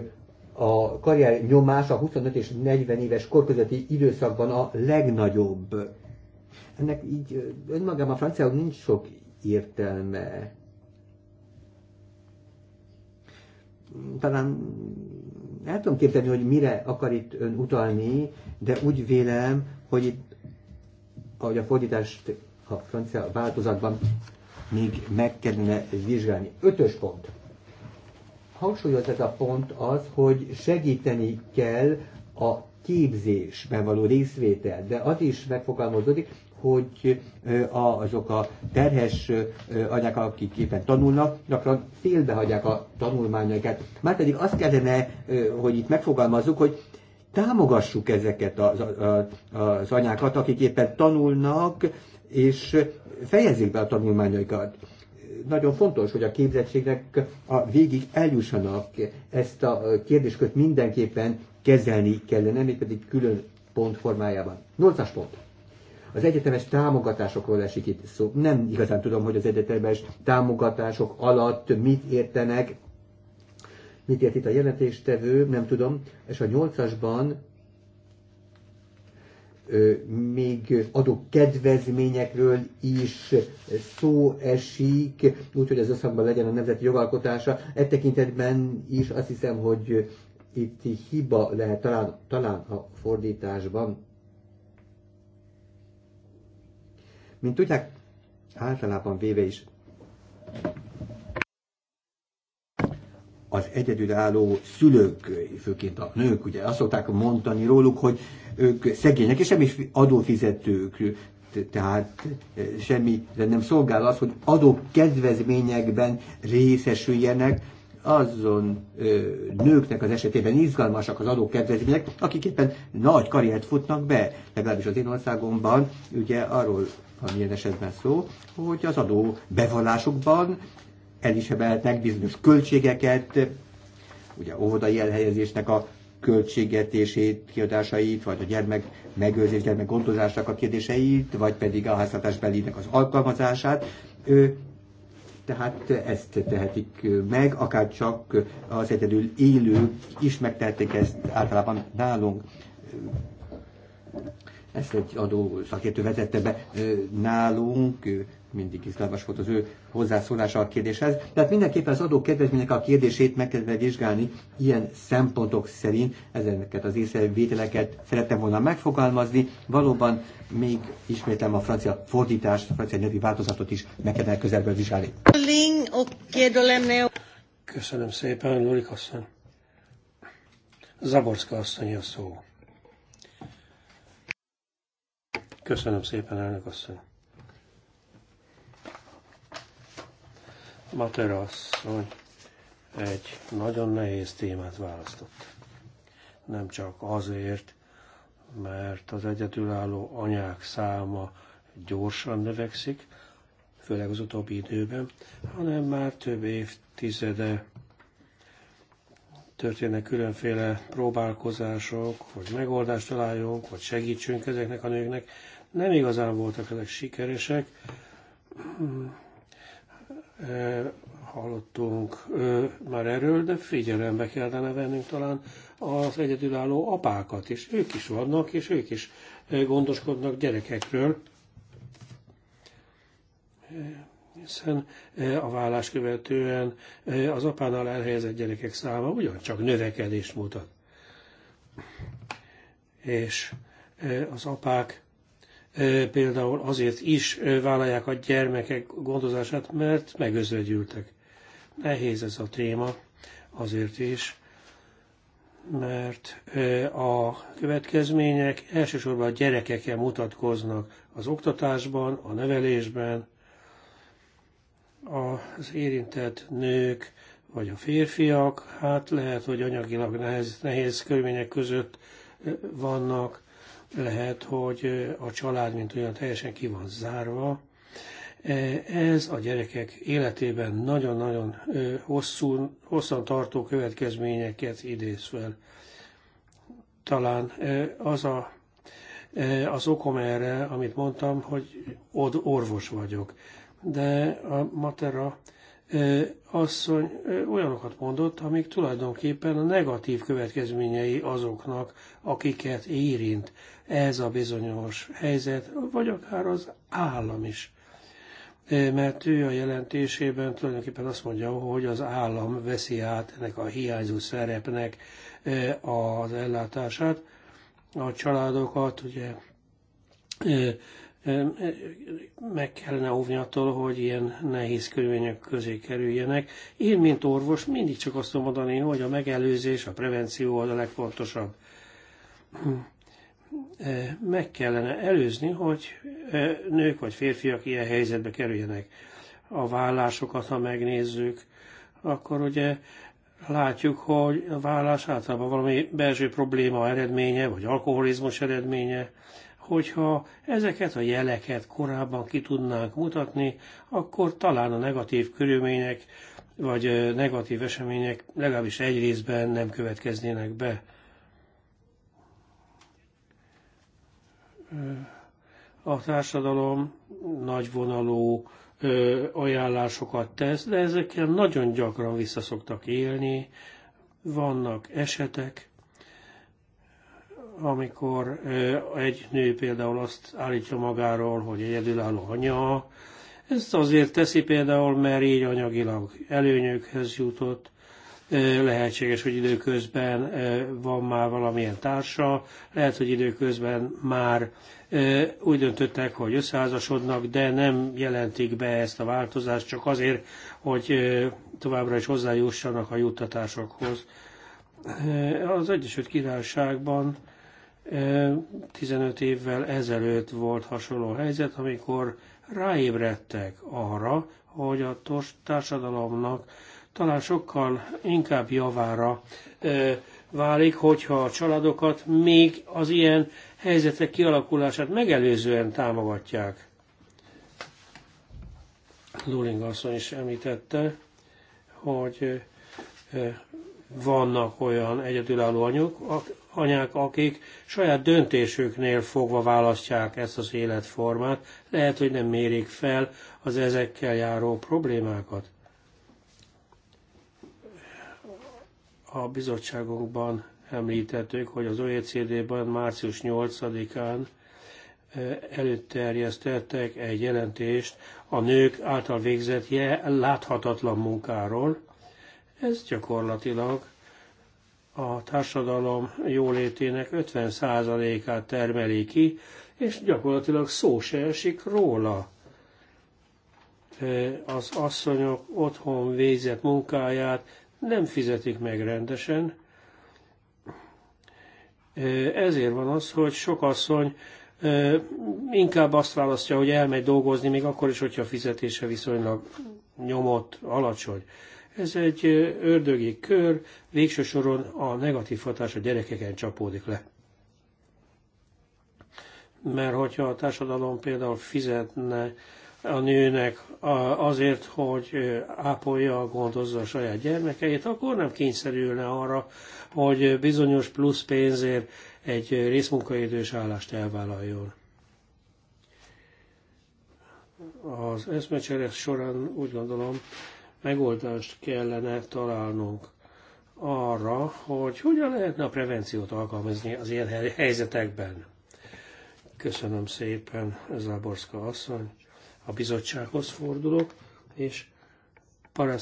a karrier nyomás a 25 és 40 éves kor közötti időszakban a legnagyobb. Ennek így önmagában a franciául nincs sok értelme. Talán el tudom képzelni, hogy mire akar itt ön utalni, de úgy vélem, hogy itt ahogy a fordítást a francia változatban még meg kellene vizsgálni. Ötös pont. Hangsúlyoz ez a pont az, hogy segíteni kell a képzésben való részvétel, de az is megfogalmazódik, hogy azok a terhes anyák, akik éppen tanulnak, gyakran félbehagyják a tanulmányokat. Már pedig azt kellene, hogy itt megfogalmazzuk, hogy támogassuk ezeket az, az anyákat, akik éppen tanulnak, és fejezzék be a tanulmányaikat. Nagyon fontos, hogy a képzettségnek a végig eljussanak. Ezt a kérdéskört mindenképpen kezelni kellene, mégpedig külön pont formájában. Nyolcas pont. Az egyetemes támogatásokról esik itt szó. Nem igazán tudom, hogy az egyetemes támogatások alatt mit értenek, mit ért itt a jelentéstevő, nem tudom, és a nyolcasban még adó kedvezményekről is szó esik, úgyhogy ez összhangban legyen a nemzeti jogalkotása. E tekintetben is azt hiszem, hogy itt hiba lehet talán, talán a fordításban. Mint tudják, általában véve is az egyedülálló szülők, főként a nők, ugye azt szokták mondani róluk, hogy ők szegények, és semmi adófizetők, tehát eh, semmi nem szolgál az, hogy adó kedvezményekben részesüljenek, azon ö, eh, nőknek az esetében izgalmasak az adókedvezmények, akik éppen nagy karriert futnak be, legalábbis az én országomban, ugye arról van ilyen esetben szó, hogy az adó bevallásukban elviselhetnek bizonyos költségeket, ugye óvodai elhelyezésnek a költségetését, kiadásait, vagy a gyermek megőrzés, gyermek gondozásnak a kérdéseit, vagy pedig a háztartás belének az alkalmazását. ő, Tehát ezt tehetik meg, akár csak az egyedül élő is megtehetik ezt általában nálunk. Ezt egy adó szakértő vezette be nálunk, mindig izgalmas volt az ő hozzászólása a kérdéshez. Tehát mindenképpen az adó kedvezmények a kérdését meg kell vizsgálni ilyen szempontok szerint. Ezeket az észrevételeket szerettem volna megfogalmazni. Valóban még ismétlem a francia fordítást, a francia nyelvi változatot is meg kell közelből vizsgálni. Köszönöm szépen, Lurik asszony. Zaborszka asszony a szó. Köszönöm szépen, elnök asszony. Matera asszony egy nagyon nehéz témát választott. Nem csak azért, mert az egyedülálló anyák száma gyorsan növekszik, főleg az utóbbi időben, hanem már több évtizede történnek különféle próbálkozások, hogy megoldást találjunk, hogy segítsünk ezeknek a nőknek. Nem igazán voltak ezek sikeresek, hallottunk már erről, de figyelembe kellene vennünk talán az egyedülálló apákat is. Ők is vannak, és ők is gondoskodnak gyerekekről, hiszen a vállás követően az apánál elhelyezett gyerekek száma ugyancsak növekedést mutat. És az apák például azért is vállalják a gyermekek gondozását, mert megözvegyültek. Nehéz ez a téma, azért is, mert a következmények elsősorban a gyerekeken mutatkoznak az oktatásban, a nevelésben, az érintett nők vagy a férfiak, hát lehet, hogy anyagilag nehéz, nehéz körülmények között vannak, lehet, hogy a család, mint olyan teljesen ki van zárva. E, ez a gyerekek életében nagyon-nagyon hosszú, hosszan tartó következményeket idéz fel. Talán az a, az okom erre, amit mondtam, hogy orvos vagyok. De a Matera asszony olyanokat mondott, amik tulajdonképpen a negatív következményei azoknak, akiket érint ez a bizonyos helyzet, vagy akár az állam is. Mert ő a jelentésében tulajdonképpen azt mondja, hogy az állam veszi át ennek a hiányzó szerepnek az ellátását, a családokat ugye E, meg kellene óvni attól, hogy ilyen nehéz körülmények közé kerüljenek. Én, mint orvos, mindig csak azt tudom mondani, hogy a megelőzés, a prevenció az a legfontosabb. E, meg kellene előzni, hogy e, nők vagy férfiak ilyen helyzetbe kerüljenek. A vállásokat, ha megnézzük, akkor ugye látjuk, hogy a vállás általában valami belső probléma eredménye, vagy alkoholizmus eredménye, Hogyha ezeket a jeleket korábban ki tudnánk mutatni, akkor talán a negatív körülmények vagy negatív események legalábbis egy részben nem következnének be. A társadalom nagyvonalú ajánlásokat tesz, de ezekkel nagyon gyakran visszaszoktak élni. Vannak esetek, amikor egy nő például azt állítja magáról, hogy egyedülálló anya, ezt azért teszi például, mert így anyagilag előnyökhez jutott, lehetséges, hogy időközben van már valamilyen társa, lehet, hogy időközben már úgy döntöttek, hogy összeházasodnak, de nem jelentik be ezt a változást, csak azért, hogy továbbra is hozzájussanak a juttatásokhoz. Az Egyesült Királyságban 15 évvel ezelőtt volt hasonló helyzet, amikor ráébredtek arra, hogy a társadalomnak talán sokkal inkább javára válik, hogyha a családokat még az ilyen helyzetek kialakulását megelőzően támogatják. Luling asszony is említette, hogy vannak olyan egyedülálló anyok, anyák, akik saját döntésüknél fogva választják ezt az életformát, lehet, hogy nem mérik fel az ezekkel járó problémákat. A bizottságokban említettük, hogy az OECD-ben március 8-án előterjesztettek egy jelentést a nők által végzett láthatatlan munkáról. Ez gyakorlatilag a társadalom jólétének 50%-át termeli ki, és gyakorlatilag szó se esik róla. Az asszonyok otthon végzett munkáját nem fizetik meg rendesen. Ezért van az, hogy sok asszony inkább azt választja, hogy elmegy dolgozni, még akkor is, hogyha a fizetése viszonylag nyomott, alacsony. Ez egy ördögi kör, végső soron a negatív hatás a gyerekeken csapódik le. Mert hogyha a társadalom például fizetne a nőnek azért, hogy ápolja, gondozza a saját gyermekeit, akkor nem kényszerülne arra, hogy bizonyos plusz pénzért egy részmunkaidős állást elvállaljon. Az eszmecsere során úgy gondolom, megoldást kellene találnunk arra, hogy hogyan lehetne a prevenciót alkalmazni az ilyen helyzetekben. Köszönöm szépen, Záborszka asszony. A bizottsághoz fordulok, és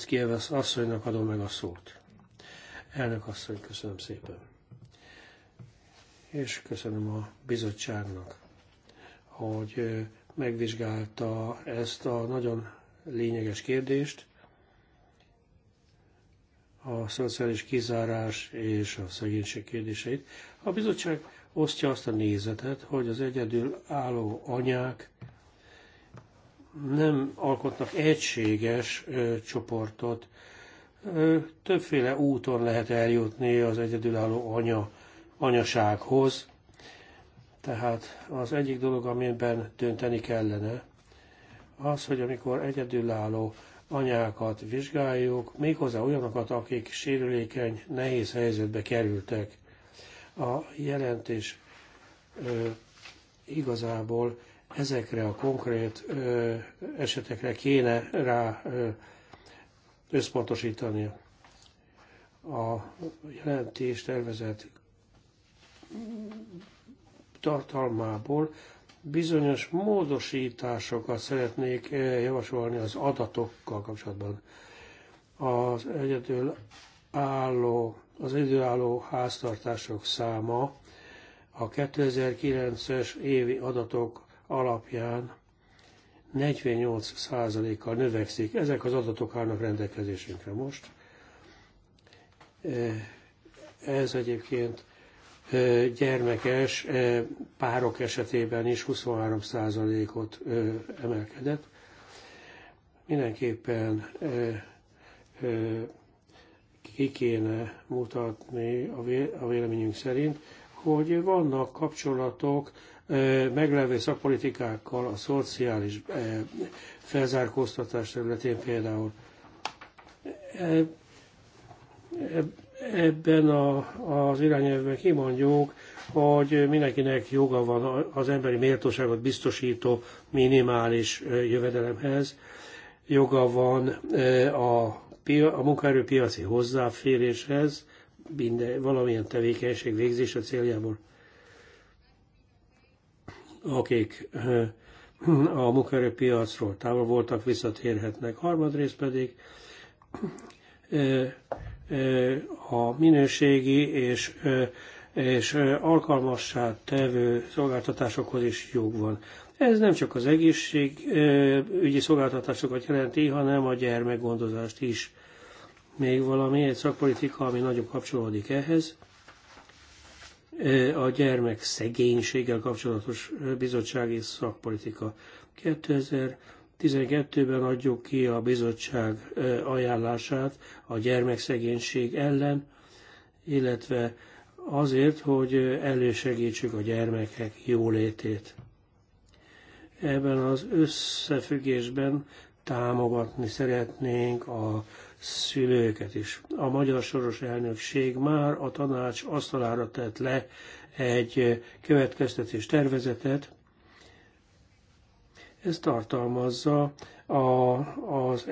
Evesz asszonynak adom meg a szót. Elnök asszony, köszönöm szépen. És köszönöm a bizottságnak, hogy megvizsgálta ezt a nagyon lényeges kérdést, a szociális kizárás és a szegénység kérdéseit. A bizottság osztja azt a nézetet, hogy az egyedül álló anyák nem alkotnak egységes ö, csoportot. Ö, többféle úton lehet eljutni az egyedülálló anya, anyasághoz. Tehát az egyik dolog, amiben dönteni kellene, az, hogy amikor egyedülálló anyákat vizsgáljuk, méghozzá olyanokat, akik sérülékeny, nehéz helyzetbe kerültek. A jelentés ö, igazából ezekre a konkrét ö, esetekre kéne rá ö, összpontosítani. A jelentés tervezett tartalmából Bizonyos módosításokat szeretnék eh, javasolni az adatokkal kapcsolatban. Az egyedül álló, az időálló háztartások száma a 2009-es évi adatok alapján 48%-kal növekszik. Ezek az adatok állnak rendelkezésünkre most. Eh, ez egyébként gyermekes párok esetében is 23%-ot emelkedett. Mindenképpen ki kéne mutatni a véleményünk szerint, hogy vannak kapcsolatok meglevő szakpolitikákkal a szociális felzárkóztatás területén például Ebben a, az irányelvben kimondjuk, hogy mindenkinek joga van az emberi méltóságot biztosító minimális jövedelemhez, joga van a, a munkaerőpiaci hozzáféréshez, minden, valamilyen tevékenység végzése céljából. Akik a munkaerőpiacról távol voltak, visszatérhetnek. Harmadrészt pedig a minőségi és, és alkalmassá tevő szolgáltatásokhoz is jog van. Ez nem csak az egészségügyi szolgáltatásokat jelenti, hanem a gyermekgondozást is. Még valami, egy szakpolitika, ami nagyon kapcsolódik ehhez, a gyermek szegénységgel kapcsolatos bizottsági szakpolitika. 2000 12-ben adjuk ki a bizottság ajánlását a gyermekszegénység ellen, illetve azért, hogy elősegítsük a gyermekek jólétét. Ebben az összefüggésben támogatni szeretnénk a szülőket is. A Magyar Soros Elnökség már a tanács asztalára tett le egy következtetés tervezetet, ez tartalmazza a, az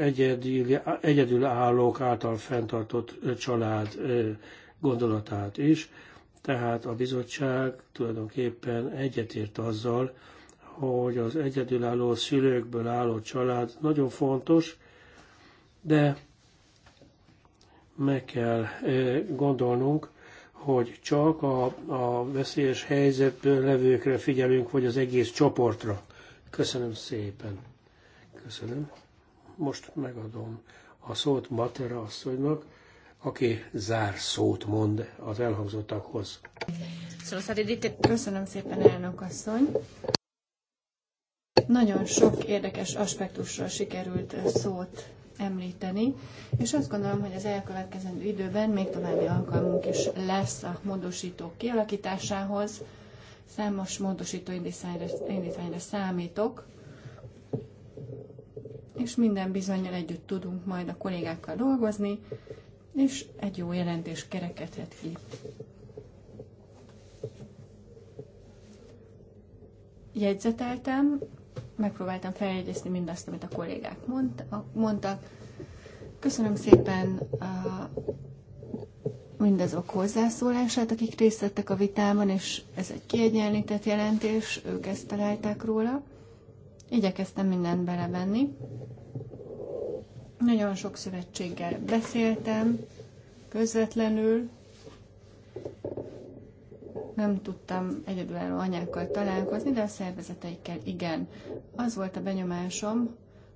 egyedül, állók által fenntartott család gondolatát is, tehát a bizottság tulajdonképpen egyetért azzal, hogy az egyedülálló szülőkből álló család nagyon fontos, de meg kell gondolnunk, hogy csak a, a veszélyes helyzetből levőkre figyelünk, vagy az egész csoportra. Köszönöm szépen. Köszönöm. Most megadom a szót Matera asszonynak, aki zár szót mond az elhangzottakhoz. Köszönöm szépen, elnök asszony. Nagyon sok érdekes aspektusról sikerült szót említeni, és azt gondolom, hogy az elkövetkezendő időben még további alkalmunk is lesz a módosítók kialakításához, Számos módosító indítványra számítok, és minden bizonyal együtt tudunk majd a kollégákkal dolgozni, és egy jó jelentés kerekedhet ki. Jegyzeteltem, megpróbáltam feljegyezni mindazt, amit a kollégák mondtak. Köszönöm szépen a mindazok hozzászólását, akik részt vettek a vitában, és ez egy kiegyenlített jelentés, ők ezt találták róla. Igyekeztem mindent belevenni. Nagyon sok szövetséggel beszéltem, közvetlenül. Nem tudtam egyedülálló anyákkal találkozni, de a szervezeteikkel igen. Az volt a benyomásom,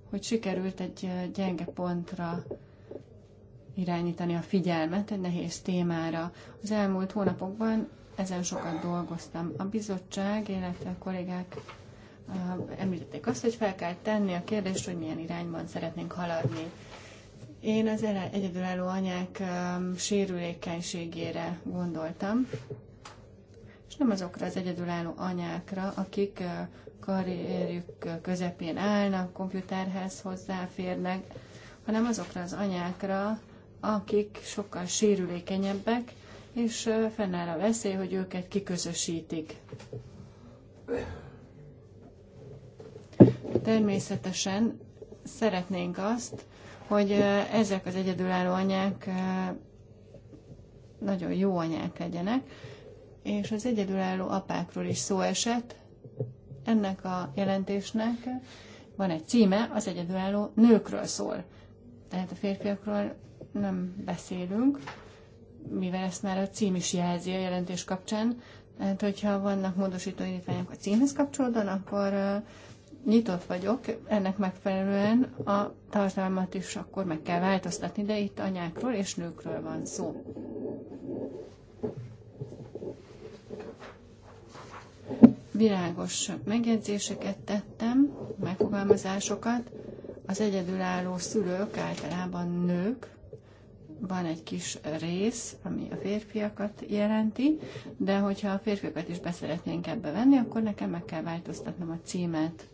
hogy sikerült egy gyenge pontra irányítani a figyelmet egy nehéz témára. Az elmúlt hónapokban ezen sokat dolgoztam. A bizottság, illetve a kollégák említették azt, hogy fel kell tenni a kérdést, hogy milyen irányban szeretnénk haladni. Én az egyedülálló anyák sérülékenységére gondoltam, és nem azokra az egyedülálló anyákra, akik karrierjük közepén állnak, komputerhez hozzáférnek, hanem azokra az anyákra, akik sokkal sérülékenyebbek, és fennáll a veszély, hogy őket kiközösítik. Természetesen szeretnénk azt, hogy ezek az egyedülálló anyák nagyon jó anyák legyenek, és az egyedülálló apákról is szó esett. Ennek a jelentésnek van egy címe, az egyedülálló nőkről szól. Tehát a férfiakról nem beszélünk, mivel ezt már a cím is jelzi a jelentés kapcsán. Tehát, hogyha vannak módosító indítványok a címhez kapcsolódóan, akkor nyitott vagyok, ennek megfelelően a tartalmat is akkor meg kell változtatni, de itt anyákról és nőkről van szó. Világos megjegyzéseket tettem, megfogalmazásokat. Az egyedülálló szülők általában nők, van egy kis rész, ami a férfiakat jelenti, de hogyha a férfiakat is beszeretnénk ebbe venni, akkor nekem meg kell változtatnom a címet.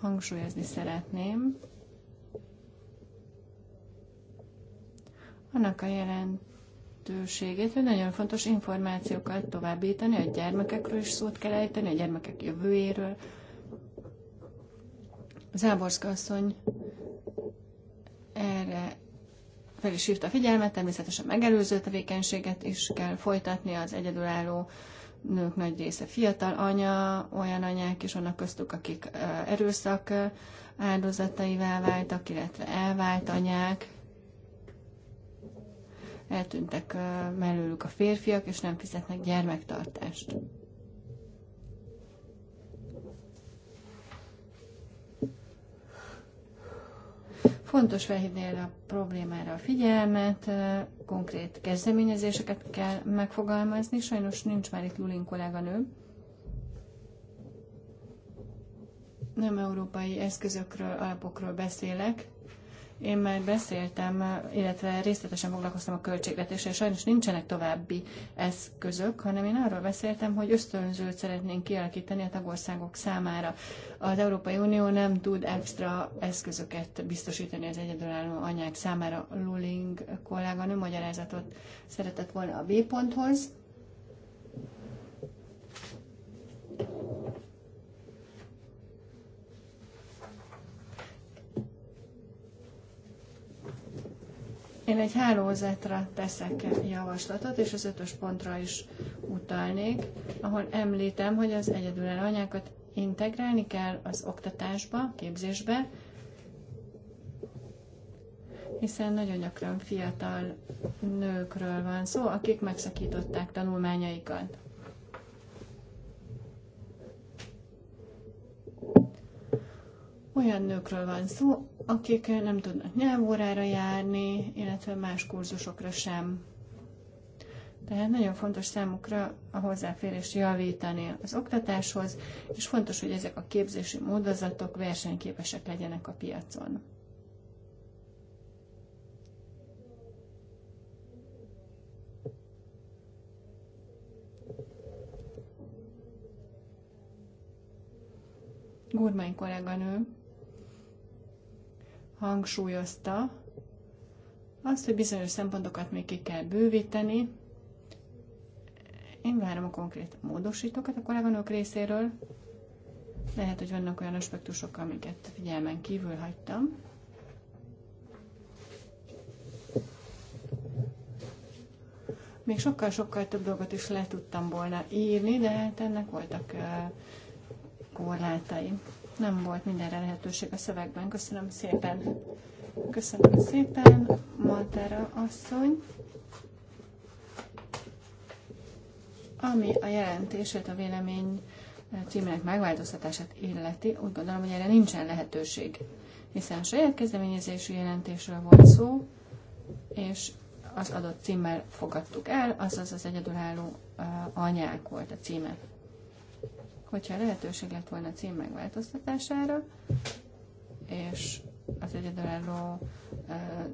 Hangsúlyozni szeretném. Annak a jelentőségét, hogy nagyon fontos információkat továbbítani, a gyermekekről is szót kell ejteni, a gyermekek jövőjéről. Záborszka asszony erre fel is hívta a figyelmet, természetesen megelőző tevékenységet is kell folytatni, az egyedülálló nők nagy része fiatal anya, olyan anyák is vannak köztük, akik erőszak áldozataivá váltak, illetve elvált anyák. Eltűntek mellőlük a férfiak, és nem fizetnek gyermektartást. Fontos felhívni erre a problémára a figyelmet, konkrét kezdeményezéseket kell megfogalmazni. Sajnos nincs már itt Lulin kolléganő. Nem európai eszközökről, alapokról beszélek, én már beszéltem, illetve részletesen foglalkoztam a költségvetéssel, sajnos nincsenek további eszközök, hanem én arról beszéltem, hogy ösztönzőt szeretnénk kialakítani a tagországok számára. Az Európai Unió nem tud extra eszközöket biztosítani az egyedülálló anyák számára. Luling nem magyarázatot szeretett volna a B ponthoz. Én egy hálózatra teszek javaslatot, és az ötös pontra is utalnék, ahol említem, hogy az egyedülálló anyákat integrálni kell az oktatásba, képzésbe, hiszen nagyon gyakran fiatal nőkről van szó, akik megszakították tanulmányaikat. Olyan nőkről van szó, akik nem tudnak nyelvórára járni, illetve más kurzusokra sem. Tehát nagyon fontos számukra a hozzáférés javítani az oktatáshoz, és fontos, hogy ezek a képzési módozatok versenyképesek legyenek a piacon. Gurmány kolléganő hangsúlyozta azt, hogy bizonyos szempontokat még ki kell bővíteni. Én várom a konkrét módosítókat a kolléganők részéről. Lehet, hogy vannak olyan aspektusok, amiket figyelmen kívül hagytam. Még sokkal-sokkal több dolgot is le tudtam volna írni, de hát ennek voltak korlátai. Nem volt mindenre lehetőség a szövegben. Köszönöm szépen. Köszönöm szépen, Maltára asszony. Ami a jelentését, a vélemény címének megváltoztatását illeti, úgy gondolom, hogy erre nincsen lehetőség, hiszen a saját kezdeményezésű jelentésről volt szó, és az adott címmel fogadtuk el, azaz az egyedülálló anyák volt a címe hogyha lehetőség lett volna a cím megváltoztatására, és az egyedülálló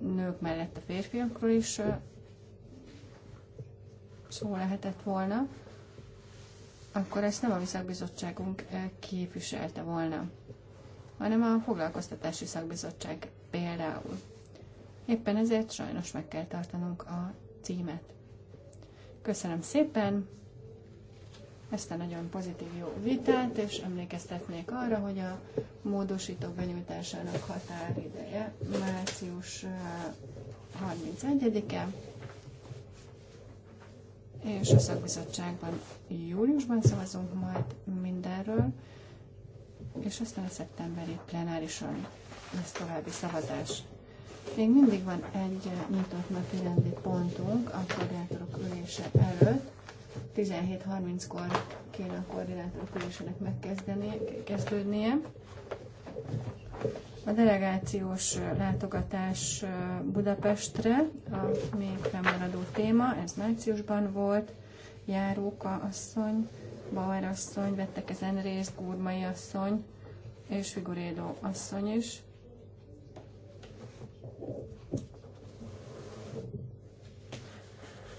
nők mellett a férfiakról is szó lehetett volna, akkor ezt nem a Viszakbizottságunk képviselte volna, hanem a Foglalkoztatási Szakbizottság például. Éppen ezért sajnos meg kell tartanunk a címet. Köszönöm szépen! ezt a nagyon pozitív jó vitát, és emlékeztetnék arra, hogy a módosítók benyújtásának határideje március 31-e, és a szakbizottságban júliusban szavazunk majd mindenről, és aztán a szeptemberi plenárison lesz további szavazás. Még mindig van egy nyitott napi rendi pontunk a koordinátorok ülése előtt, 17.30-kor kéne a koordinátorok ülésének megkezdődnie. A delegációs látogatás Budapestre, a még fennmaradó téma, ez márciusban volt, Járóka asszony, Bauer asszony, vettek ezen részt Gurmai asszony és Figurédo asszony is.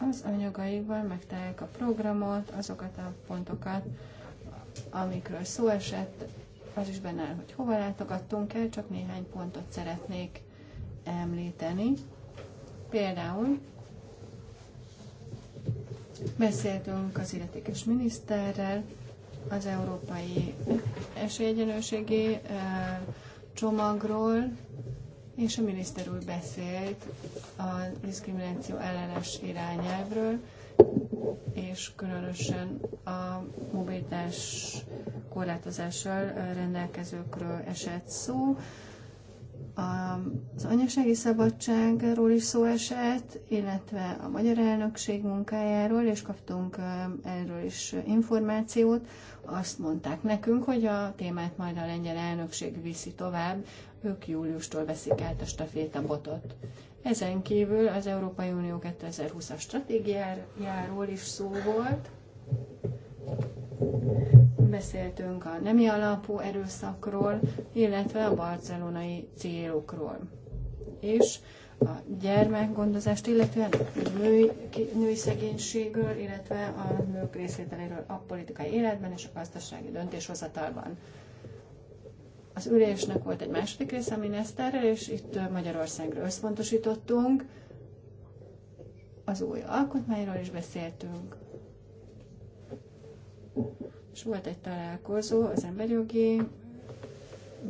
Az anyagaikban megtalálják a programot, azokat a pontokat, amikről szó esett, az is benne áll, hogy hova látogattunk el, csak néhány pontot szeretnék említeni. Például beszéltünk az illetékes miniszterrel, az európai esélyegyenlőségi eh, csomagról, és a miniszter úr beszélt a diszkrimináció ellenes irányelvről, és különösen a mobilitás korlátozással rendelkezőkről esett szó. Az anyasági szabadságról is szó esett, illetve a magyar elnökség munkájáról, és kaptunk erről is információt. Azt mondták nekünk, hogy a témát majd a lengyel elnökség viszi tovább, ők júliustól veszik át a stafétabotot. Ezen kívül az Európai Unió 2020-as stratégiáról is szó volt. Beszéltünk a nemi alapú erőszakról, illetve a barcelonai célokról. És a gyermekgondozást, illetve a női, női szegénységről, illetve a nők részvételéről a politikai életben és a gazdasági döntéshozatalban. Az ülésnek volt egy második része a miniszterrel, és itt Magyarországra összpontosítottunk, az új alkotmányról is beszéltünk. És volt egy találkozó az emberjogi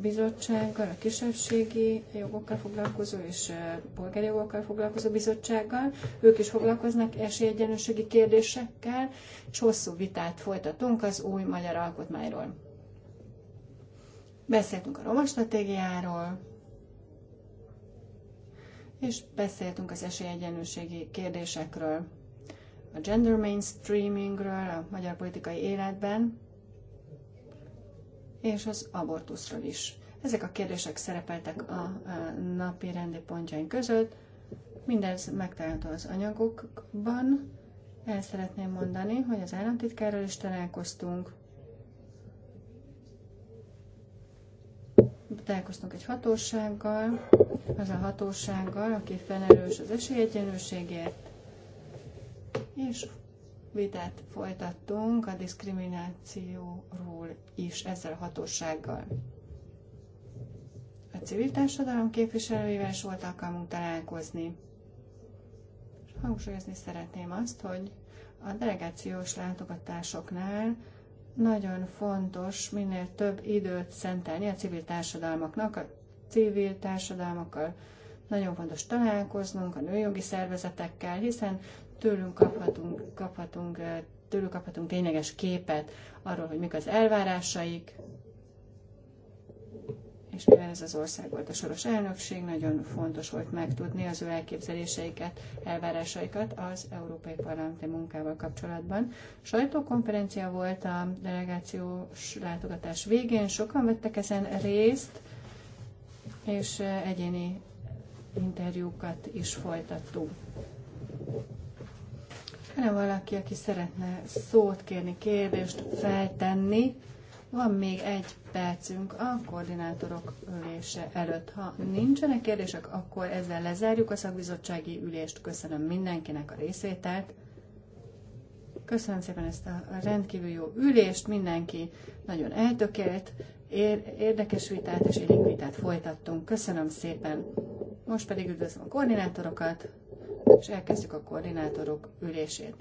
bizottsággal, a kisebbségi jogokkal foglalkozó és polgári jogokkal foglalkozó bizottsággal. Ők is foglalkoznak esélyegyenlőségi kérdésekkel, és hosszú vitát folytatunk az új magyar alkotmányról. Beszéltünk a roma stratégiáról, és beszéltünk az esélyegyenlőségi kérdésekről, a gender mainstreamingről a magyar politikai életben, és az abortuszról is. Ezek a kérdések szerepeltek a napi rendi pontjaink között, mindez megtalálható az anyagokban. El szeretném mondani, hogy az államtitkárral is találkoztunk, találkoztunk egy hatósággal, az a hatósággal, aki felelős az esélyegyenlőségért, és vitát folytattunk a diszkriminációról is ezzel a hatósággal. A civil társadalom képviselőivel is volt alkalmunk találkozni. Hangsúlyozni szeretném azt, hogy a delegációs látogatásoknál nagyon fontos minél több időt szentelni a civil társadalmaknak, a civil társadalmakkal nagyon fontos találkoznunk a nőjogi szervezetekkel, hiszen tőlünk kaphatunk, kaphatunk, tőlük kaphatunk tényleges képet arról, hogy mik az elvárásaik, és mivel ez az ország volt a soros elnökség, nagyon fontos volt megtudni az ő elképzeléseiket, elvárásaikat az Európai Parlamenti munkával kapcsolatban. Sajtókonferencia volt a delegációs látogatás végén, sokan vettek ezen részt, és eh, egyéni interjúkat is folytattuk. Van-e valaki, aki szeretne szót kérni, kérdést feltenni? Van még egy percünk a koordinátorok ülése előtt. Ha nincsenek kérdések, akkor ezzel lezárjuk a szakbizottsági ülést. Köszönöm mindenkinek a részvételt. Köszönöm szépen ezt a rendkívül jó ülést, mindenki nagyon eltökélt, érdekes vitát és élénk vitát folytattunk. Köszönöm szépen. Most pedig üdvözlöm a koordinátorokat, és elkezdjük a koordinátorok ülését.